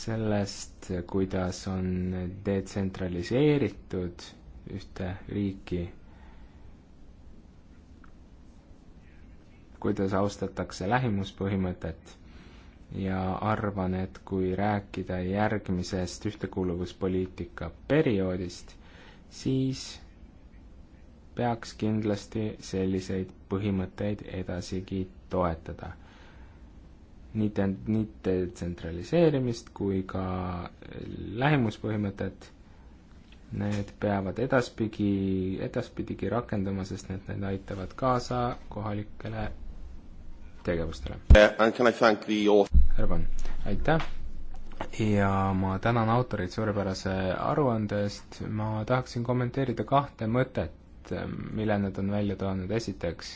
sellest, kuidas on detsentraliseeritud ühte riiki, kuidas austatakse lähimuspõhimõtet ja arvan, et kui rääkida järgmisest ühtekuuluvuspoliitika perioodist, siis peaks kindlasti selliseid põhimõtteid edasigi toetada. nii te-, nii detsentraliseerimist kui ka lähimuspõhimõtet, need peavad edaspidi, edaspidigi rakenduma, sest need, need aitavad kaasa kohalikele tegevustele. Urban, aitäh ja ma tänan autoreid suurepärase aruande eest, ma tahaksin kommenteerida kahte mõtet, mõtted, ähm, mille nad on välja toonud, esiteks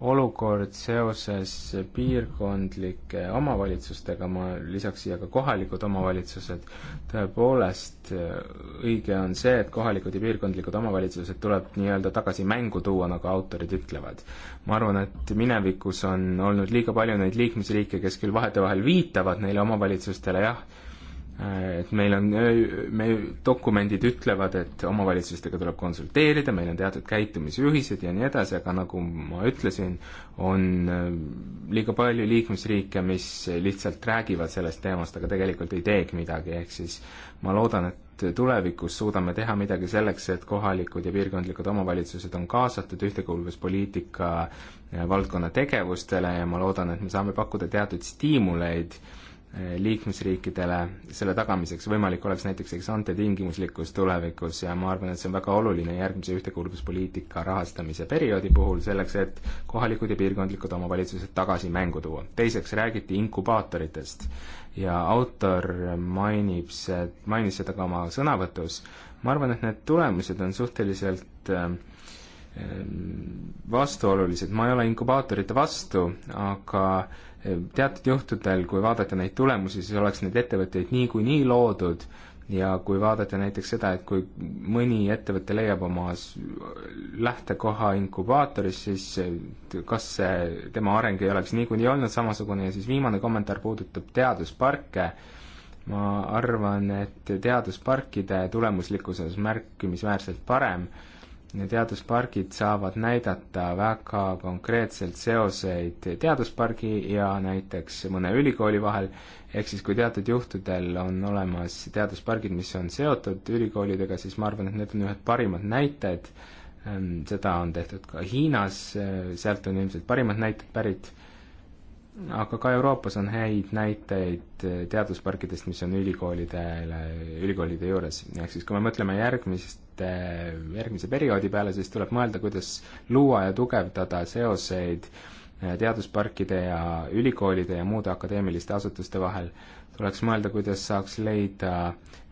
olukord seoses piirkondlike omavalitsustega, ma lisaks siia ka kohalikud omavalitsused, tõepoolest äh, õige on see, et kohalikud ja piirkondlikud omavalitsused tuleb nii-öelda tagasi mängu tuua, nagu autorid ütlevad. ma arvan, et minevikus on olnud liiga palju neid liikmesriike, kes küll vahetevahel viitavad neile omavalitsustele, jah, Äh, et meil on, meie dokumendid ütlevad, et omavalitsustega tuleb konsulteerida, meil on teatud käitumisjuhised ja nii edasi, aga nagu ma ütlesin, on liiga palju liikmesriike, mis lihtsalt räägivad sellest teemast, aga tegelikult ei teegi midagi, ehk siis ma loodan, et tulevikus suudame teha midagi selleks, et kohalikud ja piirkondlikud omavalitsused on kaasatud ühtekuuluvuspoliitika valdkonna tegevustele ja ma loodan, et me saame pakkuda teatud stiimuleid Eh, liikmesriikidele selle tagamiseks, võimalik oleks näiteks eksante tingimuslikkus tulevikus ja ma arvan, et see on väga oluline järgmise ühtekuuluvuspoliitika rahastamise perioodi puhul, selleks et kohalikud ja piirkondlikud omavalitsused tagasi mängu tuua. teiseks räägiti inkubaatoritest ja autor mainib see, mainis seda ka oma sõnavõtus, ma arvan, et need tulemused on suhteliselt äh, äh, vastuolulised, ma ei ole inkubaatorite vastu, aga äh, teatud juhtudel, kui vaadata neid tulemusi, siis oleks neid ettevõtteid niikuinii loodud ja kui vaadata näiteks seda, et kui mõni ettevõte leiab oma lähtekoha inkubaatoris, siis kas see, tema areng ei oleks niikuinii olnud samasugune ja siis viimane kommentaar puudutab teadusparke, ma arvan, et teadusparkide tulemuslikkus on märkimisväärselt parem teaduspargid saavad näidata väga konkreetselt seoseid teaduspargi ja näiteks mõne ülikooli vahel, ehk siis kui teatud juhtudel on olemas teaduspargid, mis on seotud ülikoolidega, siis ma arvan, et need on ühed parimad näited, ehm, seda on tehtud ka Hiinas, sealt on ilmselt parimad näited pärit, aga ka Euroopas on häid näiteid teadusparkidest, mis on ülikoolidele, ülikoolide juures. ehk siis, kui me mõtleme järgmiste, järgmise perioodi peale, siis tuleb mõelda, kuidas luua ja tugevdada seoseid eh, teadusparkide ja ülikoolide ja muude akadeemiliste asutuste vahel. tuleks mõelda, kuidas saaks leida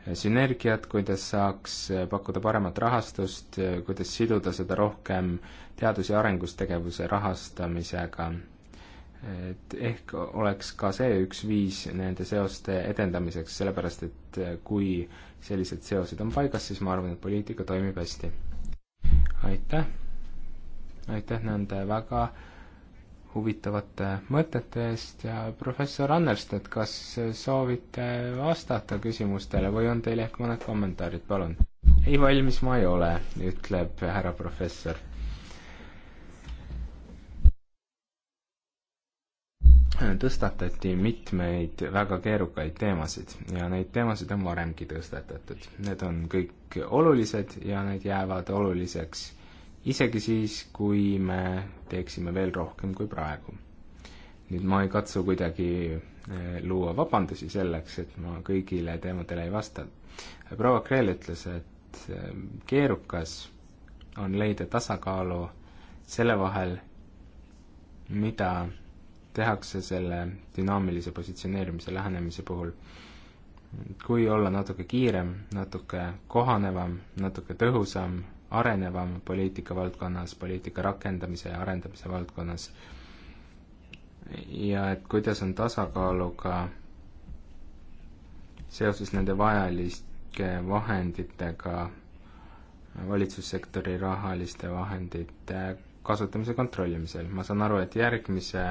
eh, sünergiat, kuidas saaks eh, pakkuda paremat rahastust, kuidas siduda seda rohkem teadus- ja arengustegevuse rahastamisega et ehk oleks ka see üks viis nende seoste edendamiseks, sellepärast et äh, kui sellised seosed on paigas, siis ma arvan, et poliitika toimib hästi. aitäh, aitäh nende väga huvitavate mõtete eest ja professor Annerstedt, kas soovite vastata küsimustele või on teil ehk mõned kommentaarid, palun? ei, valmis ma ei ole, ütleb härra professor tõstatati mitmeid väga keerukaid teemasid ja neid teemasid on varemgi tõstatatud. Need on kõik olulised ja need jäävad oluliseks isegi siis, kui me teeksime veel rohkem kui praegu. nüüd ma ei katsu kuidagi eh, luua vabandusi selleks, et ma kõigile teemadele ei vasta. proua Kreel ütles, et eh, keerukas on leida tasakaalu selle vahel, mida tehakse selle dünaamilise positsioneerimise lähenemise puhul. kui olla natuke kiirem, natuke kohanevam, natuke tõhusam, arenevam poliitika valdkonnas, poliitika rakendamise ja arendamise valdkonnas, ja et kuidas on tasakaaluga seoses nende vajalike vahenditega, valitsussektori rahaliste vahendite kasutamise kontrollimisel. ma saan aru, et järgmise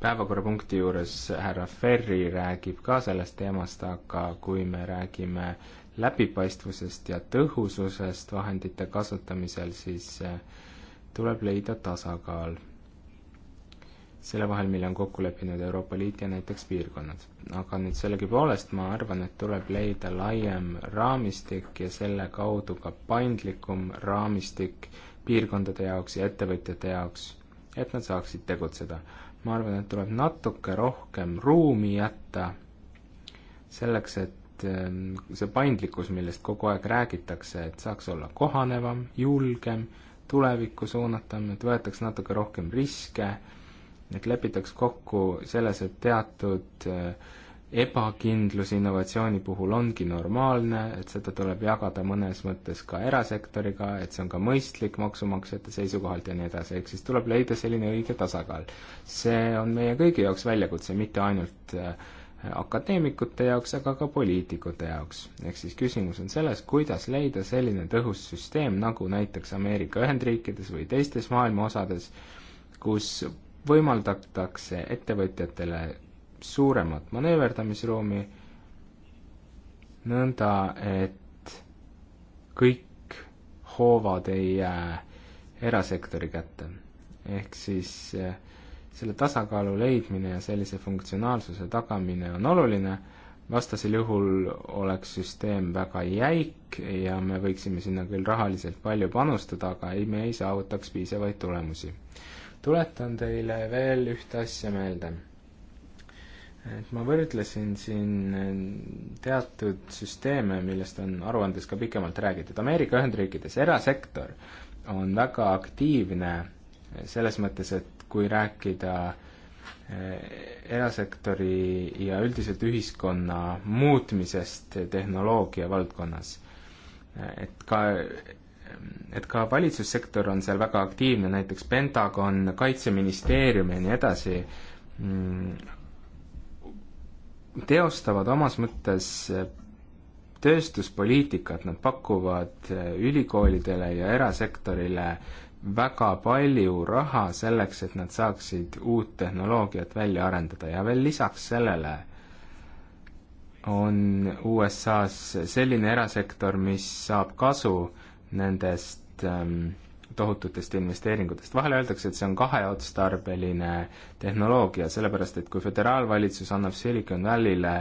päevakorrapunkti juures härra Ferri räägib ka sellest teemast, aga kui me räägime läbipaistvusest ja tõhususest vahendite kasutamisel, siis eh, tuleb leida tasakaal selle vahel, mille on kokku leppinud Euroopa Liit ja näiteks piirkonnad. aga nüüd sellegipoolest ma arvan, et tuleb leida laiem raamistik ja selle kaudu ka paindlikum raamistik piirkondade jaoks ja ettevõtjate jaoks, et nad saaksid tegutseda. ma arvan, et tuleb natuke rohkem ruumi jätta selleks, et ähm, see paindlikkus, millest kogu aeg räägitakse, et saaks olla kohanevam, julgem, tulevikku suunatam, et võetaks natuke rohkem riske, et lepitaks kokku selles, et teatud äh, ebakindlus innovatsiooni puhul ongi normaalne, et seda tuleb jagada mõnes mõttes ka erasektoriga, et see on ka mõistlik maksumaksjate seisukohalt ja nii edasi, ehk siis tuleb leida selline õige tasakaal. see on meie kõigi jaoks väljakutse, mitte ainult äh, akadeemikute jaoks, aga ka poliitikute jaoks. ehk siis küsimus on selles, kuidas leida selline tõhus süsteem, nagu näiteks Ameerika Ühendriikides või teistes maailma osades, kus võimaldatakse ettevõtjatele suuremat manööverdamisruumi, nõnda et kõik hoovad ei jää erasektori kätte. ehk siis eh, selle tasakaalu leidmine ja sellise funktsionaalsuse tagamine on oluline, vastasel juhul oleks süsteem väga jäik ja me võiksime sinna küll rahaliselt palju panustada, aga ei, me ei saavutaks piisavaid tulemusi. tuletan teile veel ühte asja meelde et ma võrdlesin siin eh, teatud süsteeme, millest on aruandes ka pikemalt räägitud. Ameerika Ühendriikides erasektor on väga aktiivne selles mõttes, et kui rääkida eh, erasektori ja üldiselt ühiskonna muutmisest tehnoloogia valdkonnas, eh, et ka et ka valitsussektor on seal väga aktiivne, näiteks Pentagon, Kaitseministeerium ja nii edasi, mm, teostavad omas mõttes eh, tööstuspoliitikat, nad pakuvad eh, ülikoolidele ja erasektorile väga palju raha selleks, et nad saaksid uut tehnoloogiat välja arendada ja veel lisaks sellele on USA-s selline erasektor, mis saab kasu nendest ähm, tohututest investeeringutest. vahel öeldakse, et see on kaheotstarbeline tehnoloogia, sellepärast et kui föderaalvalitsus annab Silicon Valley'le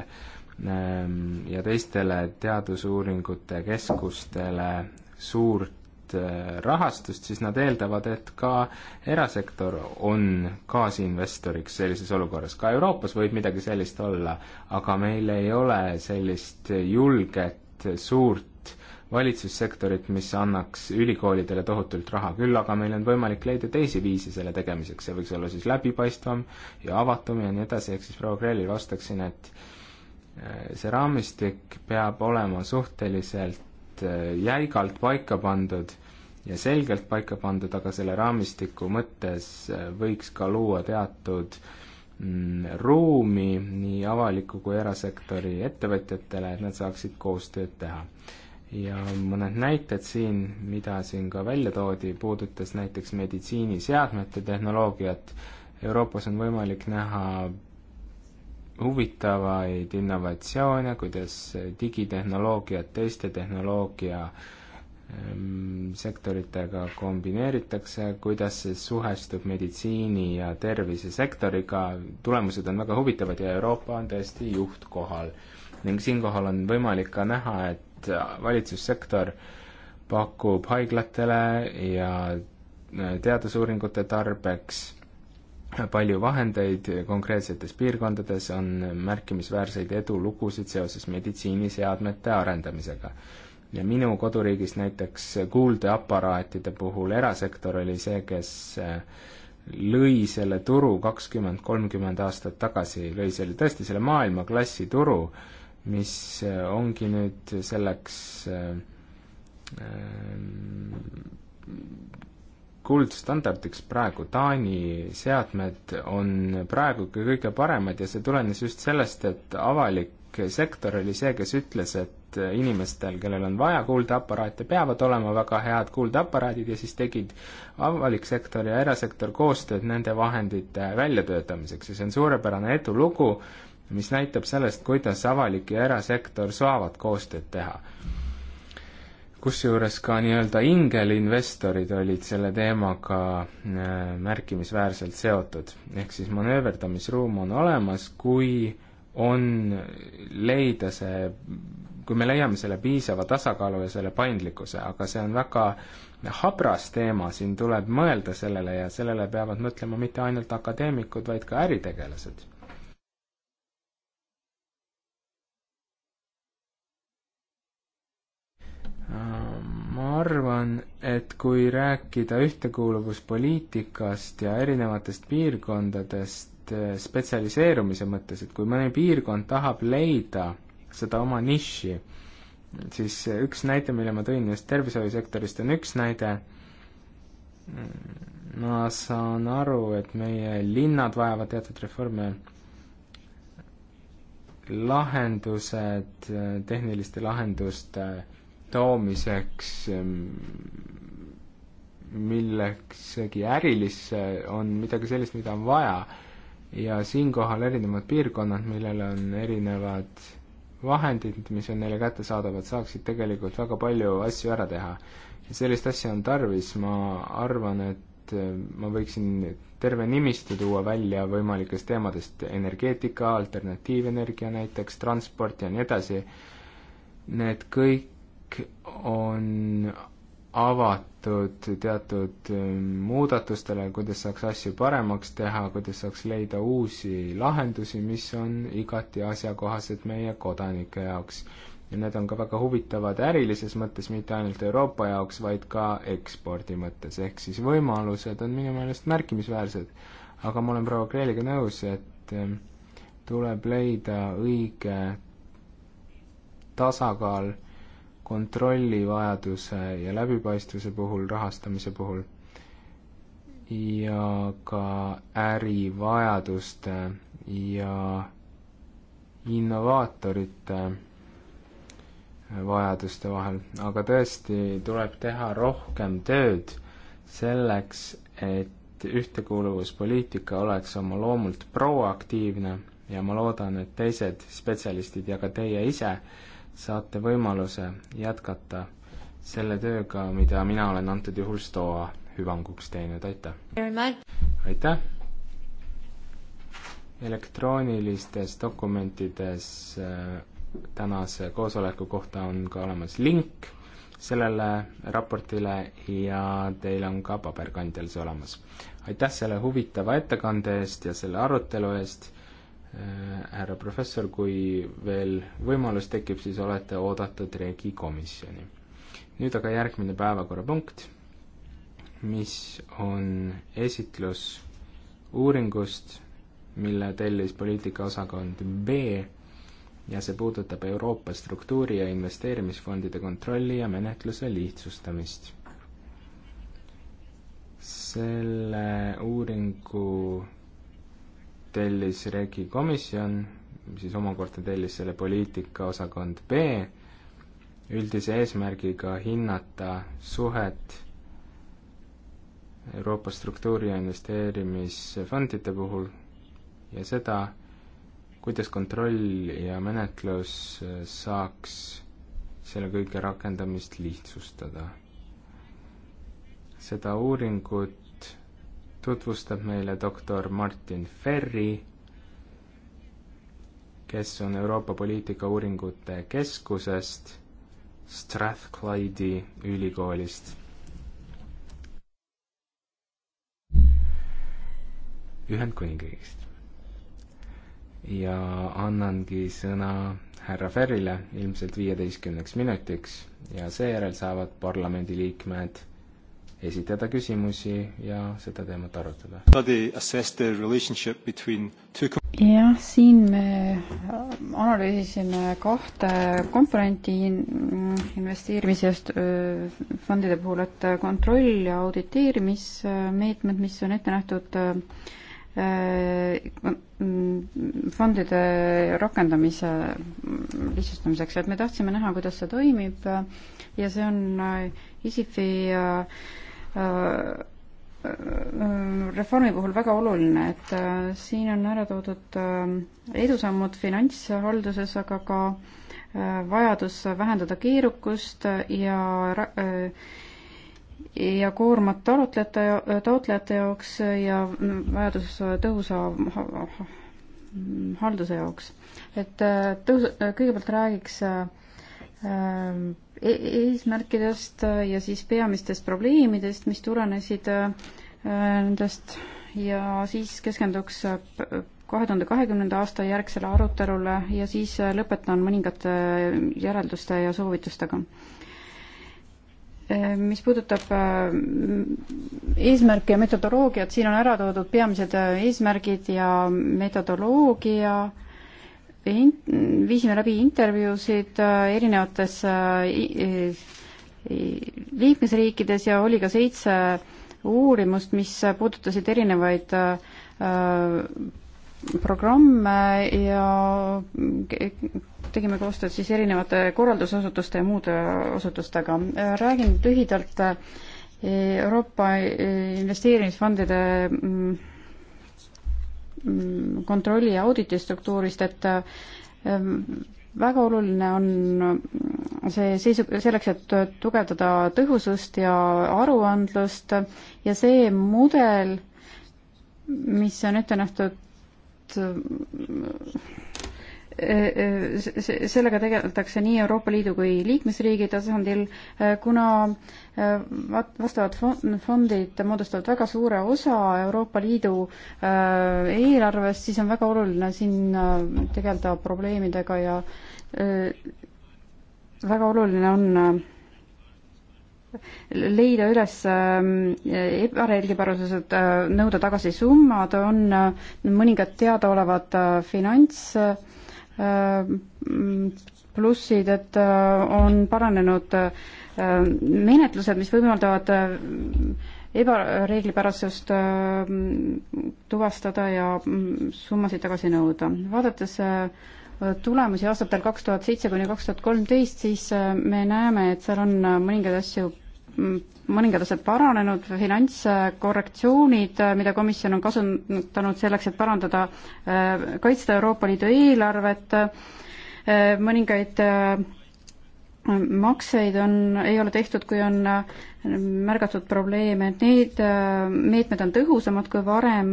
ehm, ja teistele teadusuuringute keskustele suurt eh, rahastust, siis nad eeldavad, et ka erasektor on kaasinvestoriks sellises olukorras. ka Euroopas võib midagi sellist olla, aga meil ei ole sellist julget suurt valitsussektorit, mis annaks ülikoolidele tohutult raha, küll aga meil on võimalik leida teisi viise selle tegemiseks, see võiks olla siis läbipaistvam ja avatum ja nii edasi, ehk siis proua Krellile vastaksin, et äh, see raamistik peab olema suhteliselt äh, jäigalt paika pandud ja selgelt paika pandud, aga selle raamistiku mõttes äh, võiks ka luua teatud mm, ruumi nii avaliku kui erasektori ettevõtjatele, et nad saaksid koostööd teha ja mõned näited siin, mida siin ka välja toodi, puudutas näiteks meditsiiniseadmete tehnoloogiat. Euroopas on võimalik näha huvitavaid innovatsioone, kuidas digitehnoloogiat teiste tehnoloogia ehm, sektoritega kombineeritakse, kuidas see suhestub meditsiini ja tervisesektoriga, tulemused on väga huvitavad ja Euroopa on tõesti juhtkohal. ning siinkohal on võimalik ka näha, et et valitsussektor pakub haiglatele ja äh, teadusuuringute tarbeks palju vahendeid konkreetsetes piirkondades, on märkimisväärseid edulugusid seoses meditsiiniseadmete arendamisega. ja minu koduriigis näiteks kuuldeaparaatide puhul erasektor oli see, kes äh, lõi selle turu kakskümmend, kolmkümmend aastat tagasi, lõi selle, tõesti selle maailmaklassi turu äh, mis äh, ongi nüüd selleks äh, ähm, kuldstandardiks praegu, Taani seadmed on praegu kõige paremad ja see tulenes just sellest, et avalik sektor oli see, kes ütles, et äh, inimestel, kellel on vaja kuuldeaparaate, peavad olema väga head kuuldeaparaadid ja siis tegid avalik sektor ja erasektor koostööd nende vahendite väljatöötamiseks ja see on suurepärane edulugu mis näitab sellest, kuidas avalik ja erasektor saavad koostööd teha. kusjuures ka nii-öelda ingelinvestorid olid selle teemaga äh, märkimisväärselt seotud, ehk siis manööverdamisruum on olemas, kui on leida see, kui me leiame selle piisava tasakaalu ja selle paindlikkuse, aga see on väga habras teema, siin tuleb mõelda sellele ja sellele peavad mõtlema mitte ainult akadeemikud, vaid ka äritegelased arvan, et kui rääkida ühtekuuluvuspoliitikast ja erinevatest piirkondadest eh, spetsialiseerumise mõttes, et kui mõni piirkond tahab leida seda oma nišši, siis üks näide, mille ma tõin just tervishoiusektorist, on üks näide, ma saan aru, et meie linnad vajavad teatud reforme, lahendused, eh, tehniliste lahenduste toomiseks ehm, milleksegi ärilisse on midagi sellist, mida on vaja. ja siinkohal erinevad piirkonnad, millel on erinevad vahendid, mis on neile kättesaadavad, saaksid tegelikult väga palju asju ära teha. ja sellist asja on tarvis, ma arvan, et ehm, ma võiksin terve nimistu tuua välja võimalikest teemadest, energeetika, alternatiivenergia näiteks, transport ja nii edasi. Need kõik kõik on avatud teatud ehm, muudatustele, kuidas saaks asju paremaks teha, kuidas saaks leida uusi lahendusi, mis on igati asjakohased meie kodanike jaoks. ja need on ka väga huvitavad ärilises mõttes, mitte ainult Euroopa jaoks, vaid ka ekspordi mõttes, ehk siis võimalused on minu meelest märkimisväärsed. aga ma olen proua Kreeliga nõus, et ehm, tuleb leida õige tasakaal kontrollivajaduse ja läbipaistvuse puhul, rahastamise puhul ja ka ärivajaduste ja innovaatorite vajaduste vahel, aga tõesti tuleb teha rohkem tööd selleks, et ühtekuuluvuspoliitika oleks oma loomult proaktiivne ja ma loodan, et teised spetsialistid ja ka teie ise äh, saate võimaluse jätkata selle tööga, mida mina olen antud juhul STOA hüvanguks teinud, aitäh! aitäh! elektroonilistes dokumentides äh, tänase koosoleku kohta on ka olemas link sellele raportile ja teil on ka paberkandjal see olemas. aitäh selle huvitava ettekande eest ja selle arutelu eest Äh, härra professor, kui veel võimalus tekib, siis olete oodatud Regi komisjoni. nüüd aga järgmine päevakorrapunkt, mis on esitlus uuringust, mille tellis poliitikaosakond B ja see puudutab Euroopa struktuuri- ja investeerimisfondide kontrolli ja menetluse lihtsustamist. selle uuringu tellis Regi komisjon, siis omakorda tellis selle poliitikaosakond B üldise eesmärgiga hinnata suhet Euroopa struktuuri- ja investeerimisfondide puhul ja seda, kuidas kontroll ja menetlus saaks selle kõige rakendamist lihtsustada. seda uuringut tutvustab meile doktor Martin Ferri, kes on Euroopa Poliitikauuringute Keskusest Strathclyde'i ülikoolist Ühendkuningriigist. ja annangi sõna härra Ferrile ilmselt viieteistkümneks minutiks ja seejärel saavad parlamendiliikmed esitada küsimusi ja seda teemat arutada. jah, siin me äh, analüüsisime kahte komponenti investeerimise just fondide puhul, et äh, kontroll ja auditeerimismeetmed, mis on ette nähtud äh, mm, fondide rakendamise mm, lihtsustamiseks, et me tahtsime näha, kuidas see toimib ja see on ISIFi Äh, äh, reformi puhul väga oluline, et äh, siin on ära toodud edusammud finantshalduses, aga ka vajadus vähendada keerukust ja ja koormat taotlejate, taotlejate jaoks ja mm, vajadus tõhusa halduse jaoks. et tõus-, kõigepealt räägiks E-, eesmärkidest ja siis peamistest probleemidest, mis tulenesid äh, nendest ja siis keskenduks äh, kahe tuhande kahekümnenda aasta järgsele arutelule ja siis äh, lõpetan mõningate järelduste ja soovitustega. mis puudutab eesmärke ja metodoloogiat, siin on ära toodud peamised eesmärgid ja metodoloogia viisime läbi intervjuusid äh, erinevates äh, äh, liikmesriikides ja oli ka seitse uurimust, mis puudutasid erinevaid programme ja tegime koostööd siis erinevate korraldusasutuste ja muude asutustega. räägin lühidalt Euroopa investeerimisfondide mm, Mm, kontrolli- ja auditistruktuurist, et ähm, väga oluline on mm, see seisu, selleks, et tugevdada tõhusust ja aruandlust ja see mudel, mis on ette nähtud äh, äh, sellega tegeletakse nii Euroopa Liidu kui liikmesriigi tasandil, äh, kuna Äh, vastavad fondid moodustavad väga suure osa Euroopa Liidu äh, eelarvest, siis on väga oluline siin äh, tegeleda probleemidega ja väga oluline on leida üles ähm, ebareeglipärasused, nõuda tagasi summad, on mõningad teadaolevad finants plussid, et on paranenud äh, Äh, menetlused, mis võimaldavad äh, ebareeglipärasust äh, tuvastada ja mm, summasid tagasi nõuda. vaadates tulemusi aastatel kaks tuhat seitse kuni kaks tuhat kolmteist, siis me näeme, et seal on mõningaid asju, mm, mõningad asjad paranenud, finantskorrektsioonid, mida komisjon on kasutanud selleks, et parandada, kaitsta Euroopa Liidu eelarvet, mõningaid makseid on, ei ole tehtud, kui on äh, märgatud probleeme, et need äh, meetmed on tõhusamad kui varem,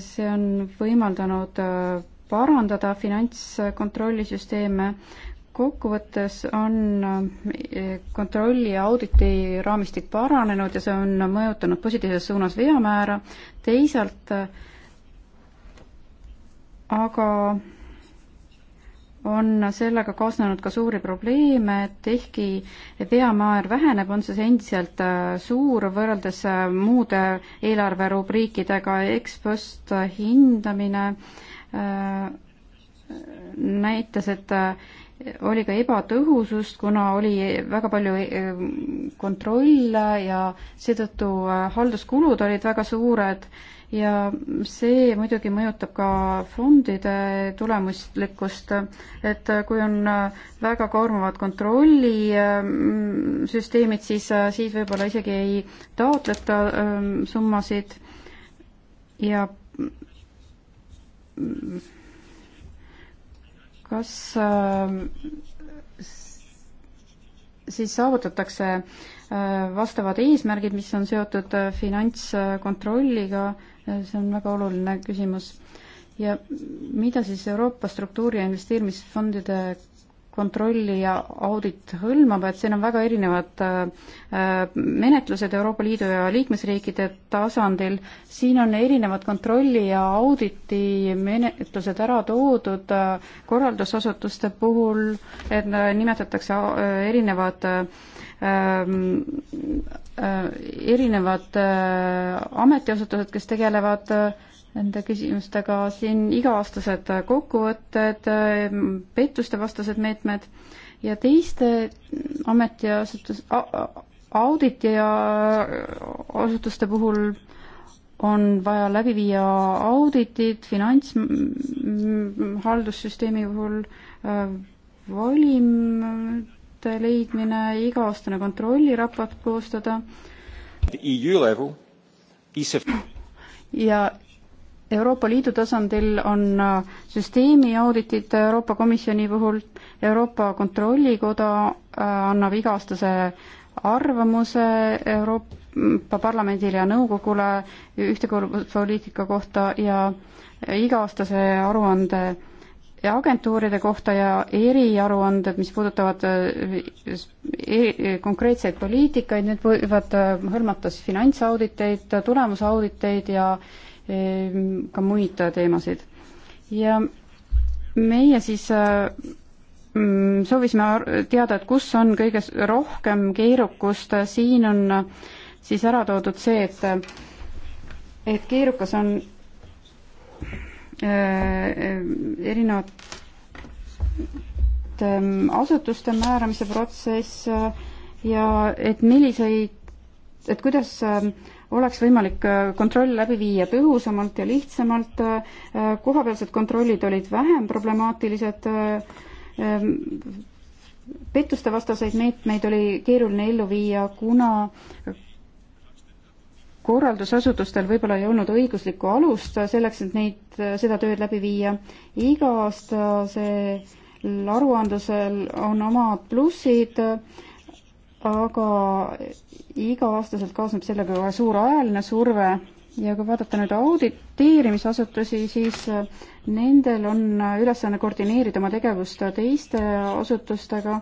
see on võimaldanud äh, parandada finantskontrollisüsteeme, kokkuvõttes on kontrolli ja auditi raamistik paranenud ja see on mõjutanud positiivses suunas veamäära, teisalt aga on sellega kaasnenud ka suuri probleeme, et ehkki veamäär väheneb, on see endiselt äh, suur võrreldes äh, muude eelarverubriikidega, ekspost hindamine äh, näitas, et oli ka ebatõhusust, kuna oli väga palju kontrolle ja seetõttu halduskulud olid väga suured ja see muidugi mõjutab ka fondide tulemuslikkust, et kui on väga koormavad kontrollisüsteemid, siis, siis võib-olla isegi ei taotleta ähm, summasid ja kas ähm, siis saavutatakse äh, vastavad eesmärgid, mis on seotud äh, finantskontrolliga äh, see on väga oluline küsimus. ja mida siis Euroopa struktuuri- ja investeerimisfondide kontrolli ja audit hõlmab, et siin on väga erinevad äh, menetlused Euroopa Liidu ja liikmesriikide tasandil, siin on erinevad kontrolli ja auditi menetlused ära toodud äh, korraldusasutuste puhul, et äh, nimetatakse erinevad Ähm, äh, erinevad äh, ametiasutused, kes tegelevad äh, nende küsimustega, siin iga-aastased kokkuvõtted, pettuste vastased meetmed ja teiste ametiasutus, auditi ja asutuste puhul on vaja läbi viia auditid finantshaldussüsteemi puhul, valim vahendite leidmine, iga-aastane kontrolliraport koostada. E ja Euroopa Liidu tasandil on äh, süsteemi auditid Euroopa Komisjoni puhul, Euroopa Kontrollikoda äh, annab iga-aastase arvamuse Euroopa Parlamendile ja nõukogule ühtekuuluvuspoliitika kohta ja iga-aastase aruande agentuuride kohta ja eriaruanded, mis puudutavad äh, äh, konkreetseid poliitikaid, need võivad äh, hõlmata siis finantsauditeid, tulemusauditeid ja ka muid teemasid. ja meie siis mm, soovisime teada, et kus on kõige rohkem keerukust, siin on siis ära toodud see, et et keerukas on Äh, äh, erinevad ähm, asutuste määramise protsess äh, ja et milliseid, et kuidas ähm, oleks võimalik kontroll läbi viia tõhusamalt ja lihtsamalt, kohapealsed kontrollid olid vähem problemaatilised, ähm, pettustevastaseid meetmeid oli keeruline ellu viia, kuna korraldusasutustel võib-olla ei olnud õiguslikku alust selleks, et neid, seda tööd läbi viia. iga-aastasel aruandlusel on omad plussid, aga iga-aastaselt kaasneb sellega ka suur ajaline surve ja kui vaadata nüüd auditeerimisasutusi, siis nendel on ülesanne koordineerida oma tegevust teiste asutustega,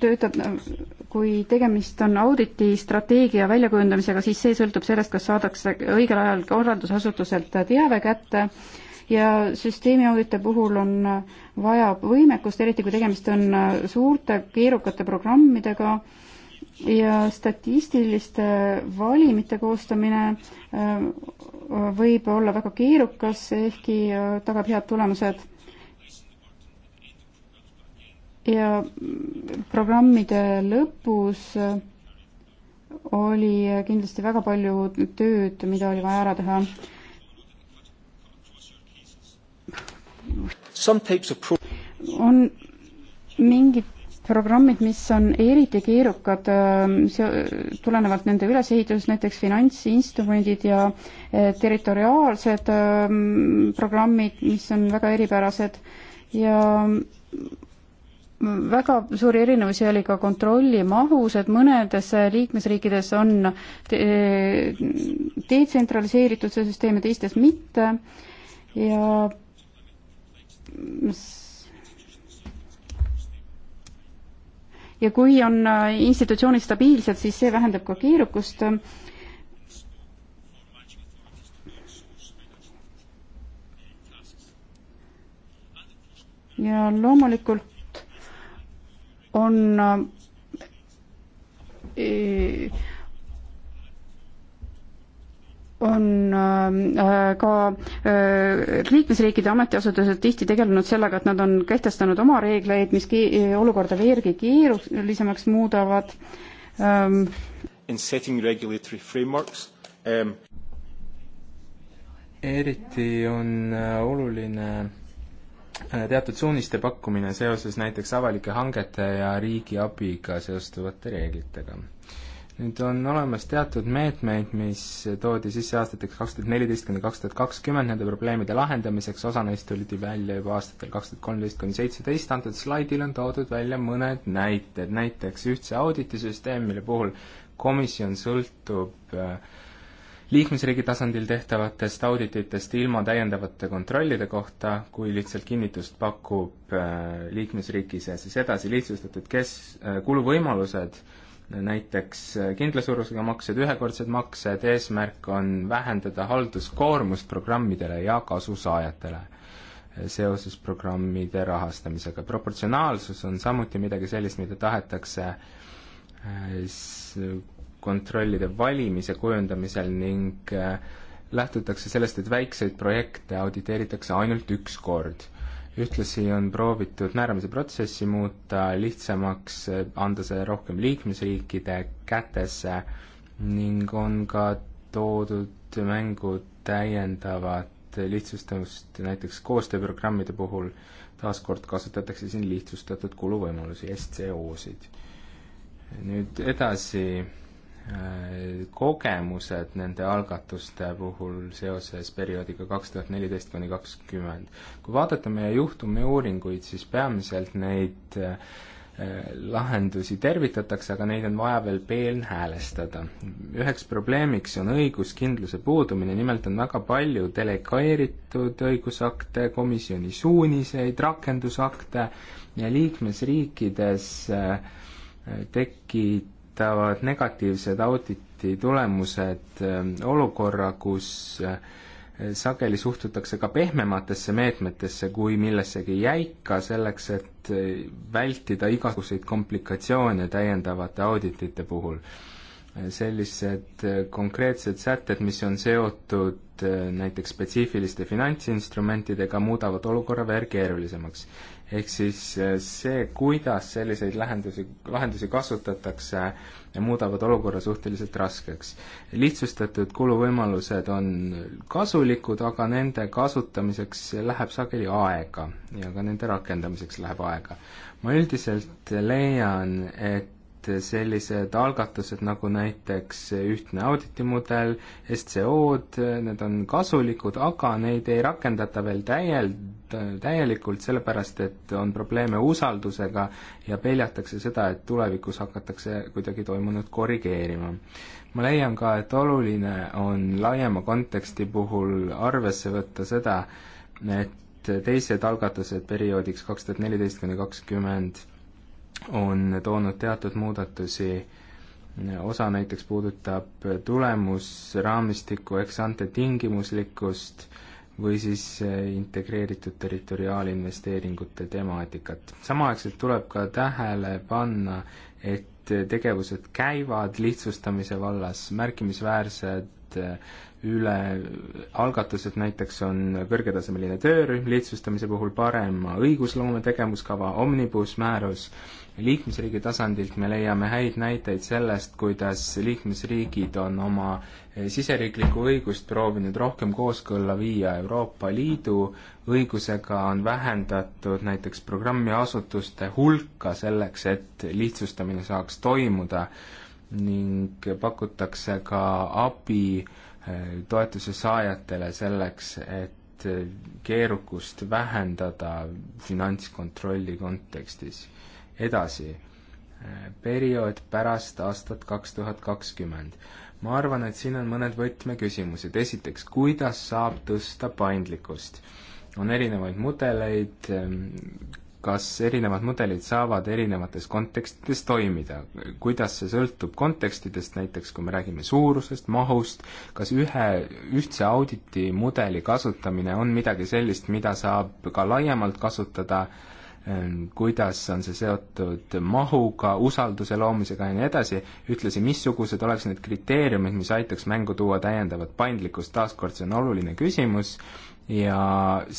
töötab kui tegemist on auditi strateegia väljakujundamisega, siis see sõltub sellest, kas saadakse õigel ajal korraldusasutuselt teave kätte ja süsteemi audite puhul on vaja võimekust, eriti kui tegemist on suurte keerukate programmidega ja statistiliste valimite koostamine äh, võib olla väga keerukas, ehkki äh, tagab head tulemused ja programmide lõpus oli kindlasti väga palju tööd, mida oli vaja ära teha. on mingid programmid, mis on eriti keerukad, ähm, tulenevalt nende ülesehitusest, näiteks finantsinstrumendid ja äh, territoriaalsed ähm, programmid, mis on väga eripärased ja väga suuri erinevusi oli ka kontrolli mahus, et mõnedes liikmesriikides on äh, detsentraliseeritud see süsteem ja teistes mitte ja ja kui on äh, institutsioonid stabiilsed, siis see vähendab ka keerukust. ja loomulikult on on äh, ka äh, liikmesriikide ametiasutused tihti tegelenud sellega, et nad on kehtestanud oma reegleid, mis olukorda veelgi keerulisemaks muudavad. Ähm, In setting regulatory frameworks um.... eriti on äh, oluline Äh, teatud suuniste pakkumine seoses näiteks avalike hangete ja riigiabiga seostuvate reeglitega. nüüd on olemas teatud meetmeid, mis toodi sisse aastateks kaks tuhat neliteist kuni kaks tuhat kakskümmend nende probleemide lahendamiseks, osa neist tuldi välja juba aastatel kaks tuhat kolmteist kuni seitseteist, antud slaidil on toodud välja mõned näited, näiteks ühtse auditisüsteem, mille puhul komisjon sõltub äh, liikmesriigi tasandil tehtavatest audititest ilma täiendavate kontrollide kohta, kui lihtsalt kinnitust pakub äh, liikmesriigi sees, siis edasi lihtsustatud kes, äh, kuluvõimalused, näiteks äh, kindlasurusega maksed, ühekordsed maksed, eesmärk on vähendada halduskoormust programmidele ja kasusaajatele seoses programmide rahastamisega. proportsionaalsus on samuti midagi sellist, mida tahetakse kontrollide valimise kujundamisel ning äh, lähtutakse sellest, et väikseid projekte auditeeritakse ainult üks kord. ühtlasi on proovitud määramise protsessi muuta lihtsamaks, äh, anda see rohkem liikmesriikide kätesse ning on ka toodud mängu täiendavat lihtsustust näiteks koostööprogrammide puhul, taaskord kasutatakse siin lihtsustatud kuluvõimalusi, SCO-sid. nüüd edasi Äh, kogemused nende algatuste puhul seoses perioodiga kaks tuhat neliteist kuni kakskümmend. kui vaadata meie juhtumiuuringuid, siis peamiselt neid äh, lahendusi tervitatakse, aga neid on vaja veel peenhäälestada. üheks probleemiks on õiguskindluse puudumine, nimelt on väga palju delegeeritud õigusakte, komisjoni suuniseid, rakendusakte ja liikmesriikides äh, tekib tekitavad negatiivsed auditi tulemused ähm, olukorra, kus äh, sageli suhtutakse ka pehmematesse meetmetesse kui millessegi jäika, selleks et äh, vältida igasuguseid komplikatsioone täiendavate auditite puhul. Äh, sellised konkreetsed sätted, mis on seotud näiteks spetsiifiliste finantsinstrumentidega, muudavad olukorra veel keerulisemaks ehk siis äh, see, kuidas selliseid lahendusi, lahendusi kasutatakse, äh, muudavad olukorra suhteliselt raskeks. lihtsustatud kuluvõimalused on kasulikud, aga nende kasutamiseks läheb sageli aega ja ka nende rakendamiseks läheb aega. ma üldiselt leian, et et sellised algatused nagu näiteks ühtne auditimudel, SCO-d, need on kasulikud, aga neid ei rakendata veel täiel-, täielikult, sellepärast et on probleeme usaldusega ja peljatakse seda, et tulevikus hakatakse kuidagi toimunut korrigeerima. ma leian ka, et oluline on laiema konteksti puhul arvesse võtta seda, et teised algatused perioodiks kaks tuhat neliteist kuni kakskümmend on toonud teatud muudatusi, osa näiteks puudutab tulemusraamistiku eksante tingimuslikkust või siis eh, integreeritud territoriaalinvesteeringute temaatikat. samaaegselt tuleb ka tähele panna, et tegevused käivad lihtsustamise vallas, märkimisväärsed eh, üle, algatused näiteks on kõrgetasemeline töörühm lihtsustamise puhul, parema õigusloome tegevuskava, omnibus määrus, liikmesriigi tasandilt me leiame häid näiteid sellest, kuidas liikmesriigid on oma eh, siseriiklikku õigust proovinud rohkem kooskõlla viia Euroopa Liidu õigusega, on vähendatud näiteks programmiasutuste hulka selleks, et lihtsustamine saaks toimuda ning pakutakse ka abi eh, toetuse saajatele selleks, et eh, keerukust vähendada finantskontrolli kontekstis edasi, äh, periood pärast aastat kaks tuhat kakskümmend. ma arvan, et siin on mõned võtmeküsimused, esiteks, kuidas saab tõsta paindlikkust? on erinevaid mudeleid, ähm, kas erinevad mudelid saavad erinevates kontekstides toimida, kuidas see sõltub kontekstidest, näiteks kui me räägime suurusest, mahust, kas ühe, ühtse auditi mudeli kasutamine on midagi sellist, mida saab ka laiemalt kasutada äh, Ähm, kuidas on see seotud mahuga, usalduse loomisega ja nii edasi, ühtlasi missugused oleks need kriteeriumid, mis aitaks mängu tuua täiendavat paindlikkust, taaskord see on oluline küsimus ja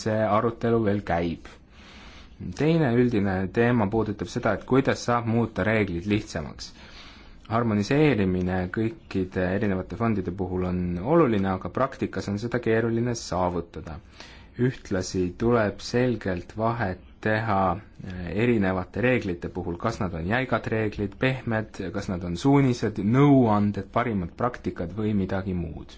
see arutelu veel käib. teine üldine teema puudutab seda, et kuidas saab muuta reeglid lihtsamaks harmoniseerimine kõikide erinevate fondide puhul on oluline, aga praktikas on seda keeruline saavutada. ühtlasi tuleb selgelt vahet teha eh, erinevate reeglite puhul, kas nad on jäigad reeglid, pehmed, kas nad on suunised, nõuanded, parimad praktikad või midagi muud.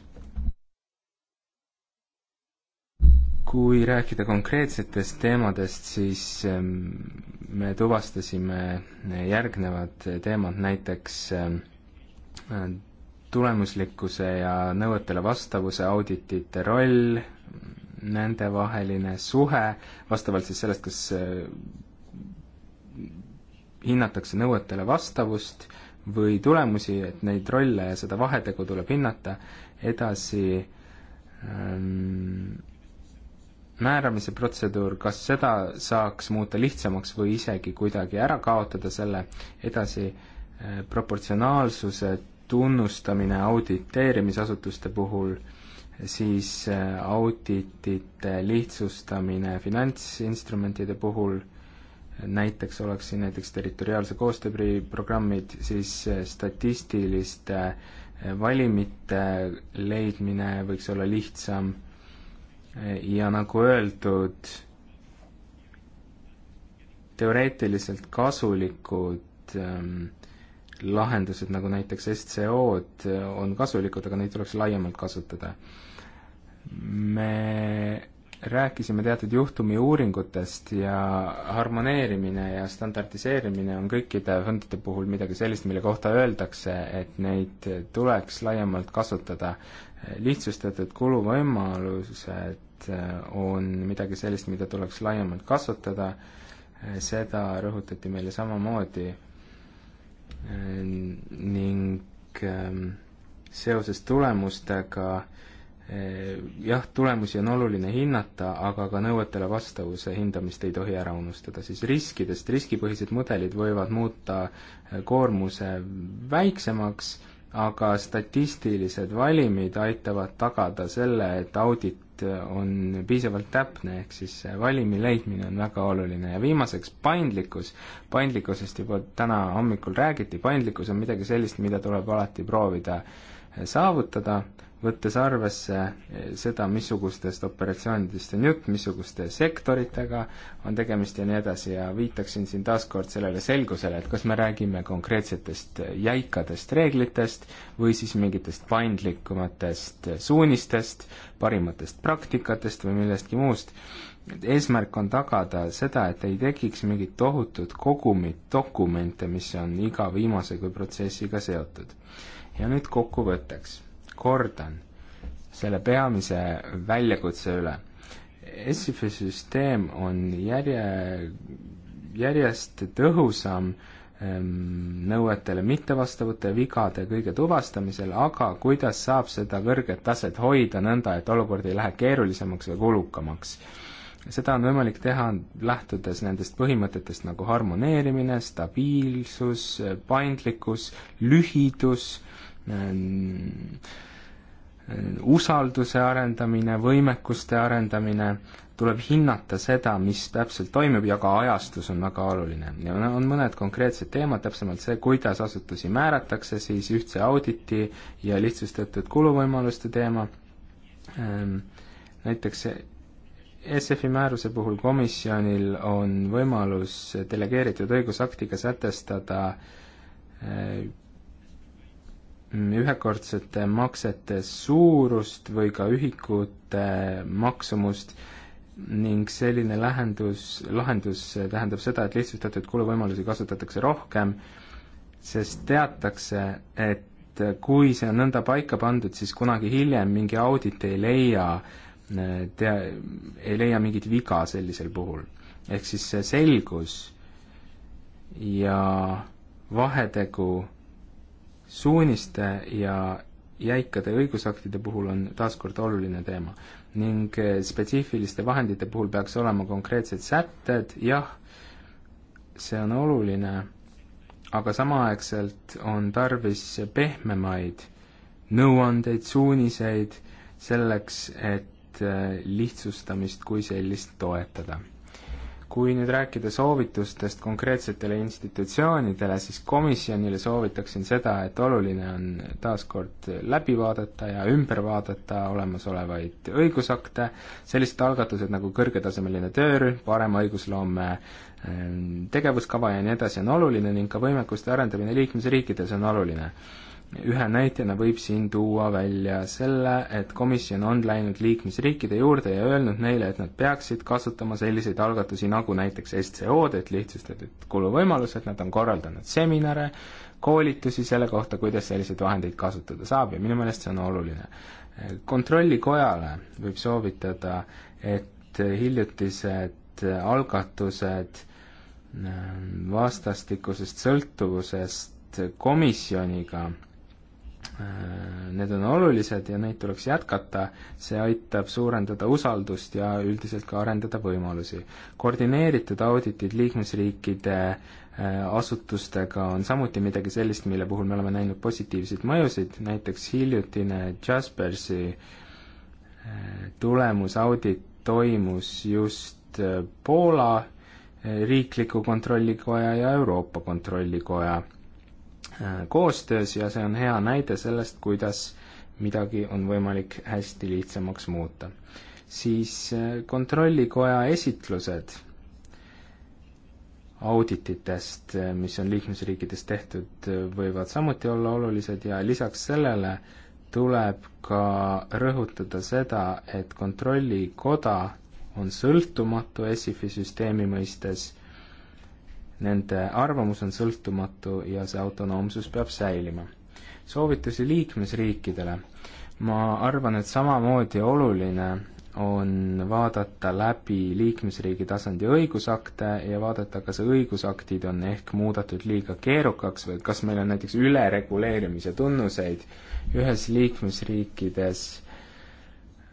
kui rääkida konkreetsetest teemadest, siis ehm, me tuvastasime eh, järgnevad teemad, näiteks ehm, tulemuslikkuse ja nõuetele vastavuse auditite roll, nendevaheline suhe vastavalt siis sellest, kas äh, hinnatakse nõuetele vastavust või tulemusi, et neid rolle ja seda vahetegu tuleb hinnata, edasi ähm, määramise protseduur, kas seda saaks muuta lihtsamaks või isegi kuidagi ära kaotada selle, edasi äh, proportsionaalsuse tunnustamine auditeerimisasutuste puhul siis äh, auditite lihtsustamine finantsinstrumentide puhul, näiteks oleks siin näiteks territoriaalse koostööprogrammid, siis äh, statistiliste äh, valimite leidmine võiks olla lihtsam ja nagu öeldud, teoreetiliselt kasulikud ähm, lahendused, nagu näiteks SCO-d, on kasulikud, aga neid tuleks laiemalt kasutada me rääkisime teatud juhtumi uuringutest ja harmoneerimine ja standardiseerimine on kõikide fondide puhul midagi sellist, mille kohta öeldakse, et neid tuleks laiemalt kasutada. lihtsustatud kuluvõimalused on midagi sellist, mida tuleks laiemalt kasutada, seda rõhutati meile samamoodi ning ehm, seoses tulemustega äh, jah, tulemusi on oluline hinnata, aga ka nõuetele vastavuse hindamist ei tohi ära unustada, siis riskidest, riskipõhised mudelid võivad muuta äh, koormuse väiksemaks, aga statistilised valimid aitavad tagada selle, et audit äh, on piisavalt täpne, ehk siis äh, valimi leidmine on väga oluline ja viimaseks paindlikkus, paindlikkusest juba täna hommikul räägiti, paindlikkus on midagi sellist, mida tuleb alati proovida saavutada võttes arvesse eh, seda, missugustest operatsioonidest on jutt, missuguste sektoritega on tegemist ja nii edasi ja viitaksin siin taaskord sellele selgusele, et kas me räägime konkreetsetest jäikadest reeglitest või siis mingitest paindlikumatest suunistest, parimatest praktikatest või millestki muust. eesmärk on tagada seda, et ei tekiks mingit tohutut kogumit dokumente, mis on iga viimase kui protsessiga seotud. ja nüüd kokkuvõtteks kordan selle peamise väljakutse üle. SIF-i süsteem on järje, järjest tõhusam ähm, nõuetele mittevastavate vigade kõige tuvastamisel, aga kuidas saab seda kõrget taset hoida nõnda, et olukord ei lähe keerulisemaks või kulukamaks seda on võimalik teha lähtudes nendest põhimõtetest nagu harmoneerimine, stabiilsus, paindlikkus, lühidus, ehm, usalduse arendamine, võimekuste arendamine, tuleb hinnata seda, mis täpselt toimub ja ka ajastus on väga oluline. ja on mõned konkreetsed teemad, täpsemalt see, kuidas asutusi määratakse, siis ühtse auditi ja lihtsustatud kuluvõimaluste teema, ehm, näiteks e SF-i määruse puhul komisjonil on võimalus delegeeritud õigusaktiga sätestada eh, ühekordsete maksete suurust või ka ühikute maksumust ning selline lähendus, lahendus tähendab seda, et lihtsustatud kuluvõimalusi kasutatakse rohkem, sest teatakse, et kui see on nõnda paika pandud, siis kunagi hiljem mingi audit ei leia, tea, ei leia mingit viga sellisel puhul. ehk siis see selgus ja vahetegu suuniste ja jäikade õigusaktide puhul on taaskord oluline teema ning eh, spetsiifiliste vahendite puhul peaks olema konkreetsed sätted, jah, see on oluline, aga samaaegselt on tarvis pehmemaid nõuandeid, suuniseid selleks, et eh, lihtsustamist kui sellist toetada kui nüüd rääkida soovitustest konkreetsetele institutsioonidele, siis komisjonile soovitaksin seda, et oluline on taaskord läbi vaadata ja ümber vaadata olemasolevaid õigusakte, sellised algatused nagu kõrgetasemeline töörühm, parem õigusloome ähm, tegevuskava ja nii edasi on oluline ning ka võimekuste arendamine liikmesriikides on oluline ühe näitena võib siin tuua välja selle, et komisjon on läinud liikmesriikide juurde ja öelnud neile, et nad peaksid kasutama selliseid algatusi nagu näiteks SCO-d, et lihtsustatud kuluvõimalused, nad on korraldanud seminare, koolitusi selle kohta, kuidas selliseid vahendeid kasutada saab ja minu meelest see on oluline. kontrollikojale võib soovitada, et hiljutised algatused ähm, vastastikusest sõltuvusest komisjoniga Äh, need on olulised ja neid tuleks jätkata, see aitab suurendada usaldust ja üldiselt ka arendada võimalusi. koordineeritud auditid liikmesriikide äh, asutustega on samuti midagi sellist, mille puhul me oleme näinud positiivseid mõjusid, näiteks hiljutine Jaspersi äh, tulemusaudit toimus just Poola riikliku kontrollikoja ja Euroopa kontrollikoja Äh, koostöös ja see on hea näide sellest, kuidas midagi on võimalik hästi lihtsamaks muuta. siis äh, Kontrollikoja esitlused audititest, äh, mis on liikmesriikides tehtud, võivad samuti olla olulised ja lisaks sellele tuleb ka rõhutada seda, et Kontrollikoda on sõltumatu ESIF-i süsteemi mõistes Nende arvamus on sõltumatu ja see autonoomsus peab säilima. soovitusi liikmesriikidele. ma arvan, et samamoodi oluline on vaadata läbi liikmesriigi tasandi õigusakte ja vaadata, kas õigusaktid on ehk muudetud liiga keerukaks või kas meil on näiteks ülereguleerimise tunnuseid ühes liikmesriikides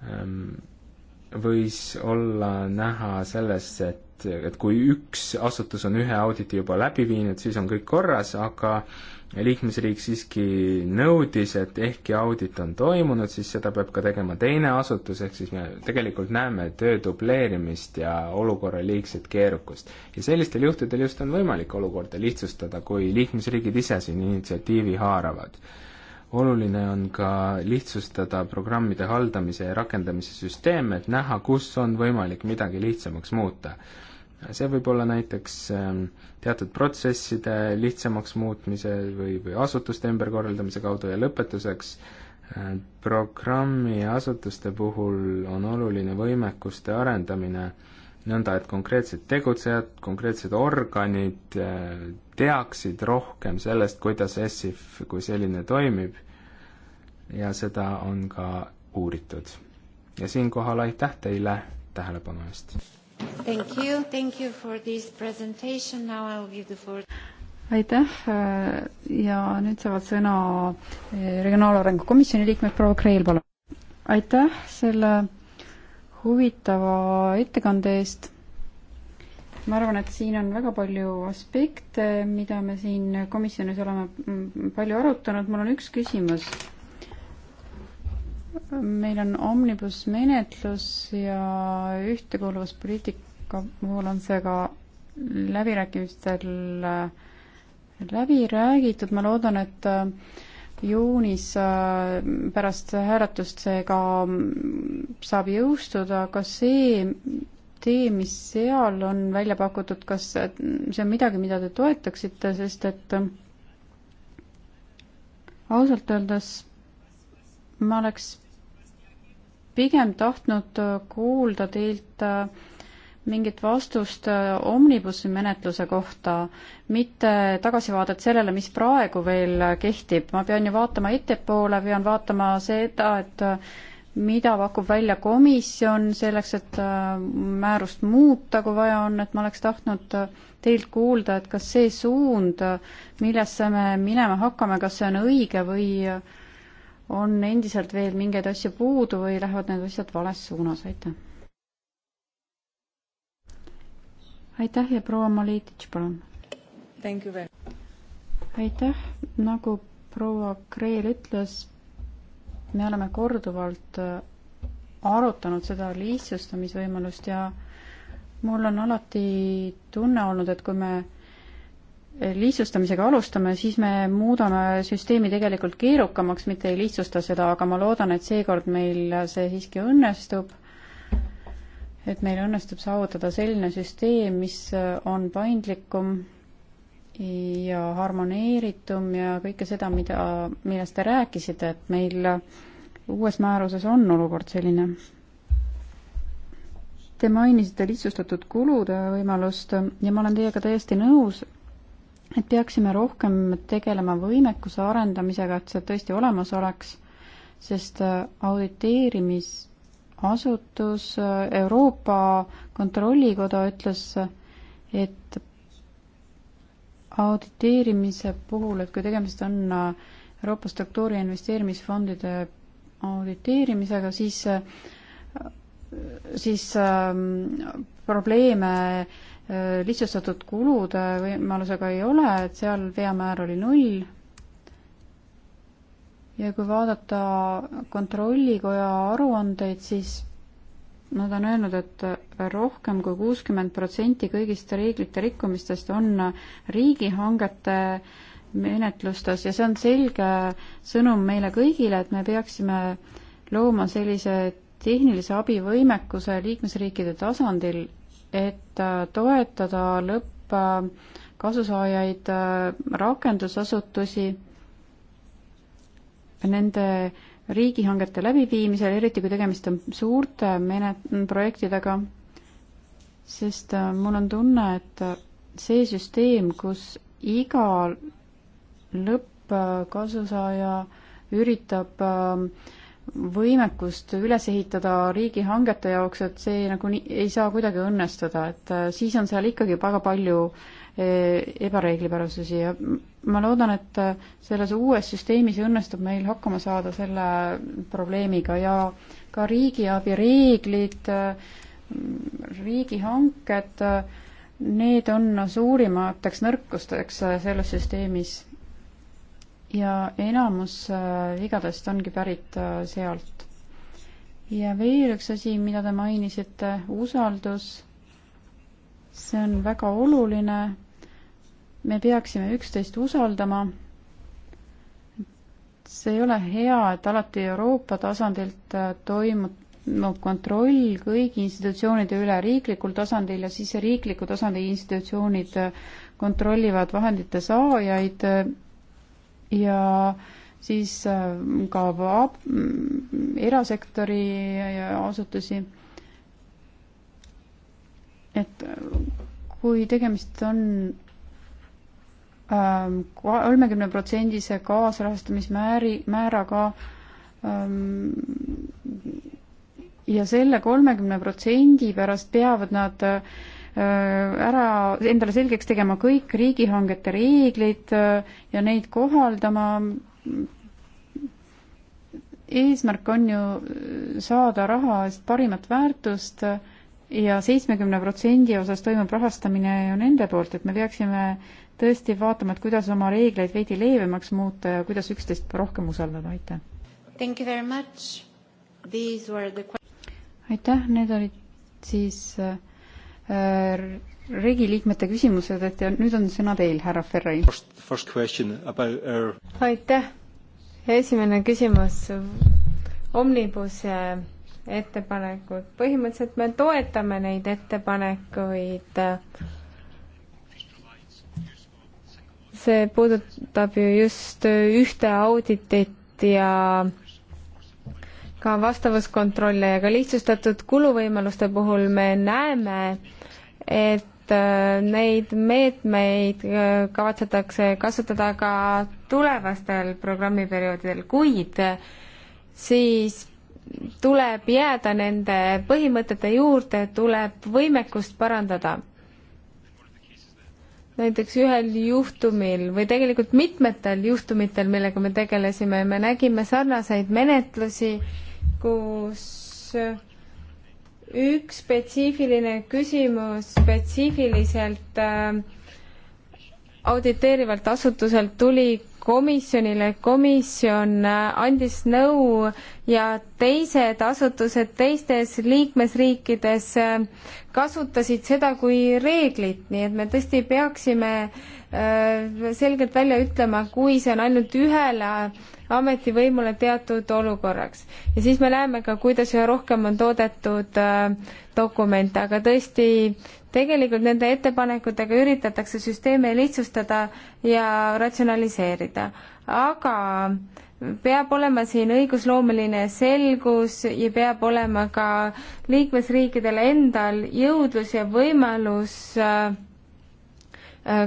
ähm, võis olla näha selles, et, et kui üks asutus on ühe auditi juba läbi viinud, siis on kõik korras, aga liikmesriik siiski nõudis, et ehkki audit on toimunud, siis seda peab ka tegema teine asutus, ehk siis me tegelikult näeme töö dubleerimist ja olukorra liigset keerukust. ja sellistel juhtudel just on võimalik olukorda lihtsustada, kui liikmesriigid ise siin initsiatiivi haaravad oluline on ka lihtsustada programmide haldamise ja rakendamise süsteeme, et näha, kus on võimalik midagi lihtsamaks muuta. see võib olla näiteks ähm, teatud protsesside lihtsamaks muutmise või, või asutuste ümberkorraldamise kaudu ja lõpetuseks äh, programmi asutuste puhul on oluline võimekuste arendamine nõnda, et konkreetsed tegutsejad, konkreetsed organid äh, teaksid rohkem sellest, kuidas ESIF kui selline toimib ja seda on ka uuritud. ja siinkohal aitäh teile tähelepanu eest! Thank you, thank you for this presentation, now I will give the floor aitäh ja nüüd saavad sõna eh, Regionaalarengu Komisjoni liikmed, proua Kreel, palun! aitäh selle huvitava ettekande eest ma arvan, et siin on väga palju aspekte, mida me siin komisjonis oleme mm, palju arutanud, mul on üks küsimus. meil on omnibus menetlus ja ühtekuuluvuspoliitika puhul on see ka läbirääkimistel äh, läbi räägitud, ma loodan, et äh, juunis äh, pärast hääletust see ka mm, saab jõustuda, aga see tee, mis seal on välja pakutud, kas see on midagi, mida te toetaksite, sest et ausalt öeldes ma oleks pigem tahtnud kuulda teilt mingit vastust omnibussi menetluse kohta, mitte tagasivaadet sellele, mis praegu veel kehtib. ma pean ju vaatama ettepoole, pean vaatama seda, et mida pakub välja komisjon selleks, et äh, määrust muuta, kui vaja on, et ma oleks tahtnud äh, teilt kuulda, et kas see suund, äh, millesse me minema hakkame, kas see on õige või on endiselt veel mingeid asju puudu või lähevad need asjad vales suunas, aitäh. aitäh ja proua Malitš, palun. aitäh, nagu proua Kreel ütles, me oleme korduvalt äh, arutanud seda lihtsustamisvõimalust ja mul on alati tunne olnud, et kui me äh, lihtsustamisega alustame, siis me muudame süsteemi tegelikult keerukamaks, mitte ei lihtsusta seda, aga ma loodan, et seekord meil see siiski õnnestub. et meil õnnestub saavutada selline süsteem, mis äh, on paindlikum ja harmoneeritum ja kõike seda, mida, millest te rääkisite, et meil uues määruses on olukord selline. Te mainisite lihtsustatud kulude võimalust ja ma olen teiega täiesti nõus, et peaksime rohkem tegelema võimekuse arendamisega, et see tõesti olemas oleks, sest auditeerimisasutus Euroopa Kontrollikoda ütles, et auditeerimise puhul, et kui tegemist on äh, Euroopa struktuuri investeerimisfondide auditeerimisega, siis, äh, siis ähm, probleeme äh, lihtsustatud kulude võimalusega ei ole, et seal veamäär oli null. ja kui vaadata Kontrollikoja aruandeid, siis Nad on öelnud, et rohkem kui kuuskümmend protsenti kõigist reeglite rikkumistest on riigihangete menetlustes ja see on selge sõnum meile kõigile, et me peaksime looma sellise tehnilise abivõimekuse liikmesriikide tasandil, et toetada lõppkasusaajaid, rakendusasutusi, nende riigihangete läbiviimisel, eriti kui tegemist on suurte menet-, projektidega, sest äh, mul on tunne, et äh, see süsteem, kus iga lõppkasusaaja äh, üritab ähm, võimekust üles ehitada riigihangete jaoks, et see nagu nii, ei saa kuidagi õnnestuda, et siis on seal ikkagi väga palju Eh, ebareeglipärasusi ja ma loodan, et selles uues süsteemis õnnestub meil hakkama saada selle probleemiga ja ka riigiabi reeglid, riigihanked, need on suurimateks nõrkusteks selles süsteemis. ja enamus äh, vigadest ongi pärit äh, sealt. ja veel üks asi, mida te mainisite, usaldus see on väga oluline me peaksime üksteist usaldama. see ei ole hea, et alati Euroopa tasandilt äh, toimub no, kontroll kõigi institutsioonide üle riiklikul tasandil ja siis riikliku tasandi institutsioonid äh, kontrollivad vahendite saajaid äh, ja siis ka mm, erasektori asutusi. et kui tegemist on Ähm, kolmekümneprotsendise kaasrahastamismääri, määraga ähm, ja selle kolmekümne protsendi pärast peavad nad äh, ära endale selgeks tegema kõik riigihangete reeglid äh, ja neid kohaldama. eesmärk on ju äh, saada raha eest parimat väärtust ja seitsmekümne protsendi osas toimub rahastamine ju nende poolt, et me peaksime äh, tõesti vaatama, et kuidas oma reegleid veidi leebemaks muuta ja kuidas üksteist rohkem usaldada, aitäh! The... aitäh, need olid siis äh, äh regi liikmete küsimused, et ja nüüd on sõna teil, härra Ferrari. Our... aitäh! esimene küsimus, Omnibuse ettepanekud, põhimõtteliselt me toetame neid ettepanekuid äh, see puudutab ju just ühte auditit ja ka vastavuskontrolle ja ka lihtsustatud kuluvõimaluste puhul me näeme, et äh, neid meetmeid äh, kavatsetakse kasutada ka tulevastel programmiperioodidel, kuid äh, siis tuleb jääda nende põhimõtete juurde, tuleb võimekust parandada näiteks ühel juhtumil või tegelikult mitmetel juhtumitel, millega me tegelesime, me nägime sarnaseid menetlusi, kus üks spetsiifiline küsimus spetsiifiliselt äh, auditeerivalt asutuselt tuli komisjonile, komisjon äh, andis nõu ja teised asutused teistes liikmesriikides äh, kasutasid seda kui reeglit, nii et me tõesti peaksime äh, selgelt välja ütlema, kui see on ainult ühele ametivõimule teatud olukorraks. ja siis me näeme ka, kuidas üha rohkem on toodetud dokumente, aga tõesti tegelikult nende ettepanekutega üritatakse süsteeme lihtsustada ja ratsionaliseerida, aga peab olema siin õigusloomeline selgus ja peab olema ka liikmesriikidel endal jõudlus ja võimalus äh,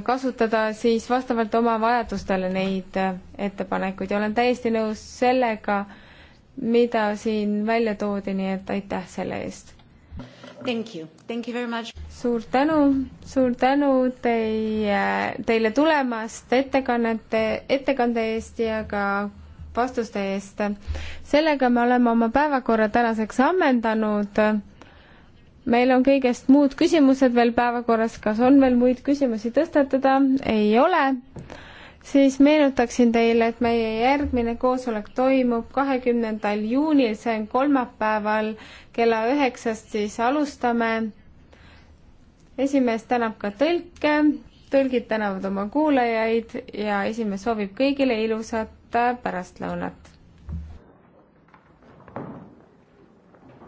kasutada siis vastavalt oma vajadustele neid äh, ettepanekuid ja olen täiesti nõus sellega, mida siin välja toodi, nii et aitäh selle eest. Thank you, thank you very much. suur tänu, suur tänu teie, teile tulemast ettekannete, ettekande eest ja ka vastuste eest. sellega me oleme oma päevakorra tänaseks ammendanud. meil on kõigest muud küsimused veel päevakorras, kas on veel muid küsimusi tõstatada? ei ole siis meenutaksin teile, et meie järgmine koosolek toimub kahekümnendal juunil, see on kolmapäeval kella üheksast, siis alustame. esimees tänab ka tõlke, tõlgid tänavad oma kuulajaid ja esimees soovib kõigile ilusat pärastlõunat.